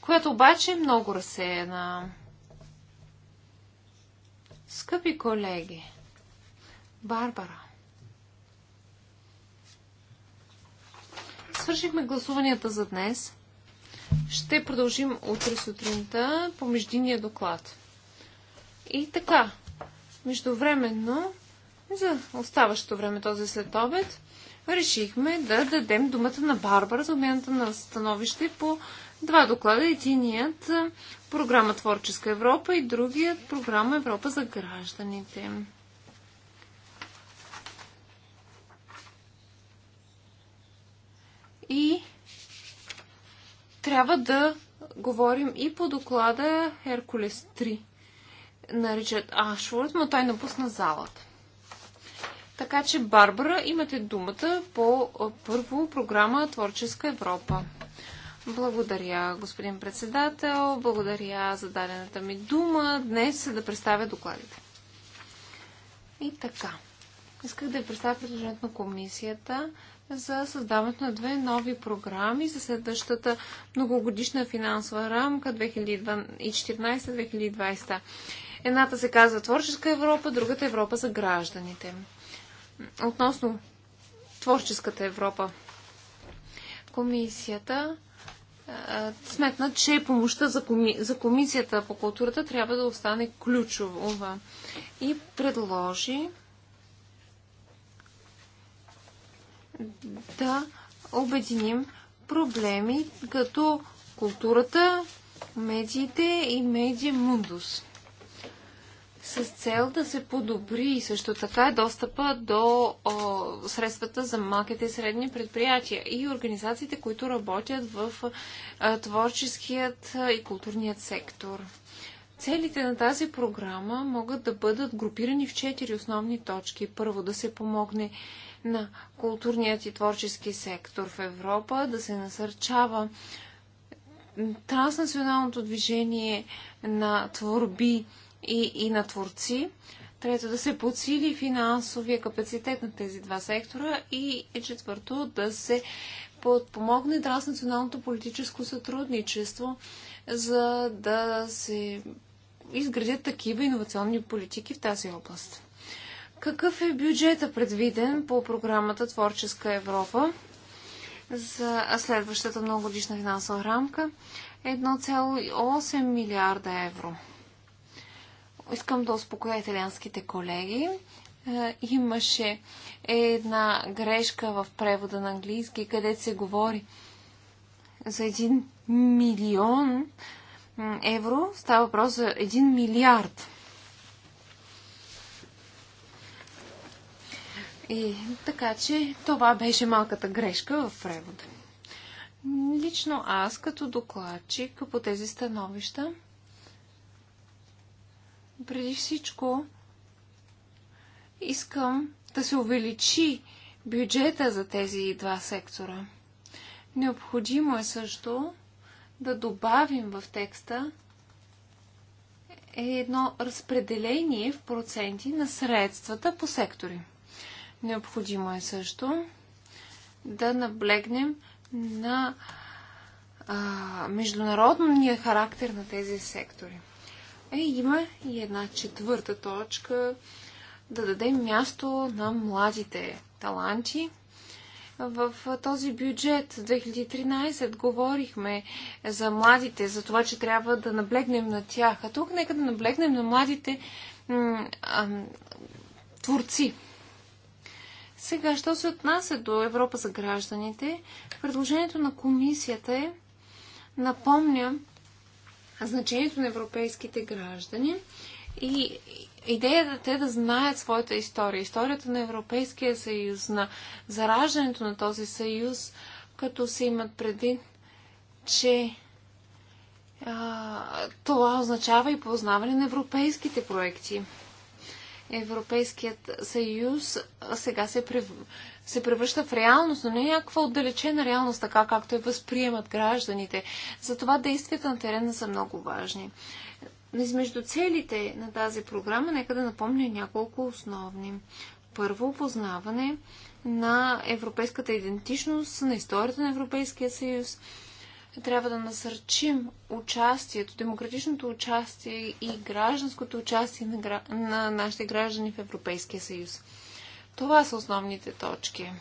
Която обаче е много разсеяна. Скъпи колеги, Барбара, свършихме гласуванията за днес. Ще продължим утре сутринта по междинния доклад. И така, междувременно, за оставащото време този след обед, решихме да дадем думата на Барбара за обмената на становище по Два доклада. Единият програма Творческа Европа и другият програма Европа за гражданите. И трябва да говорим и по доклада Херкулес 3 на Ричард Ашфорд, но той напусна залата. Така че, Барбара, имате думата по първо програма Творческа Европа. Благодаря, господин председател. Благодаря за дадената ми дума днес да представя докладите. И така. Исках да ви представя предложението на комисията за създаването на две нови програми за следващата многогодишна финансова рамка 2014-2020. Едната се казва Творческа Европа, другата Европа за гражданите. Относно Творческата Европа, комисията е, Сметнат, че помощта за, коми... за комисията по културата трябва да остане ключова и предложи да обединим проблеми като културата, медиите и медиа мундус с цел да се подобри също така е достъпа до о, средствата за малките и средни предприятия и организациите, които работят в творческият и културният сектор. Целите на тази програма могат да бъдат групирани в четири основни точки. Първо, да се помогне на културният и творчески сектор в Европа, да се насърчава транснационалното движение на творби и, и на творци. Трето, да се подсили финансовия капацитет на тези два сектора. И четвърто, да се подпомогне транснационалното политическо сътрудничество, за да се изградят такива иновационни политики в тази област. Какъв е бюджета предвиден по програмата Творческа Европа за следващата многогодишна финансова рамка? 1,8 милиарда евро искам да успокоя италианските колеги. Е, имаше една грешка в превода на английски, където се говори за един милион евро. Става въпрос за един милиард. И така че това беше малката грешка в превода. Лично аз, като докладчик по тези становища, преди всичко искам да се увеличи бюджета за тези два сектора. Необходимо е също да добавим в текста е едно разпределение в проценти на средствата по сектори. Необходимо е също да наблегнем на а, международния характер на тези сектори. Е, има и една четвърта точка да дадем място на младите таланти. В този бюджет 2013 говорихме за младите, за това, че трябва да наблегнем на тях. А тук нека да наблегнем на младите творци. Сега, що се отнася до Европа за гражданите, предложението на комисията е, напомням, значението на европейските граждани и идеята да те да знаят своята история, историята на Европейския съюз, на зараждането на този съюз, като се имат предвид, че а, това означава и познаване на европейските проекти. Европейският съюз сега се прев се превръща в реалност, но не е някаква отдалечена реалност, така както я възприемат гражданите. Затова действията на терена са много важни. Измежду целите на тази програма, нека да напомня няколко основни. Първо, познаване на европейската идентичност, на историята на Европейския съюз. Трябва да насърчим участието, демократичното участие и гражданското участие на, на нашите граждани в Европейския съюз. Това са основните точки.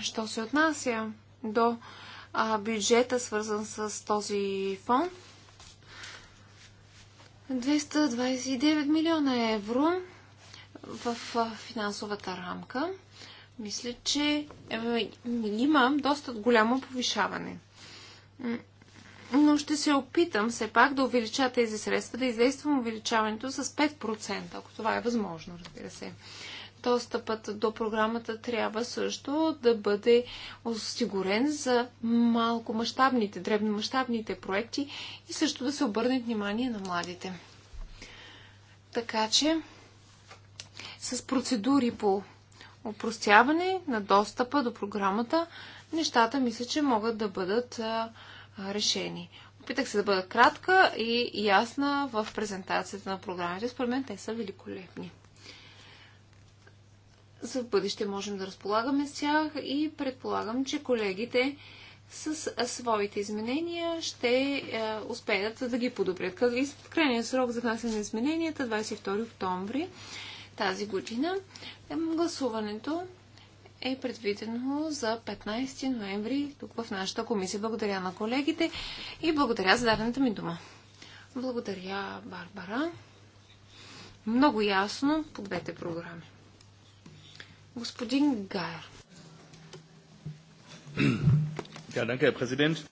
Що се отнася до а, бюджета, свързан с този фонд, 229 милиона евро в финансовата рамка. Мисля, че е, има доста голямо повишаване. Но ще се опитам все пак да увелича тези средства, да издействам увеличаването с 5%, ако това е възможно, разбира се. Достъпът до програмата трябва също да бъде осигурен за малко мащабните, дребномащабните проекти и също да се обърне внимание на младите. Така че с процедури по упростяване на достъпа до програмата, нещата мисля, че могат да бъдат решени. Опитах се да бъда кратка и ясна в презентацията на програмите. Според мен те са великолепни за бъдеще можем да разполагаме с тях и предполагам, че колегите с своите изменения ще успеят да ги подобрят. Крайният срок за внасяне на измененията 22 е октомври тази година. Гласуването е предвидено за 15 ноември тук в нашата комисия. Благодаря на колегите и благодаря за дадената ми дума. Благодаря, Барбара. Много ясно по двете програми. Господин Гайер.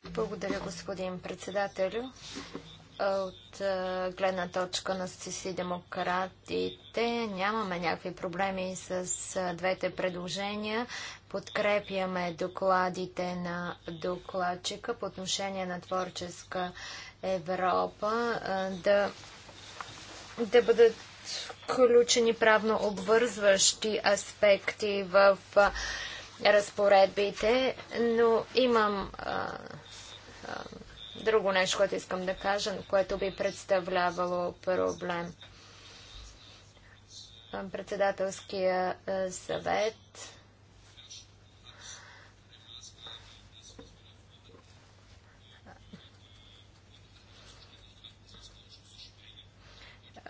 Благодаря, господин председател. От гледна точка на демократите нямаме някакви проблеми с двете предложения. Подкрепяме докладите на докладчика по отношение на творческа Европа да, да бъдат включени правно обвързващи аспекти в разпоредбите, но имам а, а, друго нещо, което искам да кажа, което би представлявало проблем. Председателския съвет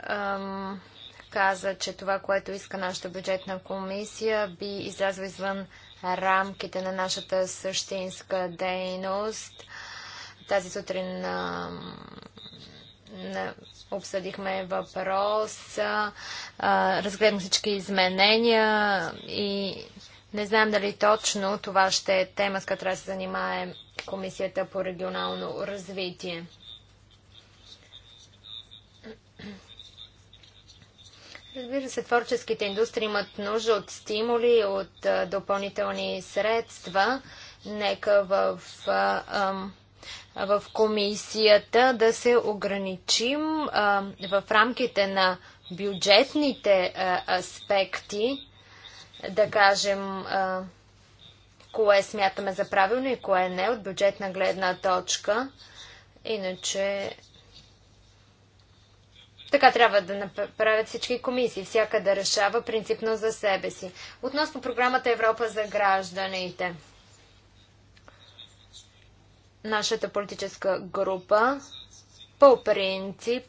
Um, каза, че това, което иска нашата бюджетна комисия, би излязло извън рамките на нашата същинска дейност. Тази сутрин а, на, обсъдихме въпрос, а, разгледам всички изменения и не знам дали точно това ще е тема, с която трябва да се занимае Комисията по регионално развитие. Разбира се, творческите индустрии имат нужда от стимули, от допълнителни средства. Нека в, в, в комисията да се ограничим в рамките на бюджетните аспекти, да кажем кое смятаме за правилно и кое не от бюджетна гледна точка. Иначе така трябва да направят всички комисии, всяка да решава принципно за себе си. Относно програмата Европа за гражданите. Нашата политическа група по принцип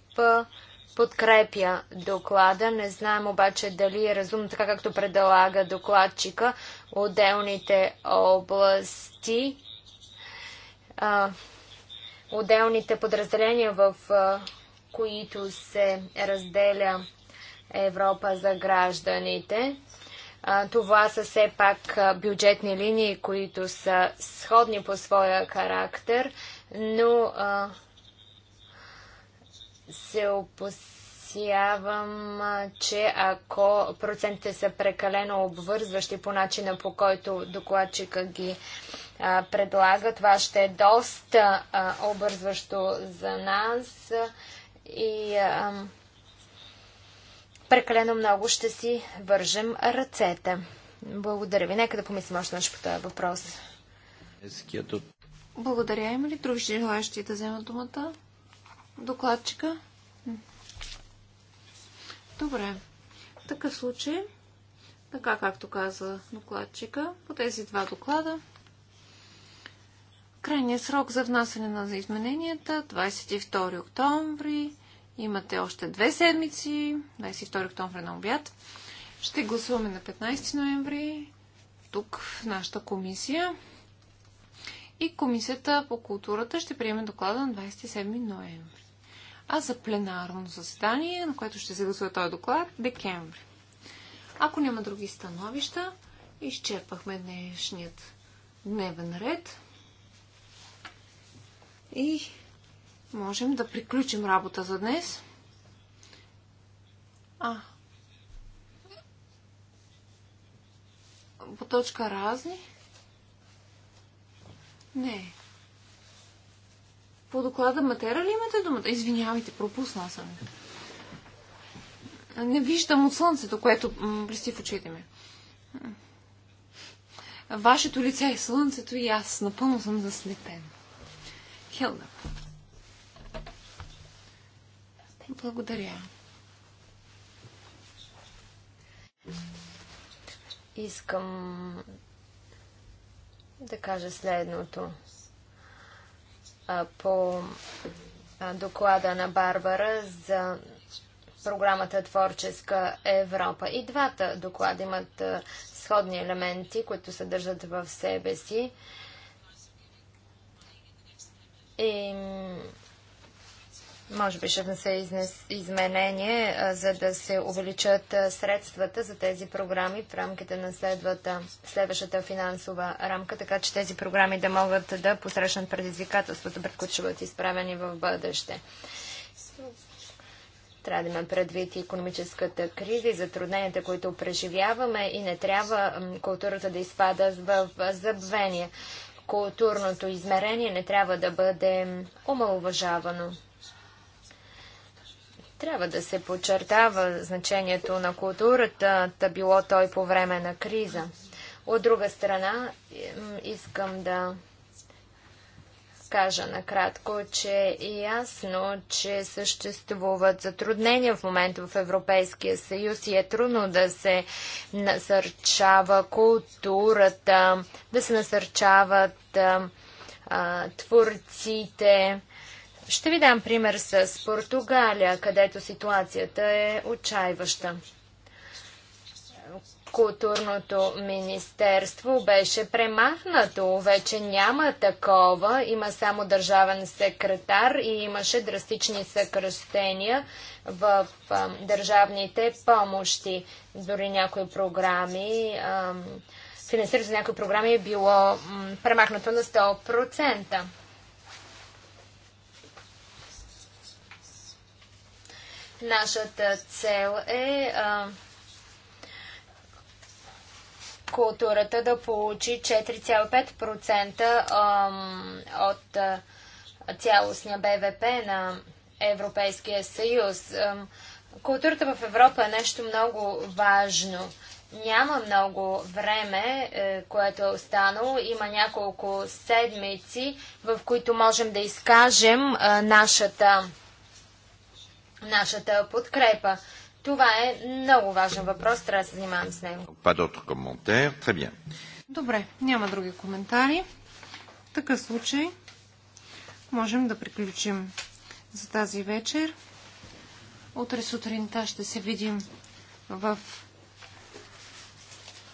подкрепя доклада. Не знаем обаче дали е разумно, така както предлага докладчика, отделните области, отделните подразделения в които се разделя Европа за гражданите. Това са все пак бюджетни линии, които са сходни по своя характер, но се опасявам, че ако процентите са прекалено обвързващи по начина по който докладчика ги а, предлага, това ще е доста а, обвързващо за нас и ам, прекалено много ще си вържем ръцете. Благодаря ви. Нека да помислим още нещо по този въпрос. Благодаря. Има ли други желаящи да вземат думата? Докладчика? Добре. В такъв случай, така както каза докладчика, по тези два доклада Крайният срок за внасяне на измененията 22 октомври. Имате още две седмици, 22 октомври на обяд. Ще гласуваме на 15 ноември тук в нашата комисия. И комисията по културата ще приеме доклада на 27 ноември. А за пленарно заседание, на което ще се гласува този доклад, декември. Ако няма други становища, изчерпахме днешният дневен ред. И можем да приключим работа за днес. А, по точка разни? Не. По доклада Матера ли имате думата? Извинявайте, пропусна съм. Не виждам от слънцето, което блести в очите ми. Вашето лице е слънцето и аз напълно съм заслепен. Хелна. Благодаря. Искам да кажа следното. По доклада на Барбара за програмата Творческа Европа. И двата доклада имат сходни елементи, които съдържат в себе си. И е, може би ще внесе изменение, за да се увеличат средствата за тези програми в рамките на следващата финансова рамка, така че тези програми да могат да посрещнат предизвикателствата, пред които ще бъдат изправени в бъдеще. Трябва да имаме предвид и економическата криза и затрудненията, които преживяваме и не трябва културата да изпада в забвение културното измерение не трябва да бъде омалуважавано. Трябва да се подчертава значението на културата, та било той по време на криза. От друга страна, искам да кажа накратко, че е ясно, че съществуват затруднения в момента в Европейския съюз и е трудно да се насърчава културата, да се насърчават а, творците. Ще ви дам пример с Португалия, където ситуацията е отчаиваща културното министерство беше премахнато. Вече няма такова. Има само държавен секретар и имаше драстични съкръщения в а, държавните помощи. Дори някои програми, а, финансирането на някои програми е било м, премахнато на 100%. Нашата цел е а, културата да получи 4,5% от цялостния БВП на Европейския съюз. Културата в Европа е нещо много важно. Няма много време, е, което е останало. Има няколко седмици, в които можем да изкажем нашата, нашата подкрепа. Това е много важен въпрос, трябва да се занимавам с него. Добре, няма други коментари. В такъв случай можем да приключим за тази вечер. Утре сутринта ще се видим в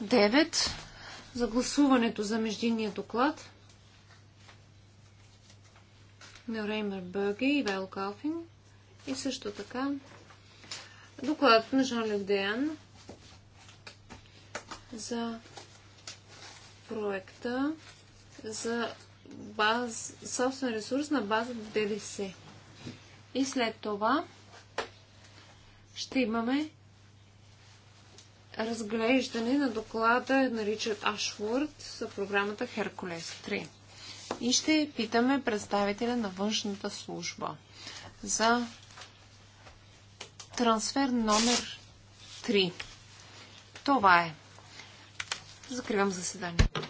9 за гласуването за междинния доклад на Реймер Бърге и Вайл Калфин и също така Докладът на Жан-Люк Деян за проекта за баз, собствен ресурс на база ДДС. И след това ще имаме разглеждане на доклада на Ричард Ашворд за програмата Херкулес 3. И ще питаме представителя на външната служба за Трансфер номер 3. Това е. Закривам заседанието.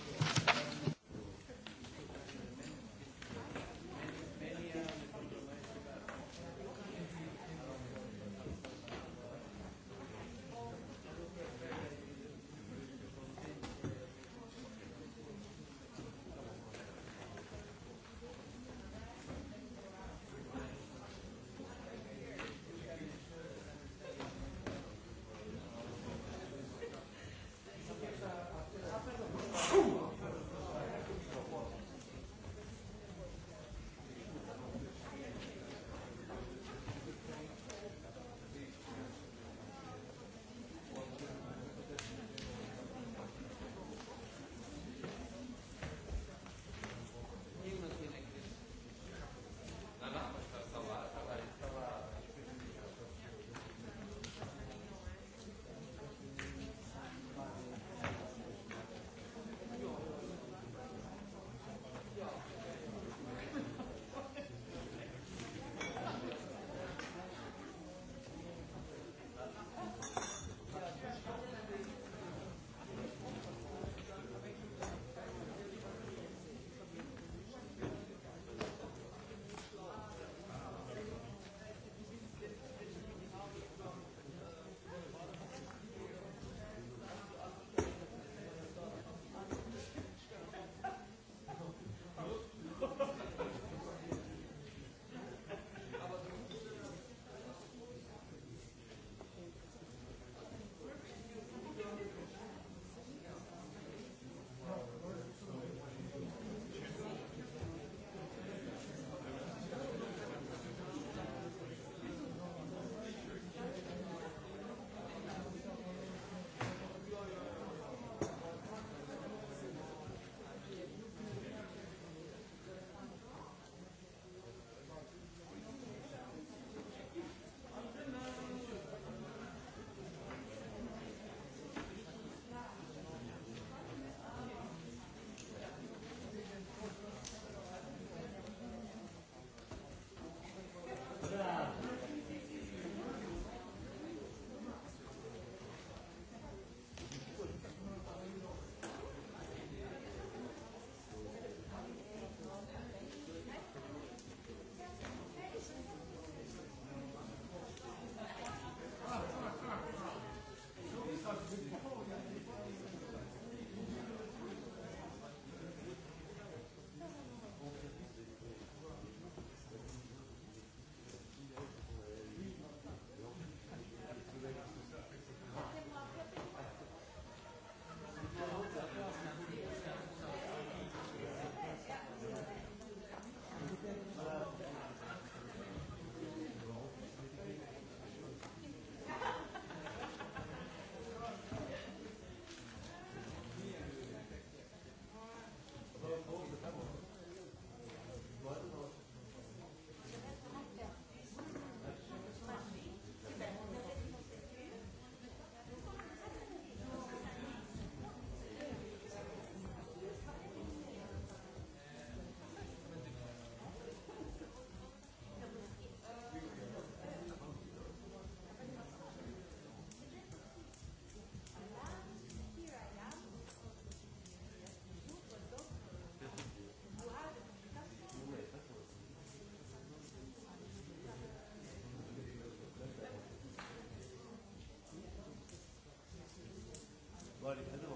говорите, но